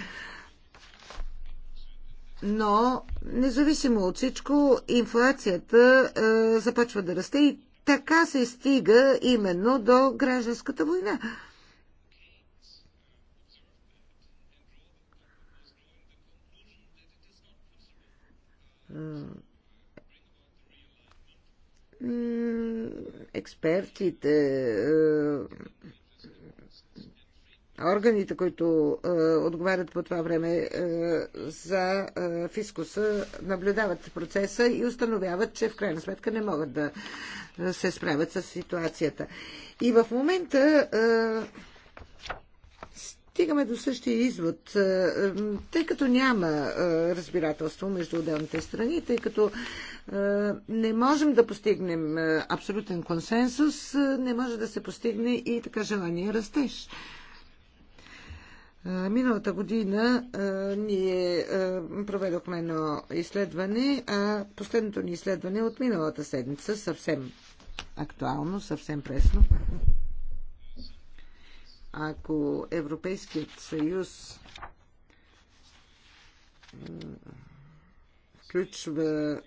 Но, независимо от всичко, инфлацията е, започва да расте и така се стига именно до гражданската война. Експертите, е, органите, които е, отговарят по това време е, за е, фискуса, наблюдават процеса и установяват, че в крайна сметка не могат да е, се справят с ситуацията. И в момента е, стигаме до същия извод. Е, тъй като няма е, разбирателство между отделните страни, тъй като е, не можем да постигнем е, абсолютен консенсус, е, не може да се постигне и така желания растеж. Миналата година а, ние а, проведохме едно изследване, а последното ни изследване е от миналата седмица, съвсем актуално, съвсем пресно. Ако Европейският съюз включва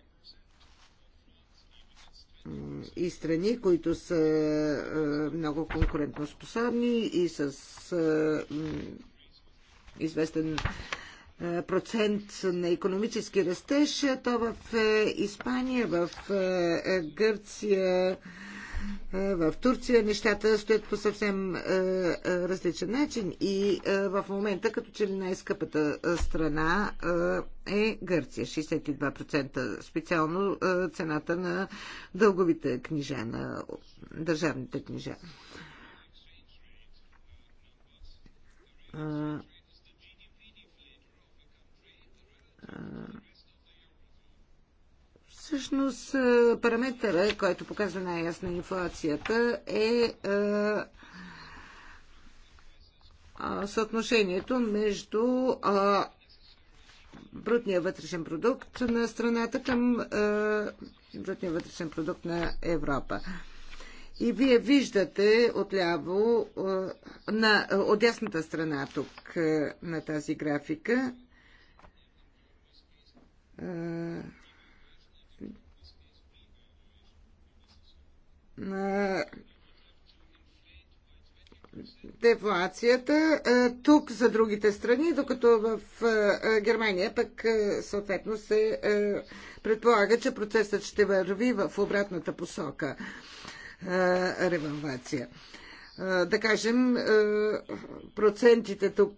и страни, които са много конкурентоспособни и с известен е, процент на економически растеж, то в е, Испания, в е, Гърция, в Турция нещата стоят по съвсем различен начин и в момента като че ли най-скъпата страна е Гърция 62%. Специално цената на дълговите книжа, на държавните книжа Всъщност е, параметъра, който показва най ясна инфлацията е, е съотношението между брутния вътрешен продукт на страната към е, брутния вътрешен продукт на Европа. И вие виждате отляво, на, от ясната страна тук на тази графика, е, дефлацията е, тук за другите страни, докато в е, Германия пък съответно се предполага, че процесът ще върви в обратната посока ревалвация да кажем, процентите тук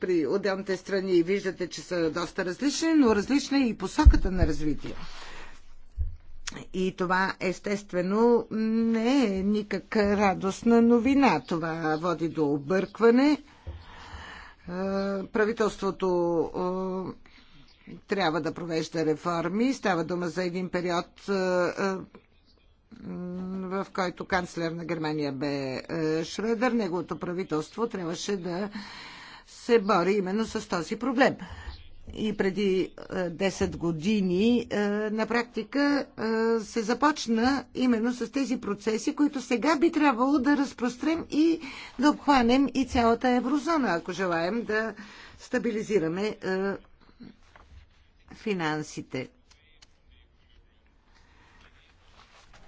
при отделните страни виждате, че са доста различни, но различна е и посоката на развитие. И това естествено не е никак радостна новина. Това води до объркване. Правителството трябва да провежда реформи. Става дума за един период в който канцлер на Германия бе е, Шредер. Неговото правителство трябваше да се бори именно с този проблем. И преди 10 е, години е, на практика се започна именно с тези процеси, които сега би трябвало да разпрострем и да обхванем и цялата еврозона, ако желаем да стабилизираме финансите.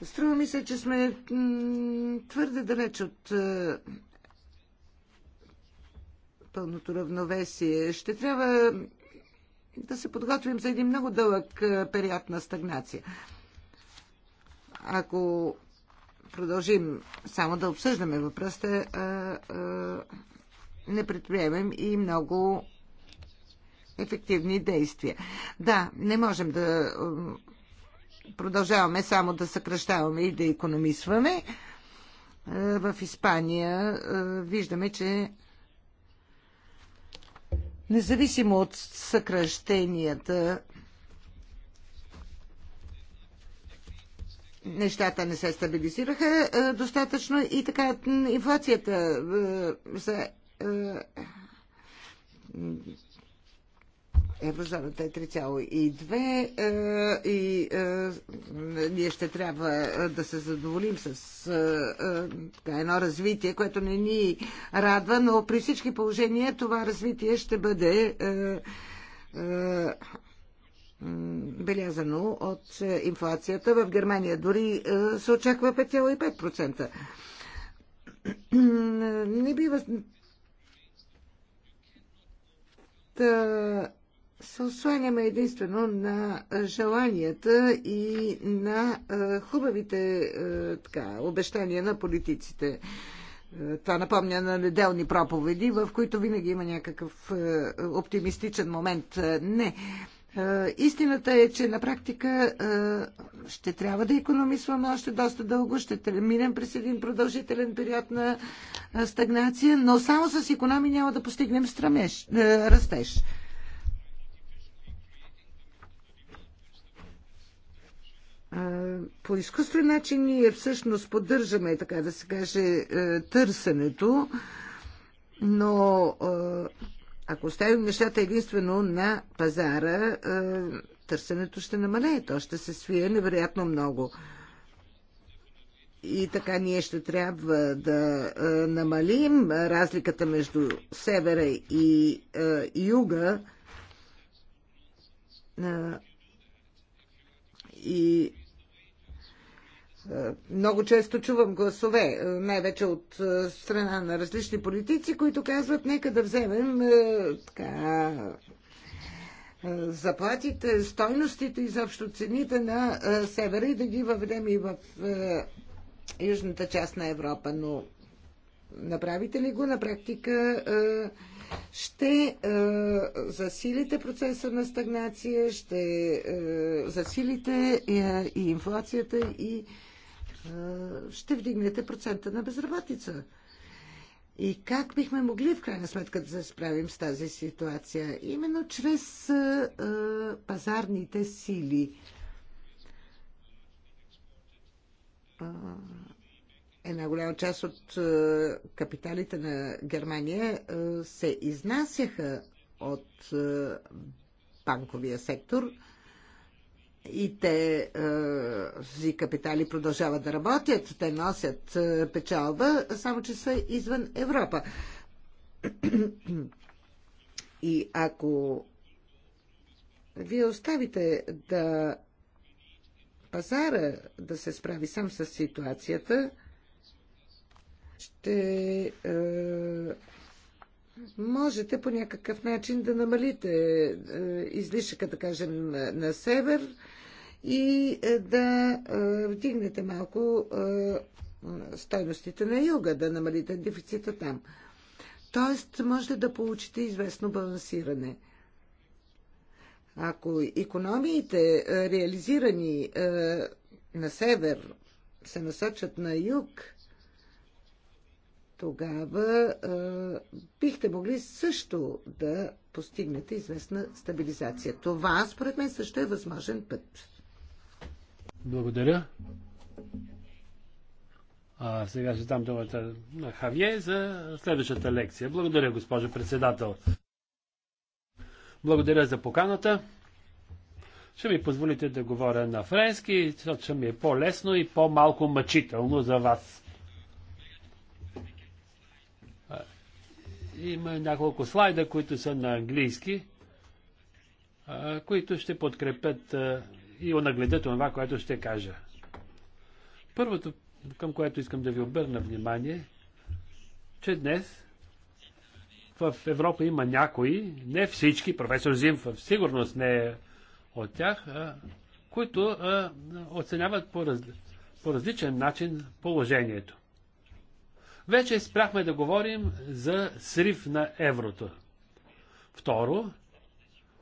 Струва ми се, че сме твърде далеч от е, пълното равновесие. Ще трябва да се подготвим за един много дълъг е, период на стагнация. Ако продължим само да обсъждаме въпросите, е, не предприемем и много ефективни действия. Да, не можем да продължаваме само да съкръщаваме и да економисваме. Е, в Испания е, виждаме, че независимо от съкръщенията, нещата не се стабилизираха е, достатъчно и така инфлацията за еврозоната е 3,2 и е, е, ние ще трябва е, да се задоволим с така, едно развитие, което не ни радва, но при всички положения това развитие ще бъде белязано от инфлацията. В Германия дори се очаква 5,5%. Не бива се осланяме единствено на желанията и на хубавите така, обещания на политиците. Това напомня на неделни проповеди, в които винаги има някакъв оптимистичен момент. Не. Истината е, че на практика ще трябва да економисваме още доста дълго, ще минем през един продължителен период на стагнация, но само с економи няма да постигнем растеж. по изкуствен начин ние всъщност поддържаме, така да се каже, е, търсенето, но е, ако оставим нещата единствено на пазара, е, търсенето ще намалее, то ще се свие невероятно много. И така ние ще трябва да намалим разликата между севера и юга и много често чувам гласове, най-вече от е, страна на различни политици, които казват, нека да вземем е, така, е, заплатите, стойностите и заобщо цените на севера и да ги въведем и в южната част на Европа. Но направите ли го на практика? ще е, засилите процеса на стагнация, ще е, засилите е, и инфлацията и е, ще вдигнете процента на безработица. И как бихме могли в крайна сметка да се справим с тази ситуация? Именно чрез е, е, пазарните сили. Една голяма част от капиталите на Германия се изнасяха от банковия сектор и те е, си капитали продължават да работят, те носят е, печалба, само че са извън Европа. И ако вие оставите да пазара да се справи сам с ситуацията, ще е, можете по някакъв начин да намалите е, излишъка, да кажем, на, на север, и е, да е, вдигнете малко е, стойностите на юга, да намалите дефицита там. Тоест, можете да получите известно балансиране. Ако економиите, реализирани на север, се насочат на юг, тогава е, бихте могли също да постигнете известна стабилизация. Това, според мен, също е възможен път. Благодаря. А, сега ще дам думата на Хавие за следващата лекция. Благодаря, госпожо председател. Благодаря за поканата. Ще ми позволите да говоря на френски, защото ще ми е по-лесно и по-малко мъчително за вас. Има няколко слайда, които са на английски, които ще подкрепят и онагледят това, което ще кажа. Първото, към което искам да ви обърна внимание, че днес в Европа има някои, не всички, професор Зимф сигурност не е от тях, а, които а, оценяват по, раз, по различен начин положението. Вече спряхме да говорим за срив на еврото. Второ,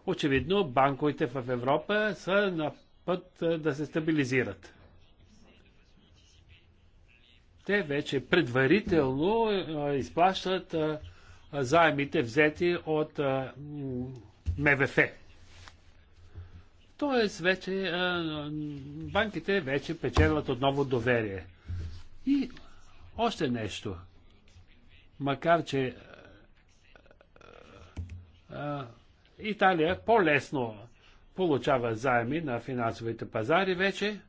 очевидно банковите в Европа са на път да се стабилизират. Те вече предварително изплащат заемите взети от МВФ. Тоест, вече банките вече печелват отново доверие. И още нещо. Макар, че Италия по-лесно получава заеми на финансовите пазари вече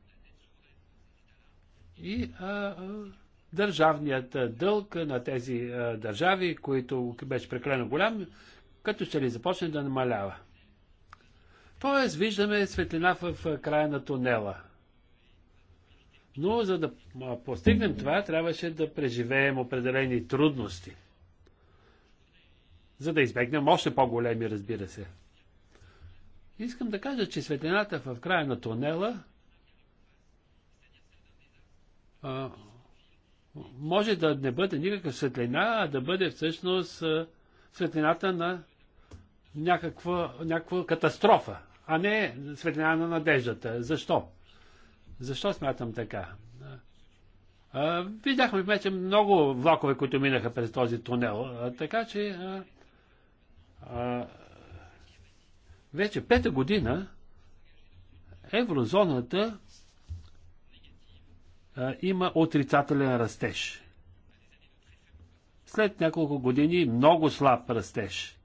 и а, а, държавният дълг на тези а, държави, които беше прекалено голям, като ще ли започне да намалява. Тоест, виждаме светлина в края на тунела. Но за да постигнем това, трябваше да преживеем определени трудности. За да избегнем още по-големи, разбира се. Искам да кажа, че светлината в края на тунела а, може да не бъде никаква светлина, а да бъде всъщност светлината на някаква, някаква катастрофа, а не светлина на надеждата. Защо? Защо смятам така? А, видяхме вече много влакове, които минаха през този тунел, а, така че а, а, вече пета година еврозоната а, има отрицателен растеж. След няколко години много слаб растеж.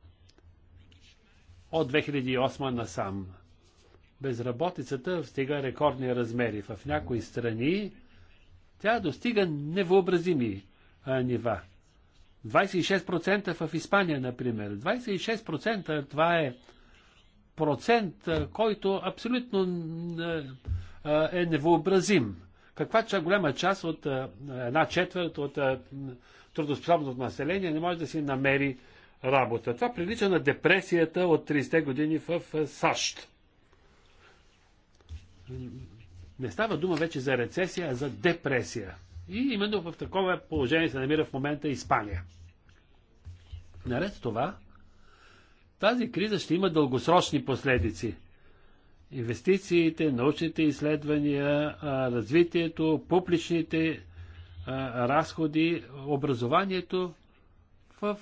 От 2008 насам. Безработицата стига рекордни размери. В някои страни тя достига невъобразими а, нива. 26% в Испания, например. 26% това е процент, който абсолютно е невообразим. Каква че голяма част от една четвърт от трудоспособното население не може да си намери работа. Това прилича на депресията от 30-те години в САЩ. Не става дума вече за рецесия, а за депресия. И именно в такова положение се намира в момента Испания. Наред с това, тази криза ще има дългосрочни последици. Инвестициите, научните изследвания, развитието, публичните разходи, образованието в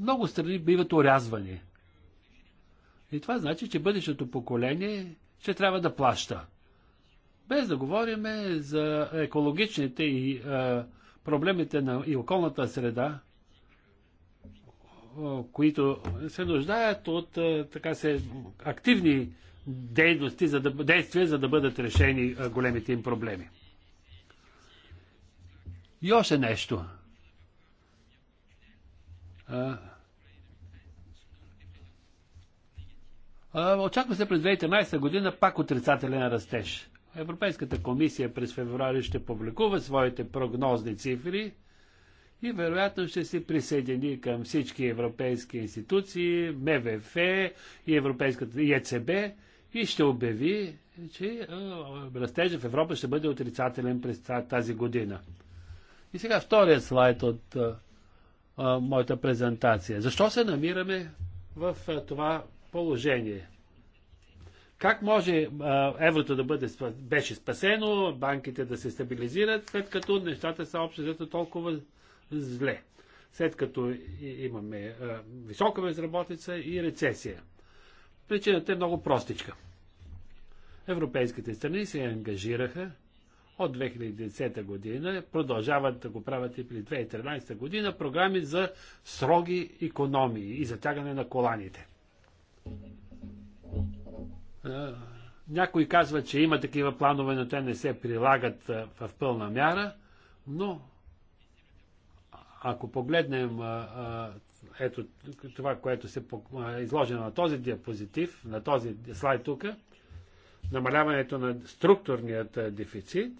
много страни биват орязвани. И това значи, че бъдещото поколение ще трябва да плаща. Без да говорим за екологичните и проблемите на и околната среда, които се нуждаят от така се, активни дейности, за да, действия, за да бъдат решени големите им проблеми. И още нещо. А, а, очаква се през 2013 година пак отрицателен растеж. Европейската комисия през февруари ще публикува своите прогнозни цифри и вероятно ще се присъедини към всички европейски институции, МВФ и Европейската и ЕЦБ и ще обяви, че растежа в Европа ще бъде отрицателен през тази година. И сега втория слайд от а, моята презентация. Защо се намираме в а, това положение? Как може а, еврото да бъде беше спасено, банките да се стабилизират, след като нещата са общо толкова зле, след като имаме висока безработица и рецесия. Причината е много простичка. Европейските страни се ангажираха от 2010 година, продължават да го правят и при 2013 година, програми за сроги економии и затягане на коланите. Някои казват, че има такива планове, но те не се прилагат в пълна мяра, но ако погледнем ето това, което се изложено на този диапозитив, на този слайд тук, намаляването на структурният дефицит,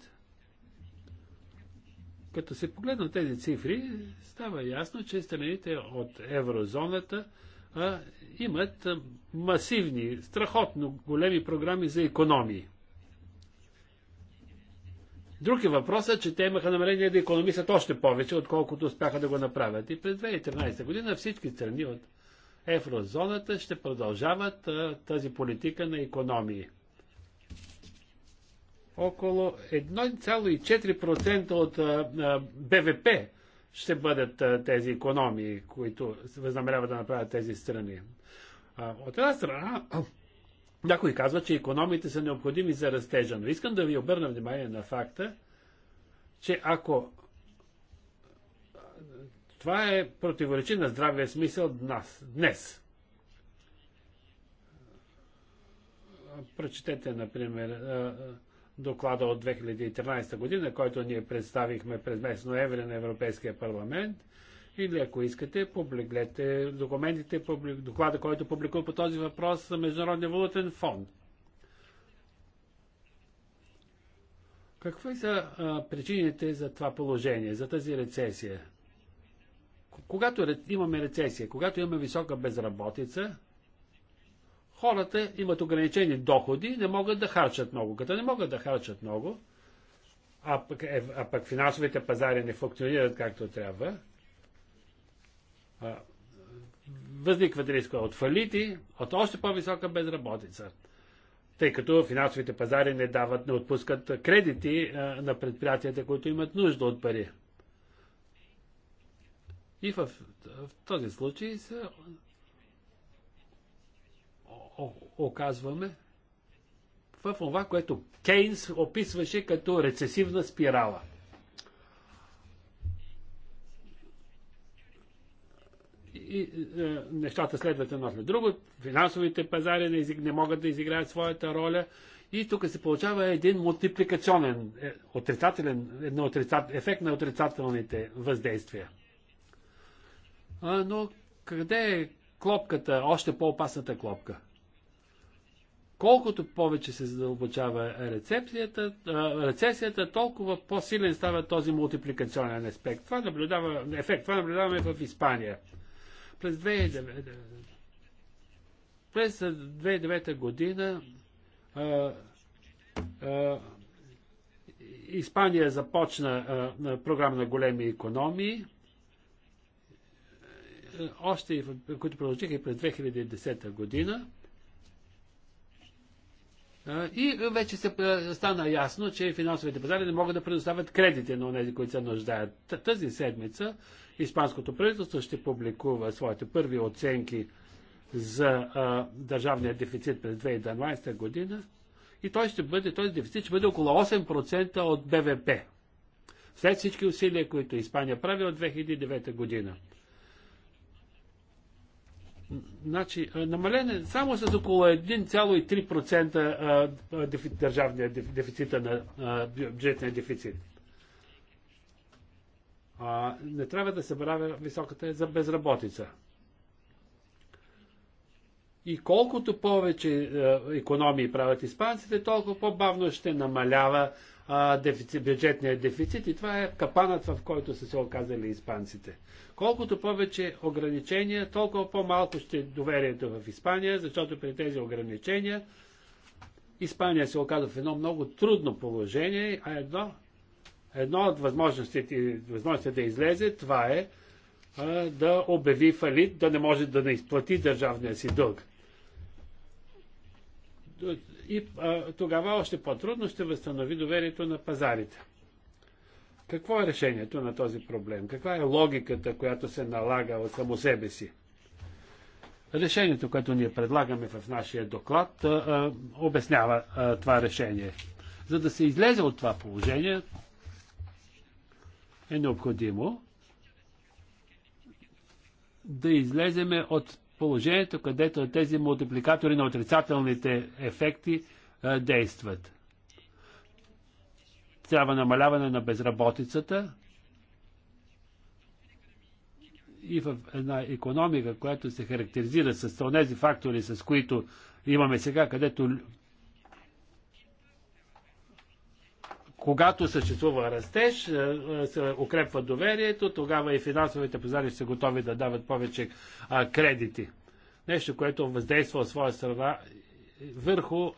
като се погледнат тези цифри, става ясно, че страните от еврозоната имат масивни, страхотно големи програми за економии. Друг е въпросът, че те имаха намерение да економисат още повече, отколкото успяха да го направят. И през 2013 година всички страни от еврозоната ще продължават а, тази политика на економии. Около 1,4% от а, а, БВП ще бъдат а, тези економии, които възнамеряват да направят тези страни. А, от една страна, някой казва, че економите са необходими за растежа, но искам да ви обърна внимание на факта, че ако това е противоречи на здравия смисъл днес. днес. Прочетете, например, доклада от 2013 година, който ние представихме през месец ноември на Европейския парламент. Или ако искате, публиклете документите, публик... доклада, който публикува по този въпрос Международния валутен фонд. Какви са а, причините за това положение, за тази рецесия? Когато имаме рецесия, когато имаме висока безработица, хората имат ограничени доходи, не могат да харчат много. Като не могат да харчат много, а пък, е, а пък финансовите пазари не функционират както трябва, възниква риска от фалити, от още по-висока безработица, тъй като финансовите пазари не дават, не отпускат кредити на предприятията, които имат нужда от пари. И в, в този случай се оказваме в това, което Кейнс описваше като рецесивна спирала – и, е, нещата следват едно след друго. Финансовите пазари не, изиг... не могат да изиграят своята роля. И тук се получава един мултипликационен, е, отрицателен, едно отрицат, ефект на отрицателните въздействия. А, но къде е клопката, още по-опасната клопка? Колкото повече се задълбочава рецепцията, рецесията, толкова по-силен става този мултипликационен аспект. Това наблюдава, ефект. Това наблюдаваме в Испания. През 2009, през 2009 година а, а, Испания започна а, програма на големи економии, още, които продължиха и през 2010 година. И вече се стана ясно, че финансовите пазари не могат да предоставят кредити на тези, които се нуждаят. Тази седмица Испанското правителство ще публикува своите първи оценки за а, държавния дефицит през 2012 година и той ще бъде, този дефицит ще бъде около 8% от БВП. След всички усилия, които Испания прави от 2009 година. Значи, намалене само с около 1,3% държавния дефицит на бюджетния дефицит. А, не трябва да се бравя високата е за безработица. И колкото повече е, економии правят испанците, толкова по-бавно ще намалява дефицит, бюджетния дефицит и това е капанът, в който са се оказали испанците. Колкото повече ограничения, толкова по-малко ще е доверието в Испания, защото при тези ограничения Испания се оказва в едно много трудно положение, а едно Едно от възможностите, възможностите да излезе, това е а, да обяви фалит, да не може да не изплати държавния си дълг. И а, тогава още по-трудно ще възстанови доверието на пазарите. Какво е решението на този проблем? Каква е логиката, която се налага от само себе си? Решението, което ние предлагаме в нашия доклад, а, а, обяснява а, това решение. За да се излезе от това положение, е необходимо да излеземе от положението, където тези мултипликатори на отрицателните ефекти а, е, действат. Трябва намаляване на безработицата и в една економика, която се характеризира с тези фактори, с които имаме сега, където когато съществува растеж, е, е, се укрепва доверието, тогава и финансовите пазари са готови да дават повече е, кредити. Нещо, което въздейства от своя страна върху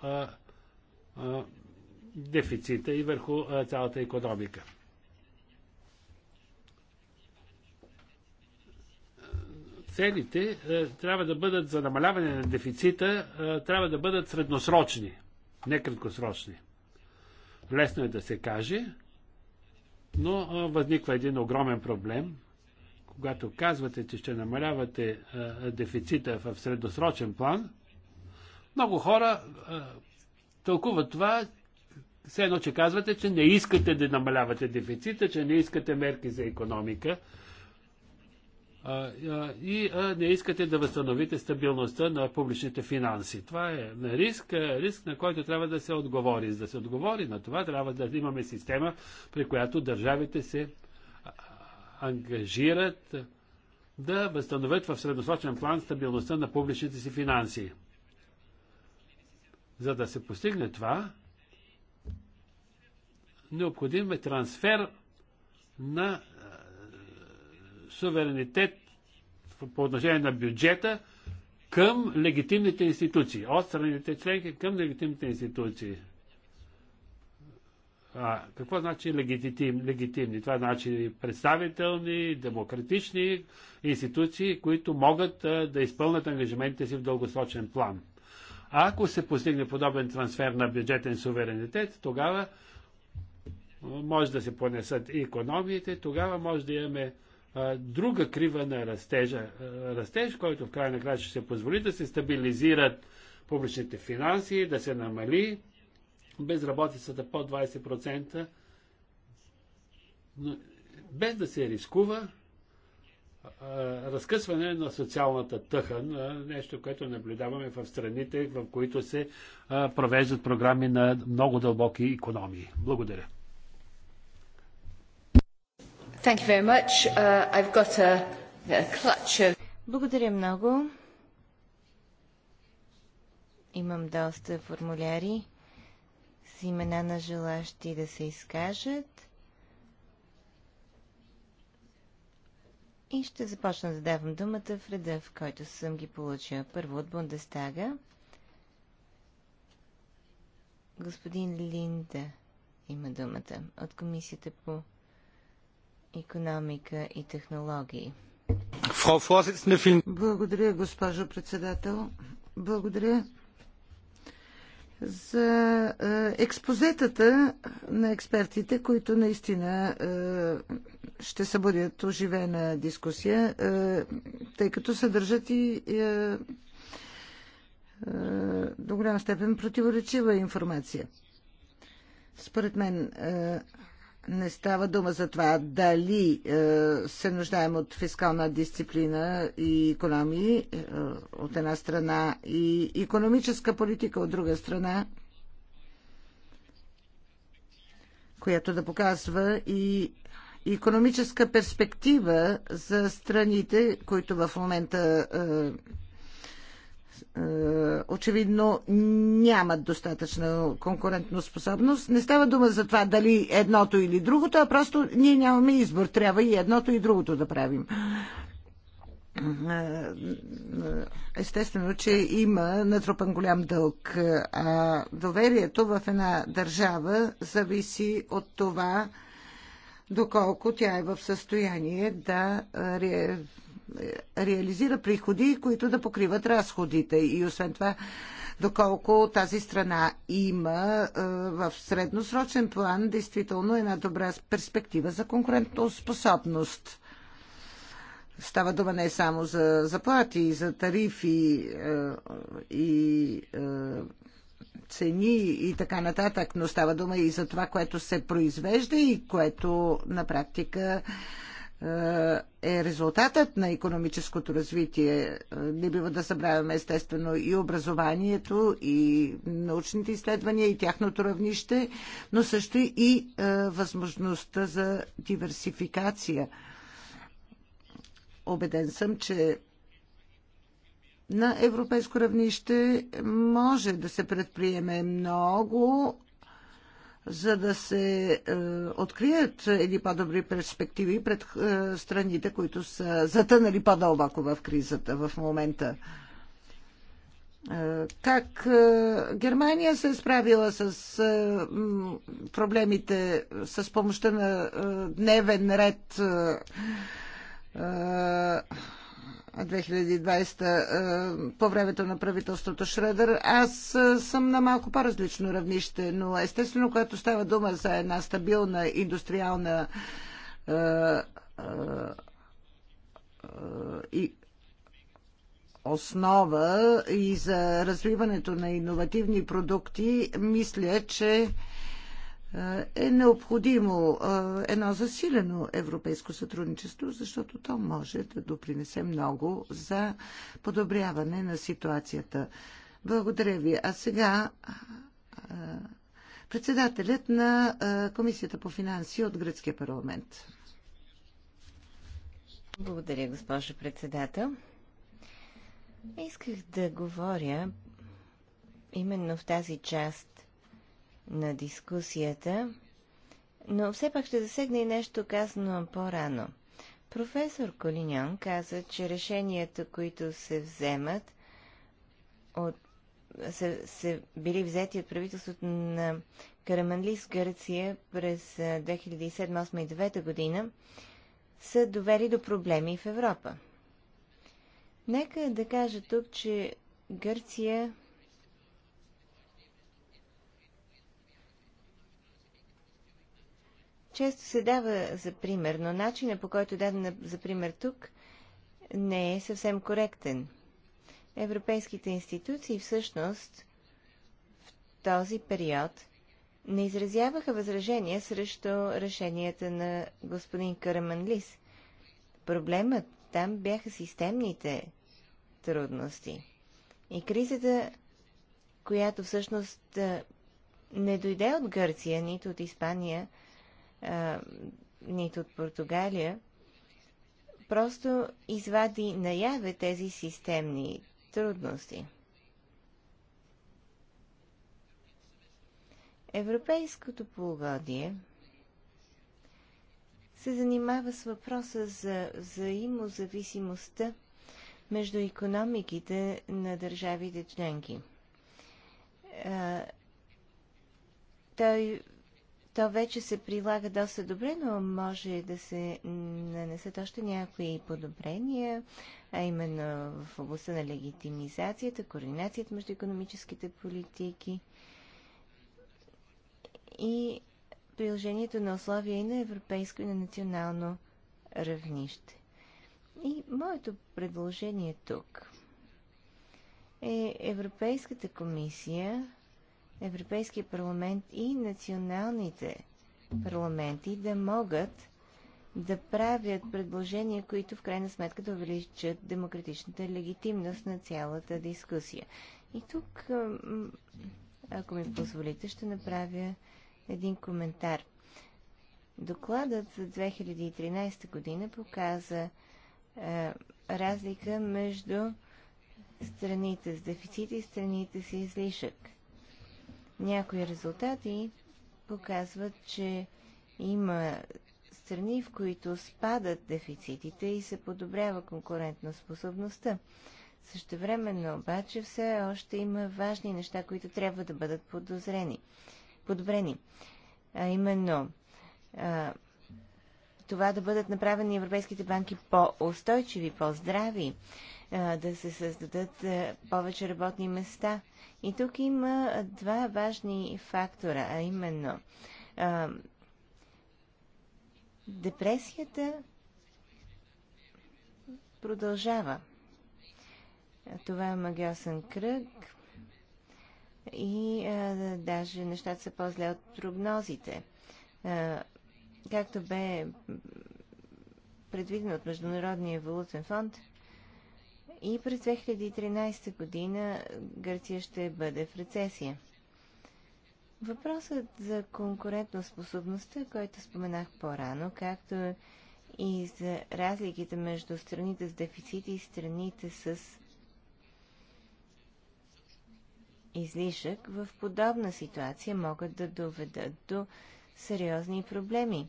дефицита и върху цялата економика. Целите трябва да бъдат за намаляване на дефицита, трябва да бъдат средносрочни, не краткосрочни. Лесно е да се каже, но възниква един огромен проблем. Когато казвате, че ще намалявате дефицита в средносрочен план, много хора тълкуват това, все едно, че казвате, че не искате да намалявате дефицита, че не искате мерки за економика и не искате да възстановите стабилността на публичните финанси. Това е, е риск, е, риск на който трябва да се отговори. За да се отговори на това, трябва да имаме система, при която държавите се ангажират да възстановят в средносрочен план стабилността на публичните си финанси. За да се постигне това, необходим е трансфер на суверенитет по отношение на бюджета към легитимните институции, от страните членки към легитимните институции. А, какво значи легитим, легитимни? Това значи представителни, демократични институции, които могат а, да изпълнят ангажиментите си в дългосрочен план. А ако се постигне подобен трансфер на бюджетен суверенитет, тогава може да се понесат и економиите, тогава може да имаме друга крива на растежа. Растеж, който в край на края ще се позволи да се стабилизират публичните финанси, да се намали безработицата под 20%, но без да се рискува разкъсване на социалната тъха, нещо, което наблюдаваме в страните, в които се провеждат програми на много дълбоки економии. Благодаря. Thank you very much. Uh, I've got a clutch of... Благодаря много. Имам доста формуляри с имена на желащи да се изкажат. И ще започна да давам думата в реда, в който съм ги получила. Първо от Бундестага. Господин Линда има думата от Комисията по економика и технологии. Благодаря, госпожо председател. Благодаря за е, експозетата на експертите, които наистина е, ще събудят оживена дискусия, е, тъй като съдържат и до голяма степен противоречива информация. Според мен не става дума за това дали е, се нуждаем от фискална дисциплина и економии е, от една страна и економическа политика от друга страна, която да показва и економическа перспектива за страните, които в момента е, е, очевидно нямат достатъчна конкурентна способност. Не става дума за това дали едното или другото, а просто ние нямаме избор. Трябва и едното и другото да правим. Е, е, естествено, че има натрупан голям дълг, а доверието в една държава зависи от това, доколко тя е в състояние да реализира приходи, които да покриват разходите. И освен това, доколко тази страна има е, в средносрочен план действително една добра перспектива за конкурентоспособност. Става дума не само за заплати, за тарифи е, и е, цени и така нататък, но става дума и за това, което се произвежда и което на практика е, е резултатът на економическото развитие. Е, не бива да забравяме естествено и образованието, и научните изследвания, и тяхното равнище, но също и е, възможността за диверсификация. Обеден съм, че на европейско равнище може да се предприеме много за да се е, открият едни по-добри перспективи пред е, страните, които са затънали по-дълбоко в кризата в момента. Е, как е, Германия се е справила с е, проблемите с помощта на е, дневен ред? Е, е, 2020 е, по времето на правителството Шредър. Аз е, съм на малко по-различно равнище, но естествено, когато става дума за една стабилна индустриална е, и основа и за развиването на иновативни продукти, мисля, че е необходимо едно засилено европейско сътрудничество, защото то може да допринесе много за подобряване на ситуацията. Благодаря ви. А сега председателят на Комисията по финанси от Гръцкия парламент. Благодаря, госпожо председател. Исках да говоря именно в тази част на дискусията, но все пак ще засегна и нещо казано по-рано. Професор Колиньон каза, че решенията, които се вземат от са, се били взети от правителството на Караманлис Гърция през 2007-2008 и 2009 година, са довели до проблеми в Европа. Нека да кажа тук, че Гърция често се дава за пример, но начинът по който дадена за пример тук не е съвсем коректен. Европейските институции всъщност в този период не изразяваха възражения срещу решенията на господин Лис. Проблемът там бяха системните трудности. И кризата, която всъщност не дойде от Гърция, нито от Испания, а, нито от Португалия, просто извади наяве тези системни трудности. Европейското полугодие се занимава с въпроса за взаимозависимостта между економиките на държавите членки. той то вече се прилага доста добре, но може да се нанесат още някои подобрения, а именно в областта на легитимизацията, координацията между економическите политики и приложението на условия и на европейско и на национално равнище. И моето предложение тук е Европейската комисия Европейския парламент и националните парламенти да могат да правят предложения, които в крайна сметка да увеличат демократичната легитимност на цялата дискусия. И тук, ако ми позволите, ще направя един коментар. Докладът за 2013 година показа е, разлика между страните с дефицит и страните с излишък – някои резултати показват, че има страни, в които спадат дефицитите и се подобрява конкурентна способността. Същевременно обаче все още има важни неща, които трябва да бъдат подозрени, подобрени. А именно а, това да бъдат направени европейските банки по-устойчиви, по-здрави, да се създадат повече работни места. И тук има два важни фактора, а именно депресията продължава. Това е магиосен кръг и а, даже нещата са по-зле от прогнозите. А, както бе предвидено от Международния валутен фонд, и през 2013 година Гърция ще бъде в рецесия. Въпросът за конкурентоспособността, който споменах по-рано, както и за разликите между страните с дефицити и страните с излишък, в подобна ситуация могат да доведат до сериозни проблеми.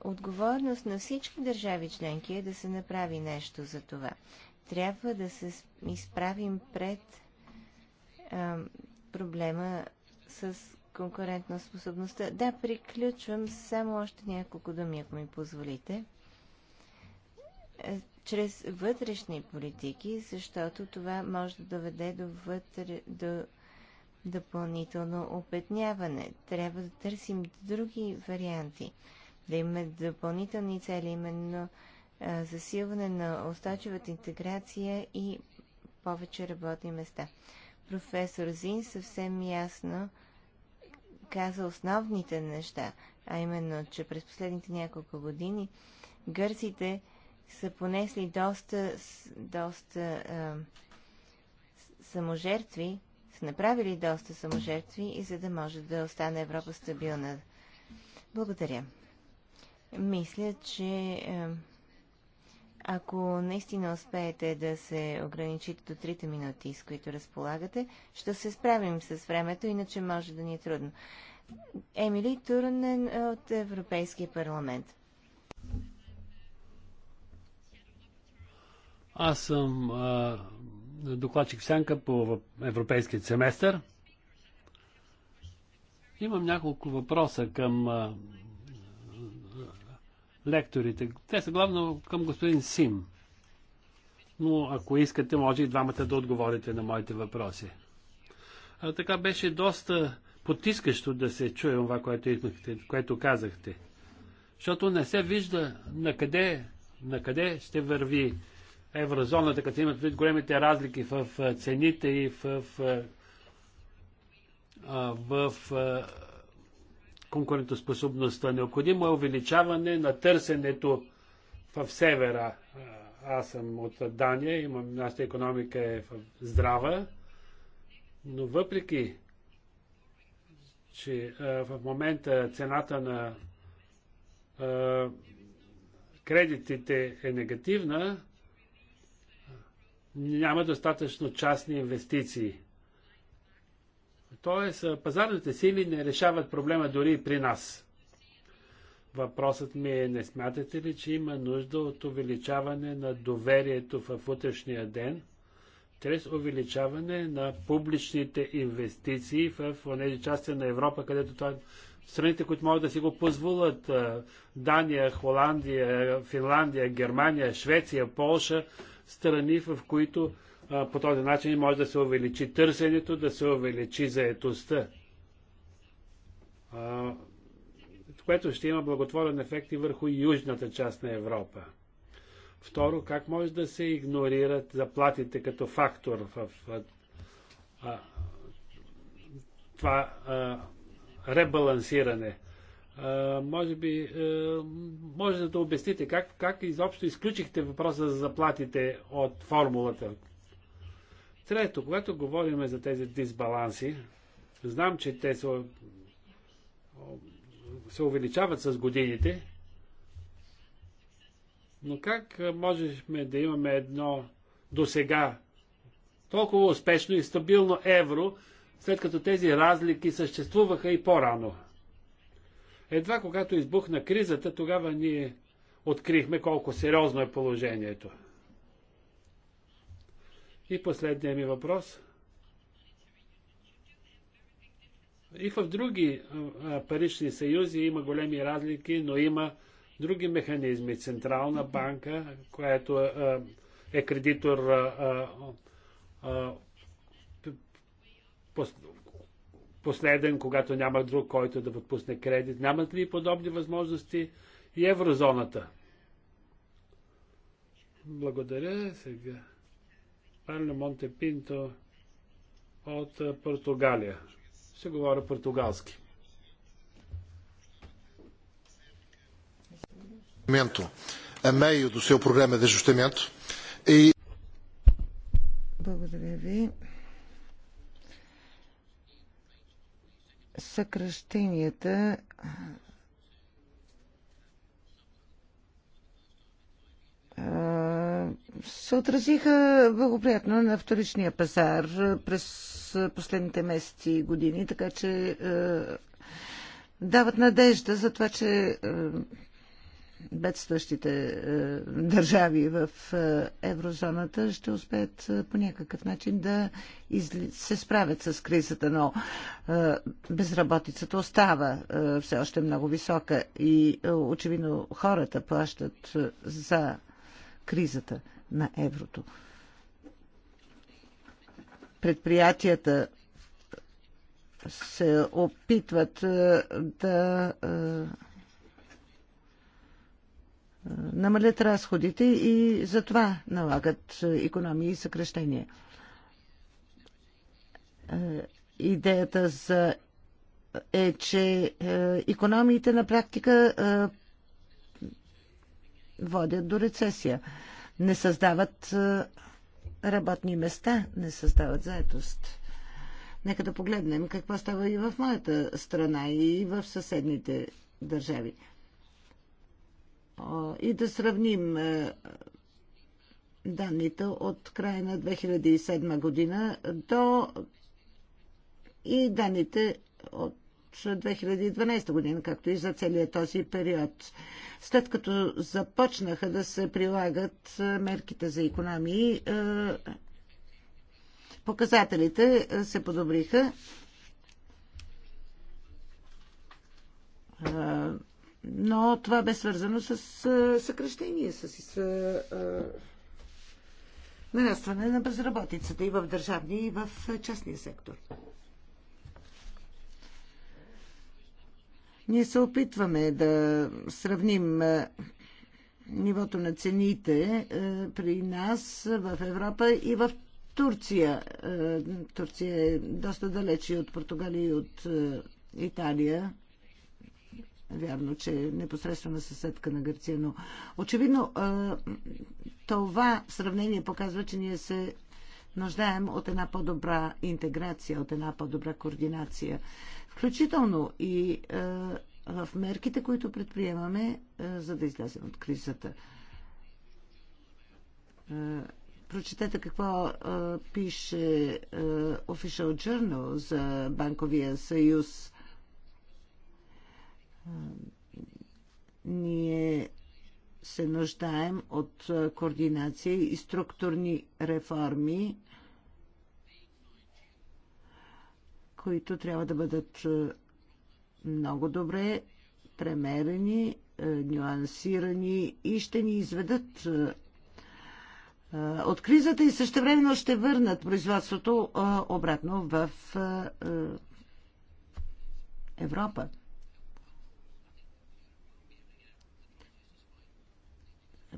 Отговорност на всички държави членки е да се направи нещо за това трябва да се изправим пред а, проблема с конкурентна способността. Да, приключвам само още няколко думи, ако ми позволите. Е, чрез вътрешни политики, защото това може да доведе до, вътре, до допълнително опетняване. Трябва да търсим други варианти, да имаме допълнителни цели, именно засилване на устойчивата интеграция и повече работни места. Професор Зин съвсем ясно каза основните неща, а именно, че през последните няколко години гърците са понесли доста, доста а, саможертви, са направили доста саможертви и за да може да остане Европа стабилна. Благодаря. Мисля, че а, ако наистина успеете да се ограничите до трите минути, с които разполагате, ще се справим с времето, иначе може да ни е трудно. Емили Турнен от Европейския парламент. Аз съм а, докладчик в Сянка по Европейския семестър. Имам няколко въпроса към а, лекторите. Те са главно към господин Сим. Но ако искате, може и двамата да отговорите на моите въпроси. А, така беше доста потискащо да се чуе това, което, имахте, което казахте. Защото не се вижда на къде, на къде ще върви еврозоната, като имат вид големите разлики в цените и в, в, в, в конкурентоспособността. Необходимо е увеличаване на търсенето в севера. Аз съм от Дания, имам, нашата економика е здрава, но въпреки, че в момента цената на кредитите е негативна, няма достатъчно частни инвестиции. Тоест, пазарните сили не решават проблема дори при нас. Въпросът ми е, не смятате ли, че има нужда от увеличаване на доверието в утрешния ден, чрез увеличаване на публичните инвестиции в тези части на Европа, където това страните, които могат да си го позволят, Дания, Холандия, Финландия, Германия, Швеция, Полша, страни, в които по този начин може да се увеличи търсенето, да се увеличи заетостта, което ще има благотворен ефект и върху южната част на Европа. Второ, как може да се игнорират заплатите като фактор в, това ребалансиране? А, може би, а, може да обясните как, как изобщо изключихте въпроса за заплатите от формулата Трето, когато говорим за тези дисбаланси, знам, че те са, се увеличават с годините, но как можехме да имаме едно до сега толкова успешно и стабилно евро, след като тези разлики съществуваха и по-рано? Едва когато избухна кризата, тогава ние открихме колко сериозно е положението. И последният ми въпрос. И в други парични съюзи има големи разлики, но има други механизми. Централна банка, която е, кредитор последен, когато няма друг, който да отпусне кредит. Нямат ли подобни възможности и еврозоната? Благодаря сега. Монте Пинто от Португалия. Ще говоря португалски. a meio do seu programa de ajustamento e Благодаря ви. Съкръщенията се отразиха благоприятно на вторичния пазар през последните месеци и години, така че дават надежда за това, че бедстващите държави в еврозоната ще успеят по някакъв начин да се справят с кризата, но безработицата остава все още много висока и очевидно хората плащат за кризата на еврото. Предприятията се опитват е, да е, е, намалят разходите и затова налагат економии и съкрещения. Идеята за е, че економиите на практика водят до рецесия. Не създават е, работни места, не създават заетост. Нека да погледнем какво става и в моята страна, и в съседните държави. И да сравним е, данните от края на 2007 година до и данните от 2012 година, както и за целият този период. След като започнаха да се прилагат мерките за економии, показателите се подобриха. Но това бе свързано с съкръщение, с нарастване на безработицата и в държавния, и в частния сектор. Ние се опитваме да сравним е, нивото на цените е, при нас в Европа и в Турция. Е, Турция е доста далеч и от Португалия и от Италия. Вярно, че е непосредствена съседка на Гърция, но очевидно това сравнение показва, че ние се нуждаем от една по-добра интеграция, от една по-добра координация включително и е, в мерките, които предприемаме, е, за да излезем от кризата. Е, прочетете какво пише Official Journal за Банковия съюз. Ние се нуждаем от координация и структурни реформи които трябва да бъдат е, много добре премерени, е, нюансирани и ще ни изведат е, от кризата и същевременно ще върнат производството обратно в Европа.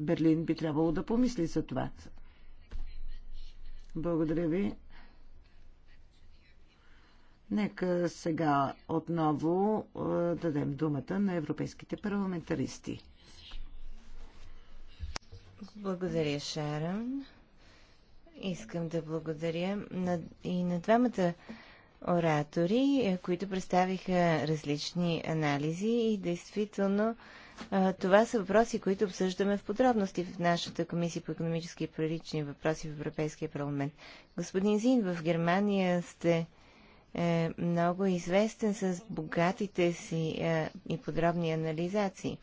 Берлин би трябвало да помисли за това. Благодаря ви. Нека сега отново е, дадем думата на европейските парламентаристи. Благодаря, Шаран. Искам да благодаря на, и на двамата оратори, е, които представиха различни анализи и действително е, това са въпроси, които обсъждаме в подробности в нашата комисия по економически и парични въпроси в Европейския парламент. Господин Зин, в Германия сте е много известен с богатите си е, и подробни анализации.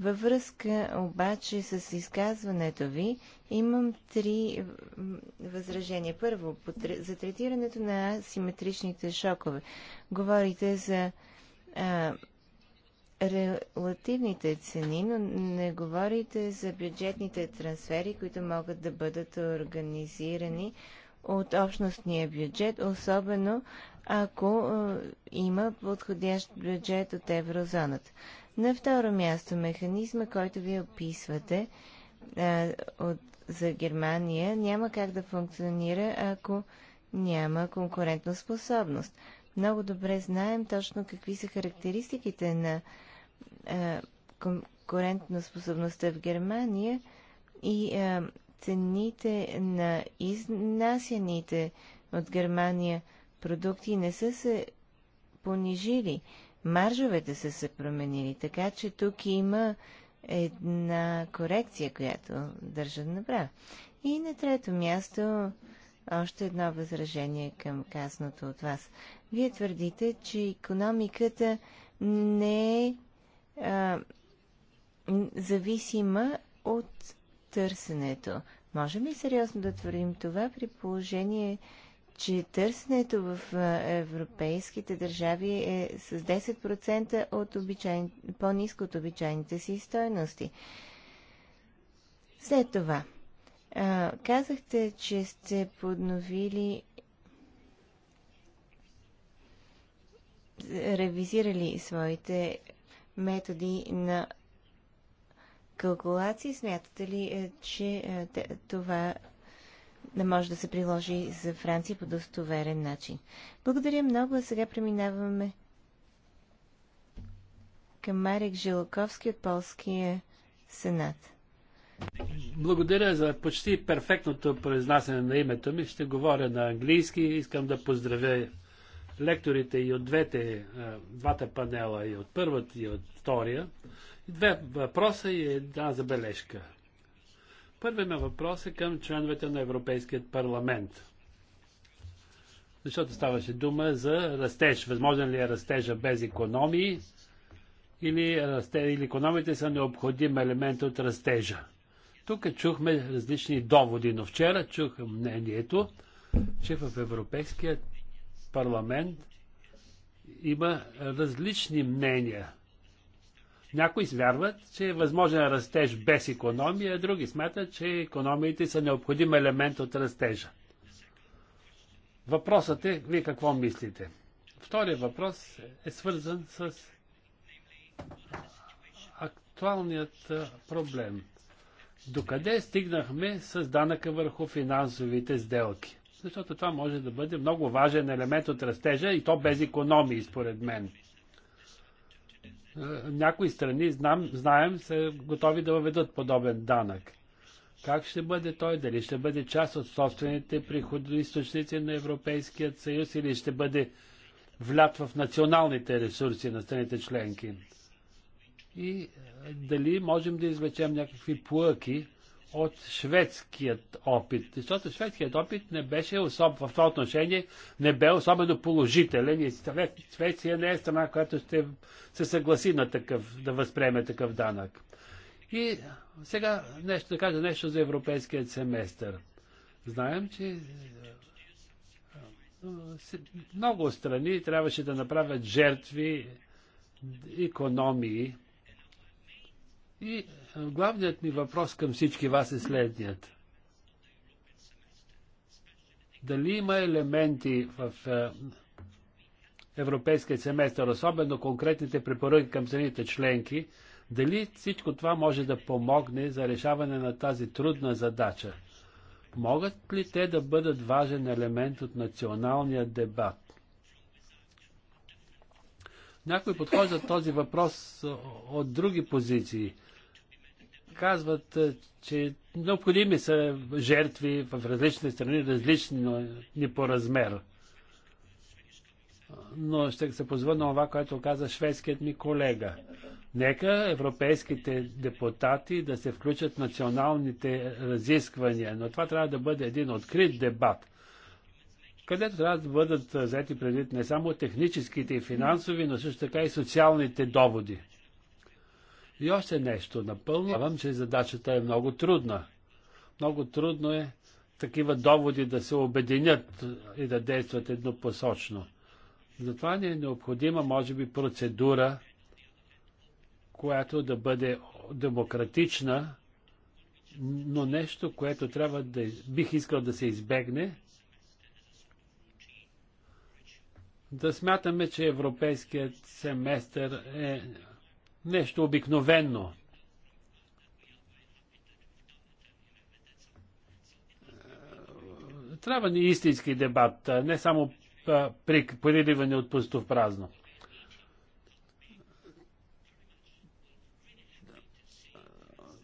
Във връзка обаче с изказването ви имам три възражения. Първо, за третирането на асиметричните шокове. Говорите за а, релативните цени, но не говорите за бюджетните трансфери, които могат да бъдат организирани от общностния бюджет, особено ако е, има подходящ бюджет от еврозоната. На второ място, механизма, който вие описвате е, от, за Германия, няма как да функционира, ако няма конкурентна способност. Много добре знаем точно какви са характеристиките на а, е, конкурентна способността в Германия и а, цените на изнасяните от Германия продукти не са се понижили. Маржовете са се променили, така че тук има една корекция, която държа да направя. И на трето място още едно възражение към казаното от вас. Вие твърдите, че економиката не е а, зависима от търсенето. Можем ли сериозно да твърдим това при положение, че търсенето в европейските държави е с 10% от обичайн... по-низко от обичайните си стойности? След това, а, казахте, че сте подновили ревизирали своите методи на калкулации. Смятате ли, е, че е, това не може да се приложи за Франция по достоверен начин? Благодаря много, а сега преминаваме към Марек Жилаковски от Полския сенат. Благодаря за почти перфектното произнасяне на името ми. Ще говоря на английски. Искам да поздравя лекторите и от двете, е, двата панела, и от първата, и от втория. Две въпроса и една забележка. Първият ми въпрос е към членовете на Европейският парламент. Защото ставаше дума за растеж. Възможен ли е растежа без економии? Или, расте, или економите са необходим елемент от растежа? Тук чухме различни доводи, но вчера чух мнението, че в Европейския парламент има различни мнения – някои вярват, че е възможен растеж без економия, други смятат, че економиите са необходим елемент от растежа. Въпросът е, вие какво мислите? Втория въпрос е свързан с актуалният проблем. Докъде стигнахме с данъка върху финансовите сделки? Защото това може да бъде много важен елемент от растежа и то без економии, според мен. Е, някои страни, знам, знаем, са готови да въведат подобен данък. Как ще бъде той? Дали ще бъде част от собствените източници на Европейския съюз или ще бъде влят в националните ресурси на страните членки? И е, дали можем да извлечем някакви плъки от шведският опит, защото шведският опит не беше особ... в това отношение не бе особено положителен и Швеция не е страна, която ще се съгласи на такъв, да възприеме такъв данък. И сега нещо, да кажа нещо за европейският семестър. Знаем, че много страни трябваше да направят жертви, економии и е, главният ми въпрос към всички вас е следният. Дали има елементи в е, европейския семестър, особено конкретните препоръки към страните членки, дали всичко това може да помогне за решаване на тази трудна задача? Могат ли те да бъдат важен елемент от националния дебат? Някои подхожда този въпрос е, от други позиции казват, е, че необходими са жертви в различни страни, различни но ни по размер. Но ще се позва на това, което каза шведският ми колега. Нека европейските депутати да се включат националните разисквания, но това трябва да бъде един открит дебат, където трябва да бъдат взети предвид не само техническите и финансови, но също така и социалните доводи. И още нещо напълно. Вам, че задачата е много трудна. Много трудно е такива доводи да се обединят и да действат еднопосочно. Затова ни е необходима, може би, процедура, която да бъде демократична, но нещо, което трябва да бих искал да се избегне, да смятаме, че европейският семестър е нещо обикновено. Трябва ни истински дебат, не само приливане от пусто в празно.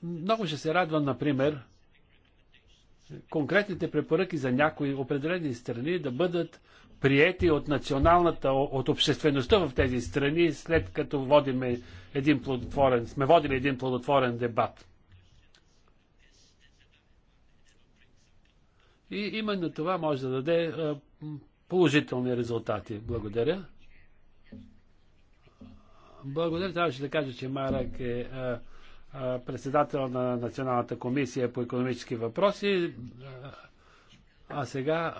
Много ще се радвам, например, конкретните препоръки за някои определени страни да бъдат приети от националната, от обществеността в тези страни, след като водиме един плодотворен, сме водили един плодотворен дебат. И именно това може да даде положителни резултати. Благодаря. Благодаря. Трябваше да кажа, че Марак е председател на Националната комисия по економически въпроси. а сега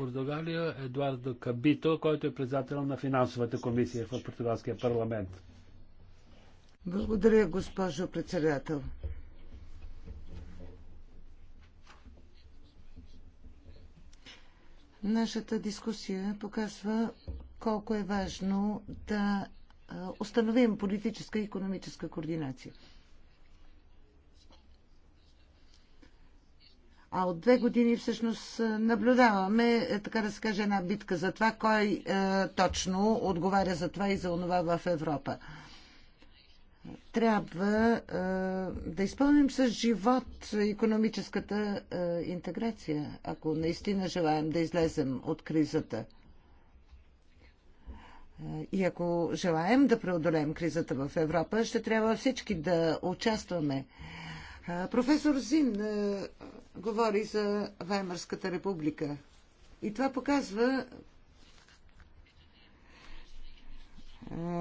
Португалия Едуардо Кабито, който е председател на финансовата комисия в португалския парламент. Благодаря, госпожо председател. Нашата дискусия показва колко е важно да установим политическа и економическа координация. А от две години всъщност е, наблюдаваме, е, така да се каже, една битка за това, кой е, точно отговаря за това и за онова в Европа. Трябва е, да изпълним с живот економическата е, интеграция, ако наистина желаем да излезем от кризата. Е, и ако желаем да преодолеем кризата в Европа, ще трябва всички да участваме. Професор Зин, говори за Ваймарската република. И това показва е,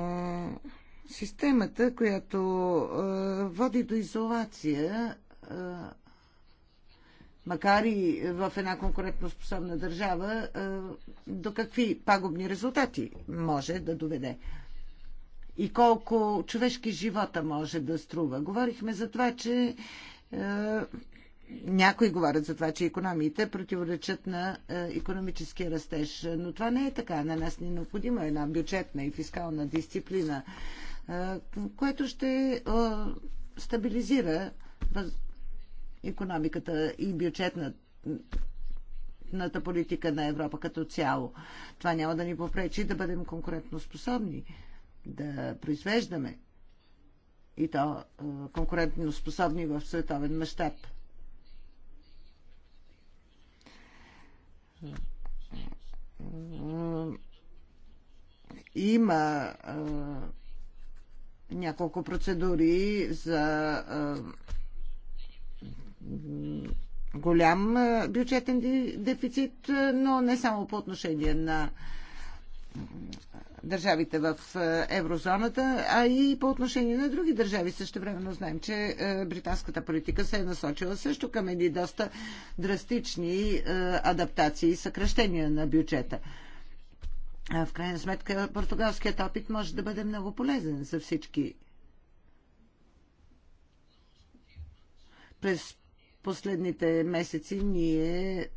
системата, която е, води до изолация, е, макар и в една конкурентно способна държава, до какви пагубни резултати може да доведе. И колко човешки живота може да струва. Говорихме за това, че някои говорят за това, че економиите противоречат на е, економическия растеж. Но това не е така. На нас ни е необходима една бюджетна и фискална дисциплина, е, което ще е, стабилизира економиката и бюджетната политика на Европа като цяло. Това няма да ни попречи да бъдем конкурентоспособни, да произвеждаме и то конкурентно способни в световен мащаб. Има няколко процедури за голям бюджетен дефицит, но не само по отношение на държавите в е, еврозоната, а и по отношение на други държави. Също времено знаем, че е, британската политика се е насочила също към едни доста драстични е, адаптации и съкръщения на бюджета. В крайна сметка, португалският опит може да бъде много полезен за всички. През последните месеци ние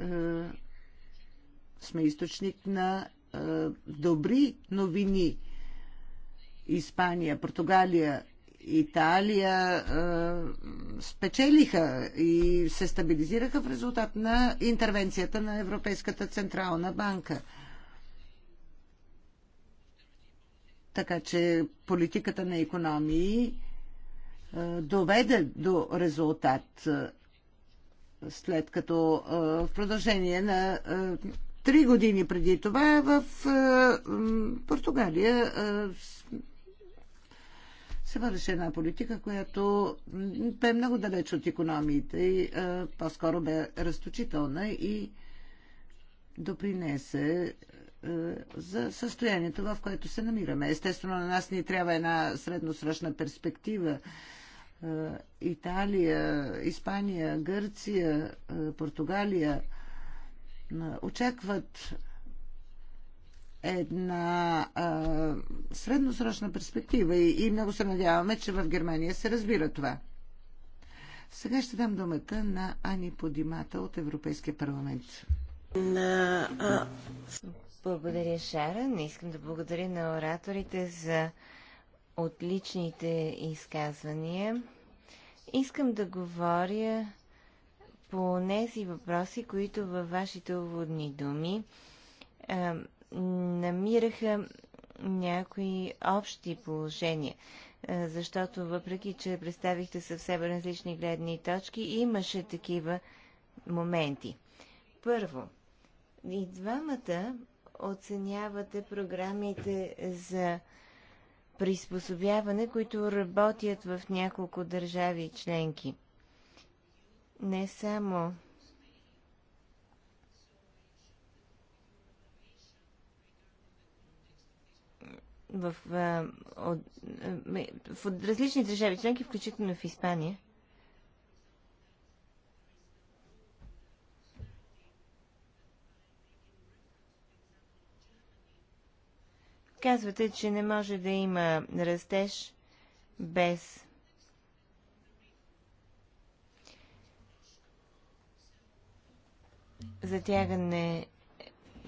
сме източник на е, добри новини. Испания, Португалия, Италия е, спечелиха и се стабилизираха в резултат на интервенцията на Европейската централна банка. Така че политиката на економии е, доведе до резултат, след като в продължение на Три години преди това в е, Португалия е, се водеше една политика, която бе много далеч от економиите и е, по-скоро бе разточителна и допринесе за състоянието, в което се намираме. Естествено, на нас ни трябва една средносрочна перспектива. Италия, Испания, Гърция, Португалия – очакват една а, средносрочна перспектива и, и много се надяваме, че в Германия се разбира това. Сега ще дам думата на Ани Подимата от Европейския парламент. На, а... Благодаря, Не Искам да благодаря на ораторите за отличните изказвания. Искам да говоря по тези въпроси, които във вашите уводни думи а, намираха някои общи положения. А, защото въпреки, че представихте съвсем различни гледни точки, имаше такива моменти. Първо, и двамата оценявате програмите за приспособяване, които работят в няколко държави членки не само в, в, от, в различни държави членки, включително в Испания. Казвате, че не може да има растеж без затягане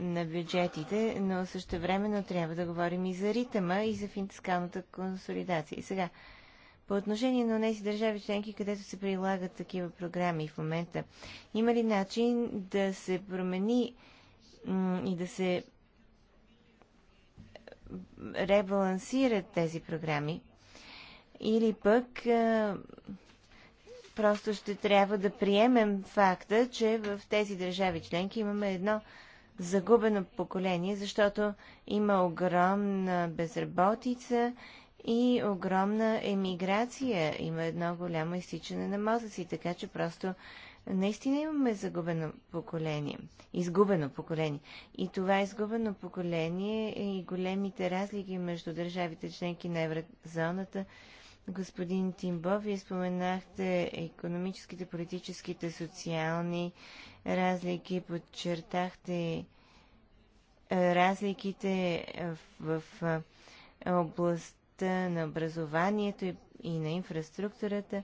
на бюджетите, но също времено трябва да говорим и за ритъма, и за фискалната консолидация. И сега, по отношение на тези държави членки, където се прилагат такива програми в момента, има ли начин да се промени и да се ребалансират тези програми? Или пък Просто ще трябва да приемем факта, че в тези държави членки имаме едно загубено поколение, защото има огромна безработица и огромна емиграция. Има едно голямо изтичане на мозъци, така че просто наистина имаме загубено поколение. Изгубено поколение. И това изгубено поколение и големите разлики между държавите членки на еврозоната – господин Тимбо, вие споменахте економическите, политическите, социални разлики, подчертахте е, разликите в, в е, областта на образованието и на инфраструктурата.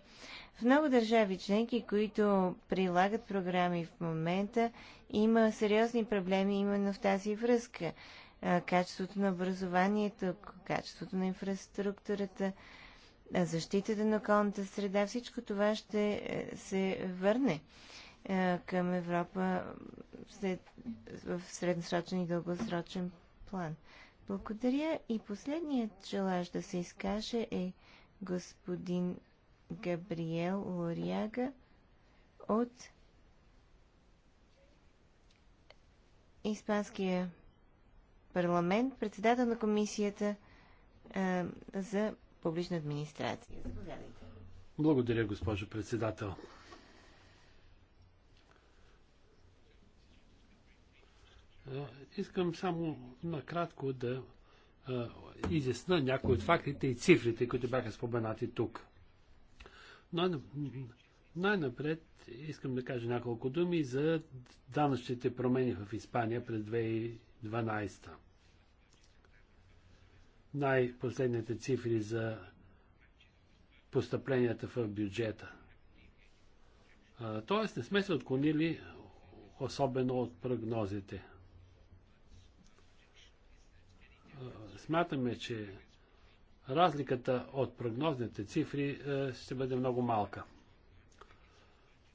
В много държави членки, които прилагат програми в момента, има сериозни проблеми именно в тази връзка. Е, качеството на образованието, качеството на инфраструктурата, защитата на околната среда, всичко това ще е, се върне е, към Европа след, в средносрочен и дългосрочен план. Благодаря и последният желаж да се изкаже е господин Габриел Лориага от Испанския парламент, председател на комисията а, е, за публична администрация. Заповядайте. Благодаря, госпожо председател. Искам само накратко да изясна някои от фактите и цифрите, които бяха споменати тук. най-напред искам да кажа няколко думи за данъчните промени в Испания през 2012 най-последните цифри за постъпленията в бюджета. Тоест не сме се отклонили особено от прогнозите. Смятаме, че разликата от прогнозните цифри е, ще бъде много малка.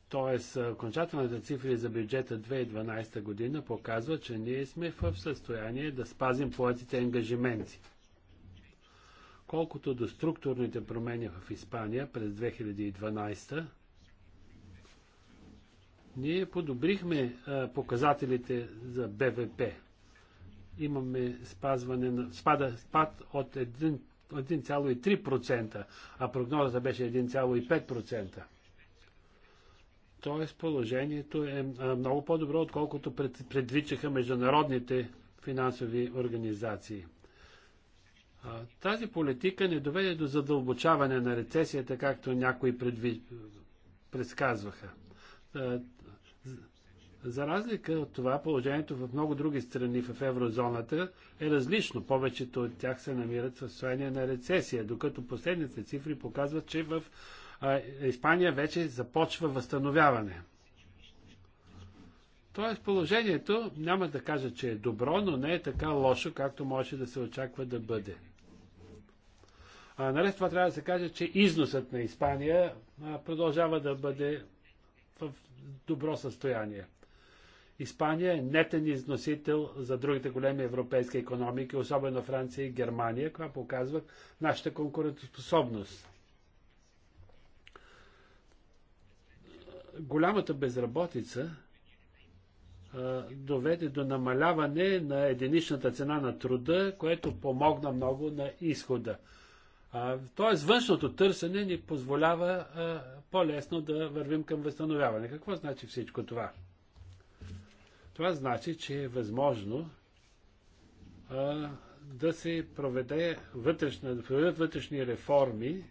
Тоест, е, окончателните цифри за бюджета 2012 година показва, че ние сме в състояние да спазим поетите ангажименти – Колкото до структурните промени в Испания през 2012, ние подобрихме показателите за БВП. Имаме спазване на, спада, спад от 1,3%, а прогнозата беше 1,5%. Тоест положението е много по-добро, отколкото предвичаха международните финансови организации. Тази политика не доведе до задълбочаване на рецесията, както някои предви... предсказваха. За разлика от това, положението в много други страни в еврозоната е различно. Повечето от тях се намират в състояние на рецесия, докато последните цифри показват, че в Испания вече започва възстановяване. Тоест положението няма да кажа, че е добро, но не е така лошо, както може да се очаква да бъде. А, наред това трябва да се каже, че износът на Испания а, продължава да бъде в добро състояние. Испания е нетен износител за другите големи европейски економики, особено Франция и Германия, която показва нашата конкурентоспособност. Голямата безработица а, доведе до намаляване на единичната цена на труда, което помогна много на изхода. Тоест, външното търсене ни позволява по-лесно да вървим към възстановяване. Какво значи всичко това? Това значи, че е възможно а, да се проведе вътрешна, да проведат вътрешни реформи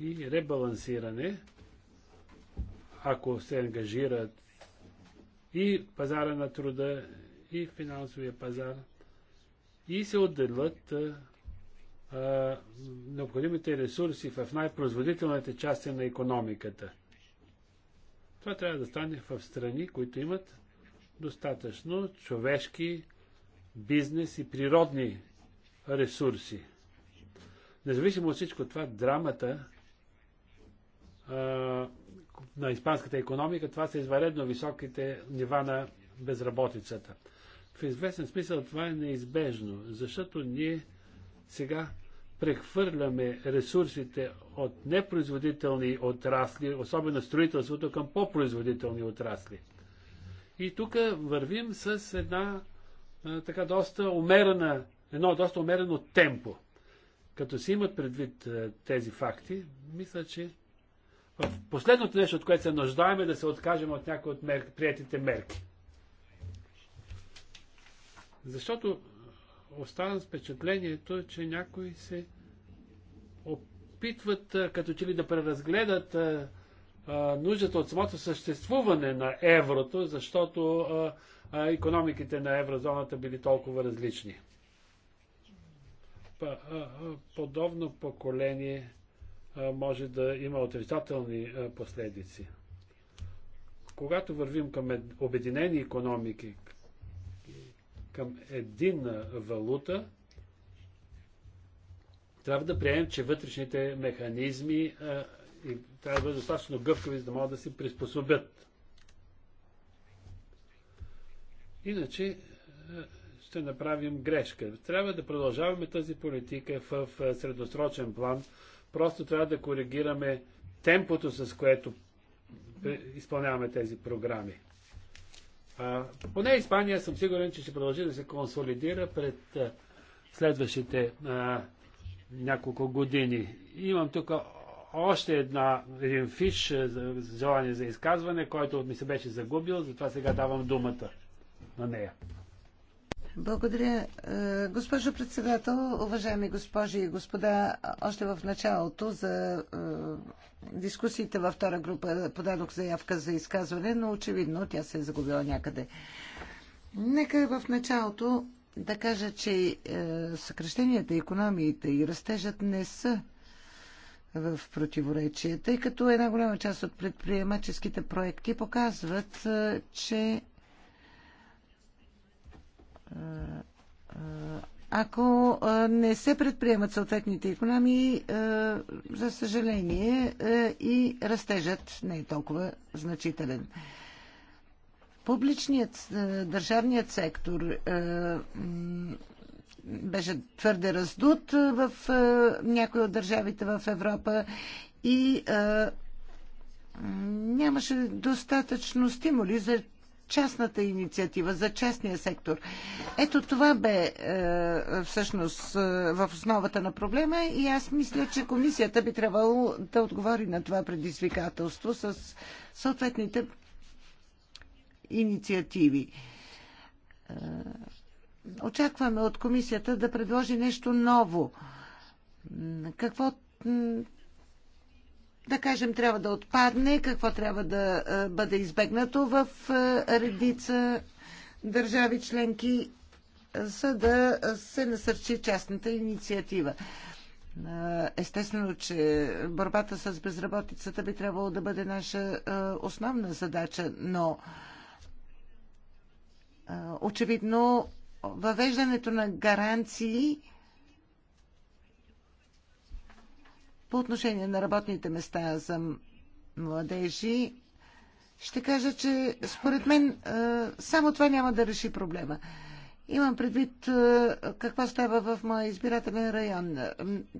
и ребалансиране, ако се ангажират и пазара на труда, и финансовия пазар, и се отделят а, необходимите ресурси в най-производителните части на економиката. Това трябва да стане в страни, които имат достатъчно човешки, бизнес и природни ресурси. Независимо от всичко това, драмата а, на испанската економика, това са изваредно високите нива на безработицата. В известен смисъл това е неизбежно, защото ние сега прехвърляме ресурсите от непроизводителни отрасли, особено строителството, към по-производителни отрасли. И тук вървим с една така доста умерена, едно доста умерено темпо. Като си имат предвид тези факти, мисля, че в последното нещо, от което се нуждаем е да се откажем от някои от мер... приятите мерки. Защото оставам с впечатлението, че някои се опитват като че ли да преразгледат нуждата от самото съществуване на еврото, защото економиките на еврозоната били толкова различни. Подобно поколение може да има отрицателни последици. Когато вървим към обединени економики, към единна валута, трябва да приемем, че вътрешните механизми а, и трябва да бъдат достатъчно гъвкави, за да могат да се приспособят. Иначе ще направим грешка. Трябва да продължаваме тази политика в, в средосрочен план. Просто трябва да коригираме темпото, с което изпълняваме тези програми поне Испания съм сигурен, че ще продължи да се консолидира пред а, следващите а, няколко години. Имам тук още една, един фиш за желание за изказване, който ми се беше загубил, затова сега давам думата на нея. Благодаря. Е, госпожо председател, уважаеми госпожи и господа, още в началото за е, дискусиите във втора група подадох заявка за изказване, но очевидно тя се е загубила някъде. Нека в началото да кажа, че е, съкрещенията, економиите и растежът не са в противоречие, тъй като една голяма част от предприемаческите проекти показват, че ако не се предприемат съответните економии, за съжаление и растежът не е толкова значителен. Публичният, държавният сектор беше твърде раздут в някои от държавите в Европа и нямаше достатъчно стимули за частната инициатива, за частния сектор. Ето това бе е, всъщност е, в основата на проблема и аз мисля, че комисията би трябвало да отговори на това предизвикателство с съответните инициативи. Е, очакваме от комисията да предложи нещо ново. Какво да кажем, трябва да отпадне, какво трябва да бъде избегнато в редица държави членки, за да се насърчи частната инициатива. Естествено, че борбата с безработицата би трябвало да бъде наша основна задача, но очевидно въвеждането на гаранции По отношение на работните места за младежи, ще кажа, че според мен е, само това няма да реши проблема. Имам предвид е, какво става в моя избирателен район.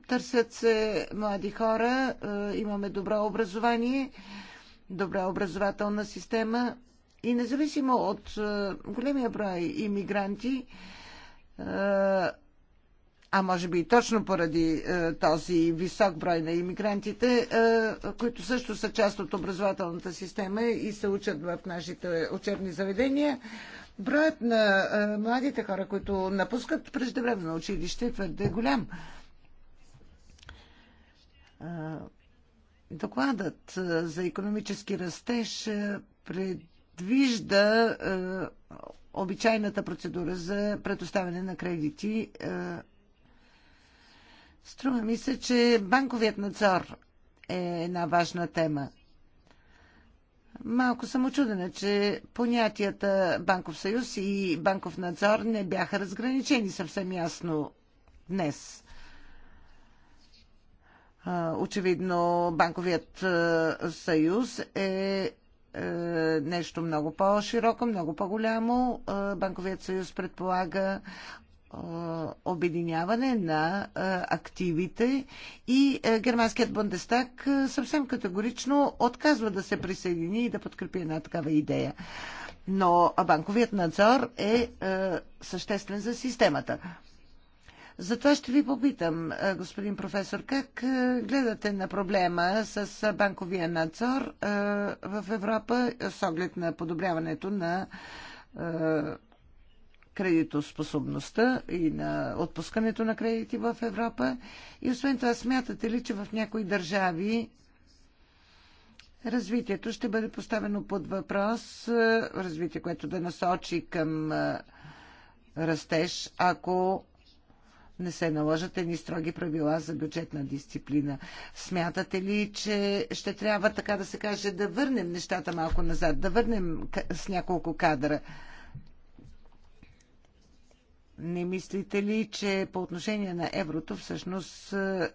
Търсят се млади хора, е, имаме добро образование, добра образователна система и независимо от големия брой иммигранти, а може би и точно поради е, този висок брой на иммигрантите, е, които също са част от образователната система и се учат в нашите учебни заведения, броят на е, младите хора, които напускат преждевременно училище е твърде голям. Докладът за економически растеж предвижда обичайната процедура за предоставяне на кредити Струва ми се, че банковият надзор е една важна тема. Малко съм очудена, че понятията банков съюз и банков надзор не бяха разграничени съвсем ясно днес. Очевидно, банковият съюз е, е нещо много по-широко, много по-голямо. Банковият съюз предполага обединяване на активите и германският Бундестаг съвсем категорично отказва да се присъедини и да подкрепи една такава идея. Но банковият надзор е съществен за системата. Затова ще ви попитам, господин професор, как гледате на проблема с банковия надзор в Европа с оглед на подобряването на кредитоспособността и на отпускането на кредити в Европа? И освен това, смятате ли, че в някои държави развитието ще бъде поставено под въпрос, е, развитие, което да насочи към е, растеж, ако не се наложат едни строги правила за бюджетна дисциплина. Смятате ли, че ще трябва, така да се каже, да върнем нещата малко назад, да върнем с няколко кадра? Не мислите ли, че по отношение на еврото всъщност е, е,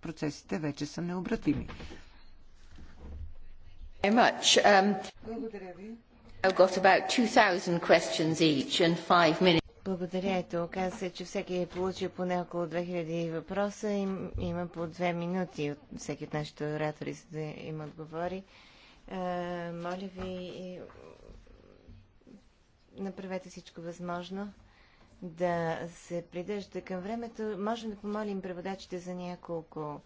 процесите вече са необратими? Um, Благодаря ви. Ето, оказа се, че всеки е получил поне около 2000 въпроса. и има по две минути от всеки от нашите оратори, за да им отговори. Е, моля ви, направете всичко възможно да се придържате към времето. Можем да помолим преводачите за няколко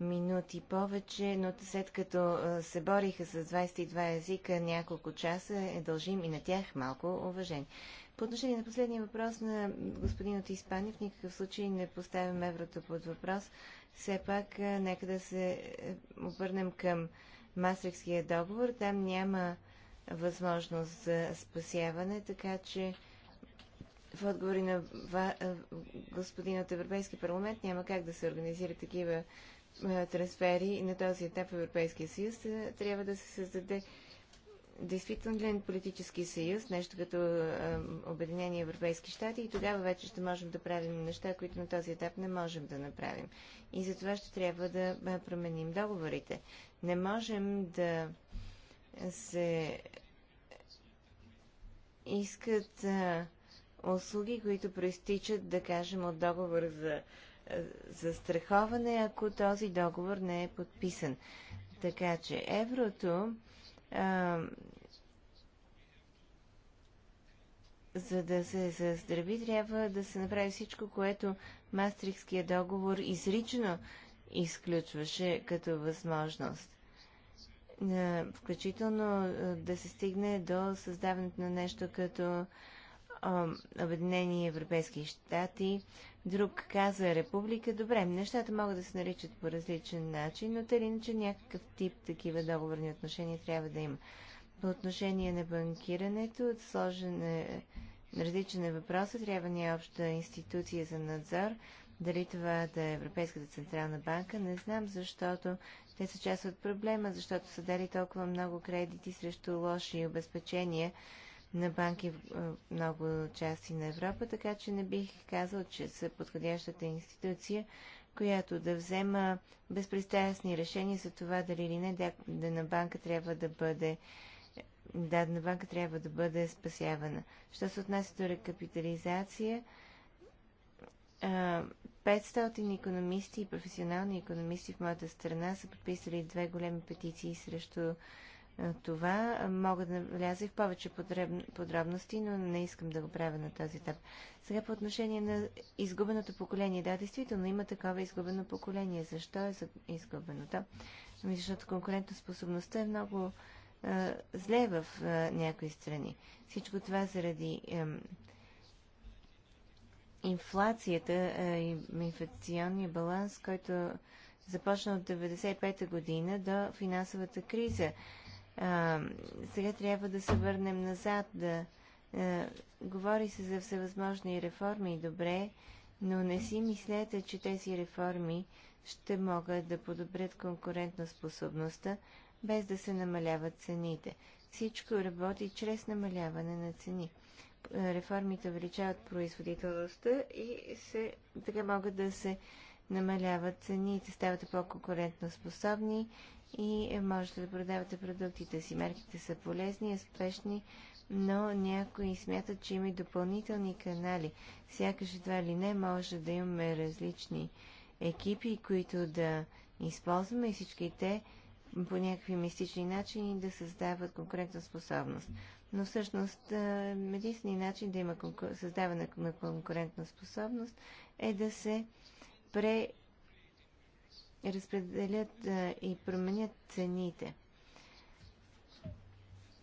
минути повече, но след като се бориха с 22 езика няколко часа, е дължим и на тях малко уважение. По отношение на последния въпрос на господин от Испания, в никакъв случай не поставям еврото под въпрос. Все пак, нека да се е, обърнем към Мастрихския договор. Там няма възможност за спасяване, така че в отговори на е, господин от Европейски парламент няма как да се организират такива е, трансфери на този етап в Европейския съюз. Е, трябва да се създаде действителен политически съюз, нещо като Обединени Европейски щати и тогава вече ще можем да правим неща, които на този етап не можем да направим. И за това ще трябва да променим договорите. Не можем да се искат а, услуги, които проистичат, да кажем, от договор за е, застраховане, ако този договор не е подписан. Така че еврото, а, за да се заздрави, трябва да се направи всичко, което Мастрихския договор изрично изключваше като възможност. Е, включително е, да се стигне до създаването на нещо като Обединени Европейски щати, друг каза Република. Добре, нещата могат да се наричат по различен начин, но те ли иначе някакъв тип такива договорни отношения трябва да има. По отношение на банкирането, сложен е, различен е въпрос, трябва ни обща институция за надзор. Дали това да е Европейската централна банка, не знам, защото те са част от проблема, защото са дали толкова много кредити срещу лоши обезпечения на банки в много части на Европа, така че не бих казал, че са подходящата институция, която да взема безпристрастни решения за това дали или не на банка трябва да бъде дадена банка трябва да бъде спасявана. Що се отнася до рекапитализация, 500 економисти и професионални економисти в моята страна са подписали две големи петиции срещу това. Мога да вляза и в повече подробности, но не искам да го правя на този етап. Сега по отношение на изгубеното поколение. Да, действително има такова изгубено поколение. Защо е изгубено? Да. Ами, защото конкурентоспособността е много е, зле в е, някои страни. Всичко това заради е, инфлацията и инфекционния баланс, който започна от 1995 година до финансовата криза. А, сега трябва да се върнем назад, да а, говори се за всевъзможни реформи, добре, но не си мислете, че тези реформи ще могат да подобрят конкурентна способността, без да се намаляват цените. Всичко работи чрез намаляване на цени. Реформите увеличават производителността и се, така могат да се намаляват цените, стават по-конкурентно способни и можете да продавате продуктите си. Мерките са полезни и успешни, но някои смятат, че има и допълнителни канали. Сякаш едва ли не може да имаме различни екипи, които да използваме и всички те по някакви мистични начини да създават конкурентна способност. Но всъщност единственият начин да има конкур... създаване на конкурентна способност е да се пре разпределят а, и променят цените.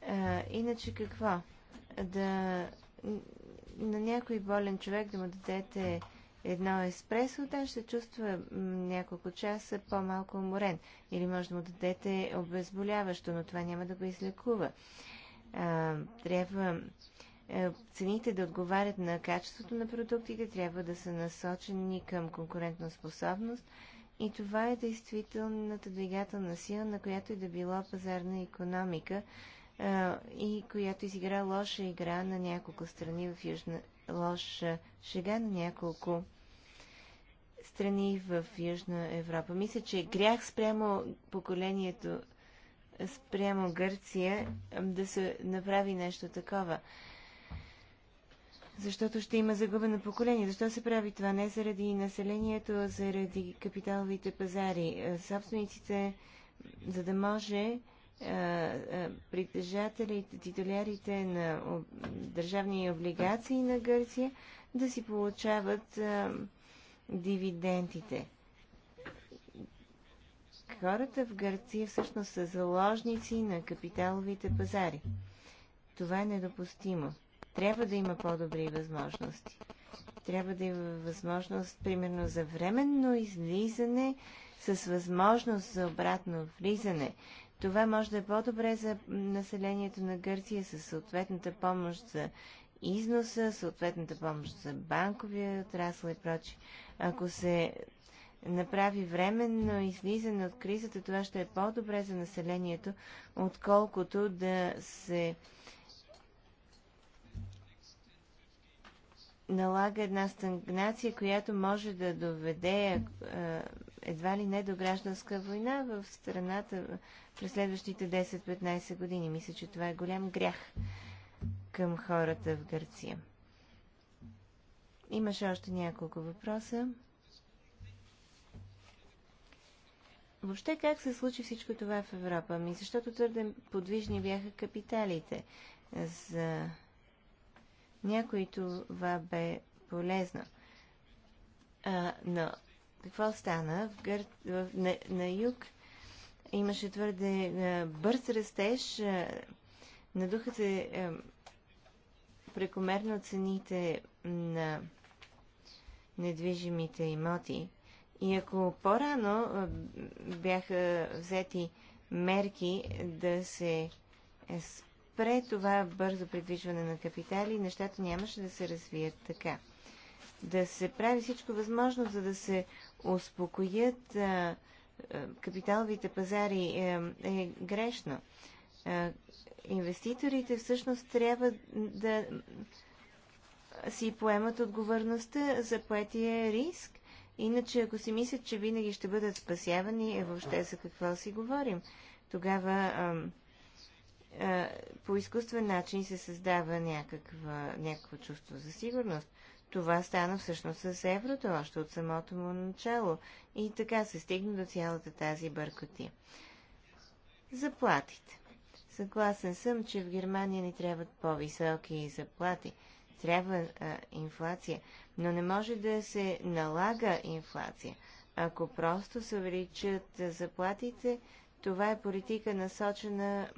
А, иначе какво? Да на някой болен човек да му дадете едно еспресо, там ще чувства няколко часа по-малко уморен. Или може да му дадете обезболяващо, но това няма да го излекува. А, трябва е, цените да отговарят на качеството на продуктите, трябва да са насочени към конкурентна способност, и това е действителната двигателна сила, на която и да било пазарна економика а, и която изигра лоша игра на няколко страни в Южна... лоша шега на няколко страни в Южна Европа. Мисля, че грях спрямо поколението спрямо Гърция да се направи нещо такова защото ще има загубено поколение. Защо се прави това? Не заради населението, а заради капиталовите пазари. Е, собствениците, за да може е, е, притежателите, титулярите на държавни облигации на Гърция да си получават дивидендите. Хората в Гърция всъщност са заложници на капиталовите пазари. Това е недопустимо трябва да има по-добри възможности. Трябва да има възможност, примерно, за временно излизане с възможност за обратно влизане. Това може да е по-добре за населението на Гърция с съответната помощ за износа, съответната помощ за банковия отрасъл и прочи. Ако се направи временно излизане от кризата, това ще е по-добре за населението, отколкото да се налага една стагнация, която може да доведе е, едва ли не до гражданска война в страната през следващите 10-15 години. Мисля, че това е голям грях към хората в Гърция. Имаше още няколко въпроса. Въобще как се случи всичко това в Европа? Ми защото твърде подвижни бяха капиталите за някой това бе полезно. А, но какво стана? В Гър... в... На, на юг имаше твърде а, бърз растеж. А, надуха се а, прекомерно цените на недвижимите имоти. И ако по-рано бяха взети мерки да се спре това бързо придвижване на капитали, нещата нямаше да се развият така. Да се прави всичко възможно, за да се успокоят а, а, капиталовите пазари е, е грешно. А, инвеститорите всъщност трябва да си поемат отговорността за поетия риск. Иначе, ако си мислят, че винаги ще бъдат спасявани, е въобще за какво си говорим. Тогава А, по изкуствен начин се създава някаква, някакво чувство за сигурност. Това стана всъщност с еврото още от самото му начало и така се стигна до цялата тази бъркоти. Заплатите. Съгласен съм, че в Германия ни трябват по-високи заплати. Трябва а, инфлация, но не може да се налага инфлация. Ако просто се увеличат заплатите, това е политика насочена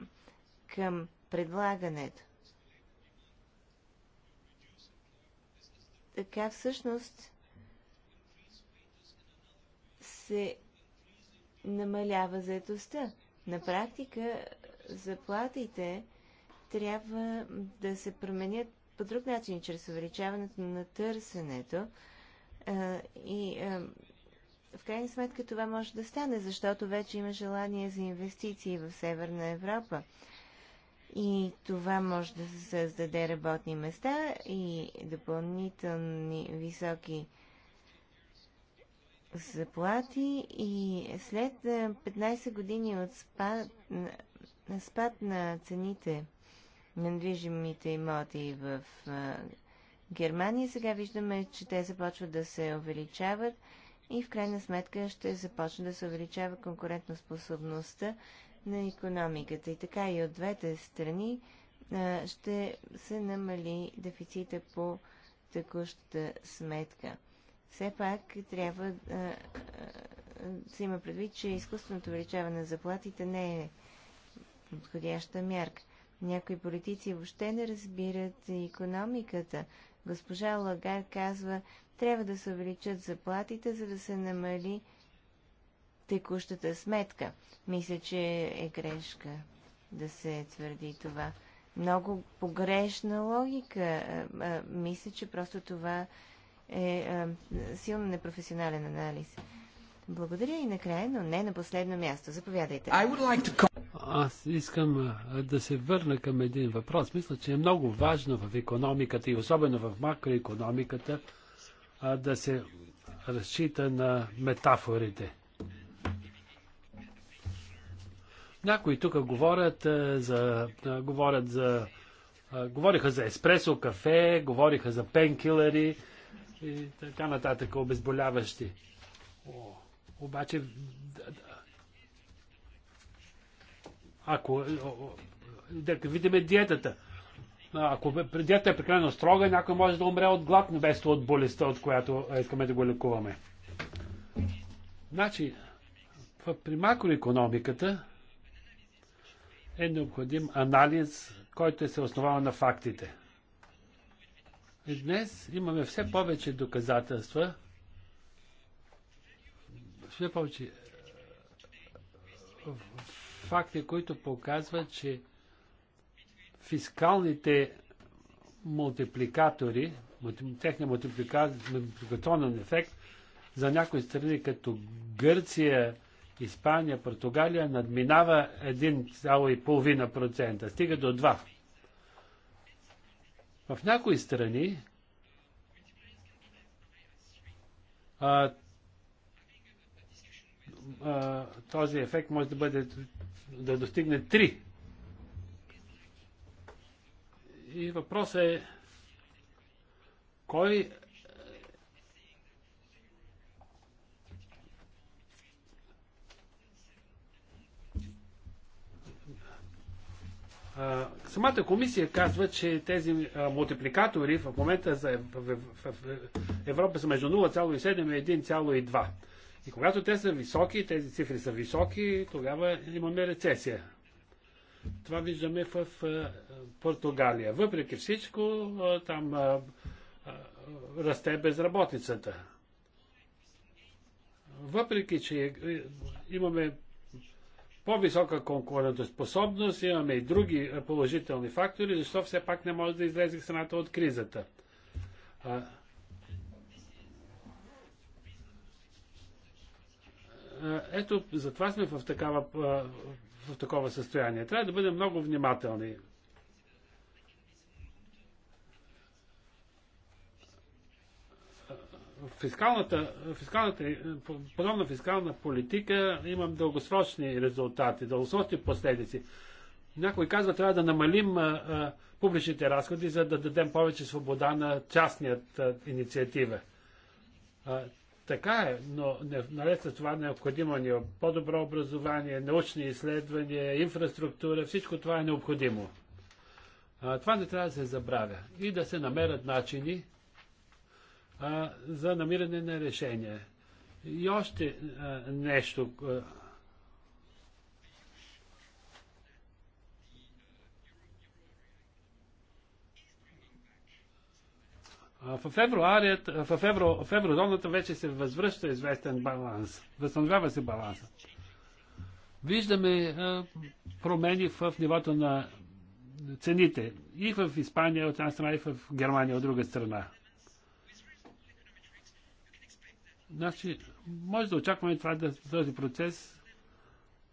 към предлагането. Така всъщност се намалява заетостта. На практика заплатите трябва да се променят по друг начин, чрез увеличаването на търсенето. и в крайна сметка това може да стане, защото вече има желание за инвестиции в Северна Европа и това може да се създаде работни места и допълнителни високи заплати и след 15 години от спад, спад на цените на движимите имоти в Германия, сега виждаме, че те започват да се увеличават и в крайна сметка ще започне да се увеличава конкурентоспособността на економиката. И така и от двете страни а, ще се намали дефицита по текущата сметка. Все пак трябва да се има предвид, че изкуственото увеличаване на заплатите не е подходяща мярка. Някои политици въобще не разбират економиката. Госпожа Лагар казва, трябва да се увеличат заплатите, за да се намали текущата сметка. Мисля, че е грешка да се твърди това. Много погрешна логика. Е, е, мисля, че просто това е, е силно непрофесионален анализ. Благодаря и накрая, но не на последно място. Заповядайте. Аз искам да се върна към един въпрос. Мисля, че е много важно в економиката и особено в макроекономиката да се разчита на метафорите. Някои тук говорят за, говорят за, говориха за еспресо, кафе, говориха за пенкилери и така нататък, обезболяващи. О, обаче, ако да видим диетата, ако диета е прекалено строга, някой може да умре от глад, вместо от болестта, от която искаме да го лекуваме. Значи, при макроекономиката е необходим анализ, който се основава на фактите. И днес имаме все повече доказателства, все повече е, факти, които показват, че фискалните мултипликатори, техният мултипликационен ефект за някои страни като Гърция, Испания, Португалия надминава 1,5%, стига до 2%. В някои страни а, а, този ефект може да бъде да достигне 3. И въпросът е кой Самата комисия казва, че тези мултипликатори в момента за Европа са между 0,7 и 1,2. И когато те са високи, тези цифри са високи, тогава имаме рецесия. Това виждаме в Португалия. Въпреки всичко, там расте безработицата. Въпреки, че е, имаме по-висока конкурентоспособност, имаме и други е, положителни фактори, защо все пак не може да излезе страната от кризата. А, ето, затова сме в, такава, в такова състояние. Трябва да бъдем много внимателни. фискалната, фискалната, е, подобна фискална политика имам дългосрочни резултати, дългосрочни последици. Някой казва, трябва да намалим а, а, публичните разходи, за да дадем повече свобода на частният а, инициатива. А, така е, но не, наред с това необходимо ни е по-добро образование, научни изследвания, инфраструктура, всичко това е необходимо. А, това не трябва да се забравя и да се намерят начини за намиране на решение. И още а, нещо. В, февруарият, в, евро, в еврозоната вече се възвръща известен баланс. Възстановява се баланса. Виждаме а, промени в нивото на цените и в Испания от една страна, и в Германия от друга страна. Значи, може да очакваме това да, този процес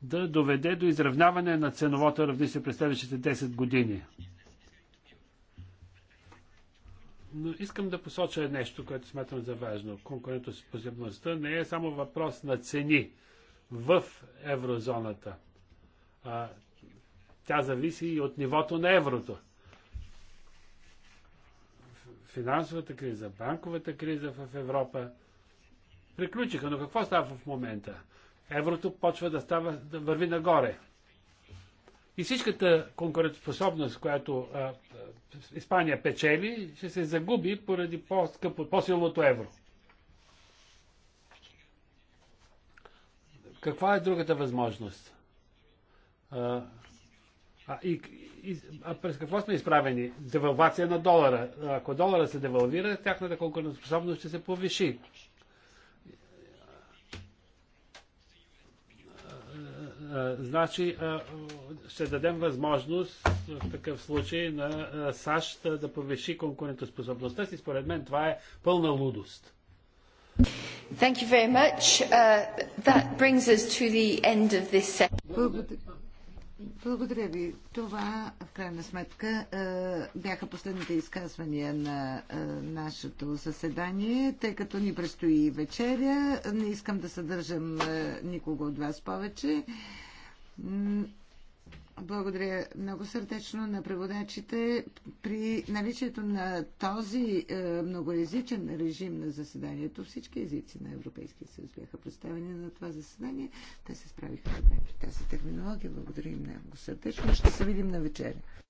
да доведе до изравняване на ценовото равнище през следващите 10 години. Но искам да посоча нещо, което смятам за важно. Конкурентоспособността не е само въпрос на цени в еврозоната. А, тя зависи и от нивото на еврото. Финансовата криза, банковата криза в Европа – приключиха. Но какво става в момента? Еврото почва да, става, да върви нагоре. И всичката конкурентоспособност, която а, Испания печели, ще се загуби поради по-скъпо, по-силното евро. Каква е другата възможност? А, а, и, и, а през какво сме изправени? Девалвация на долара. Ако долара се девалвира, тяхната конкурентоспособност ще се повиши. Значи, ще дадем възможност в такъв случай на САЩ да повиши конкурентоспособността си. Според мен това е пълна лудост. Thank you very much. Uh, that brings us to the end of this session. Благодаря ви. Това, в крайна сметка, бяха последните изказвания на нашето заседание, тъй като ни предстои вечеря. Не искам да съдържам никого от вас повече. Благодаря много сърдечно на преводачите. При наличието на този е, многоязичен режим на заседанието, всички езици на Европейския съюз бяха представени на това заседание. Те се справиха добре при тази терминология. Благодаря им много сърдечно. Ще се видим на вечеря.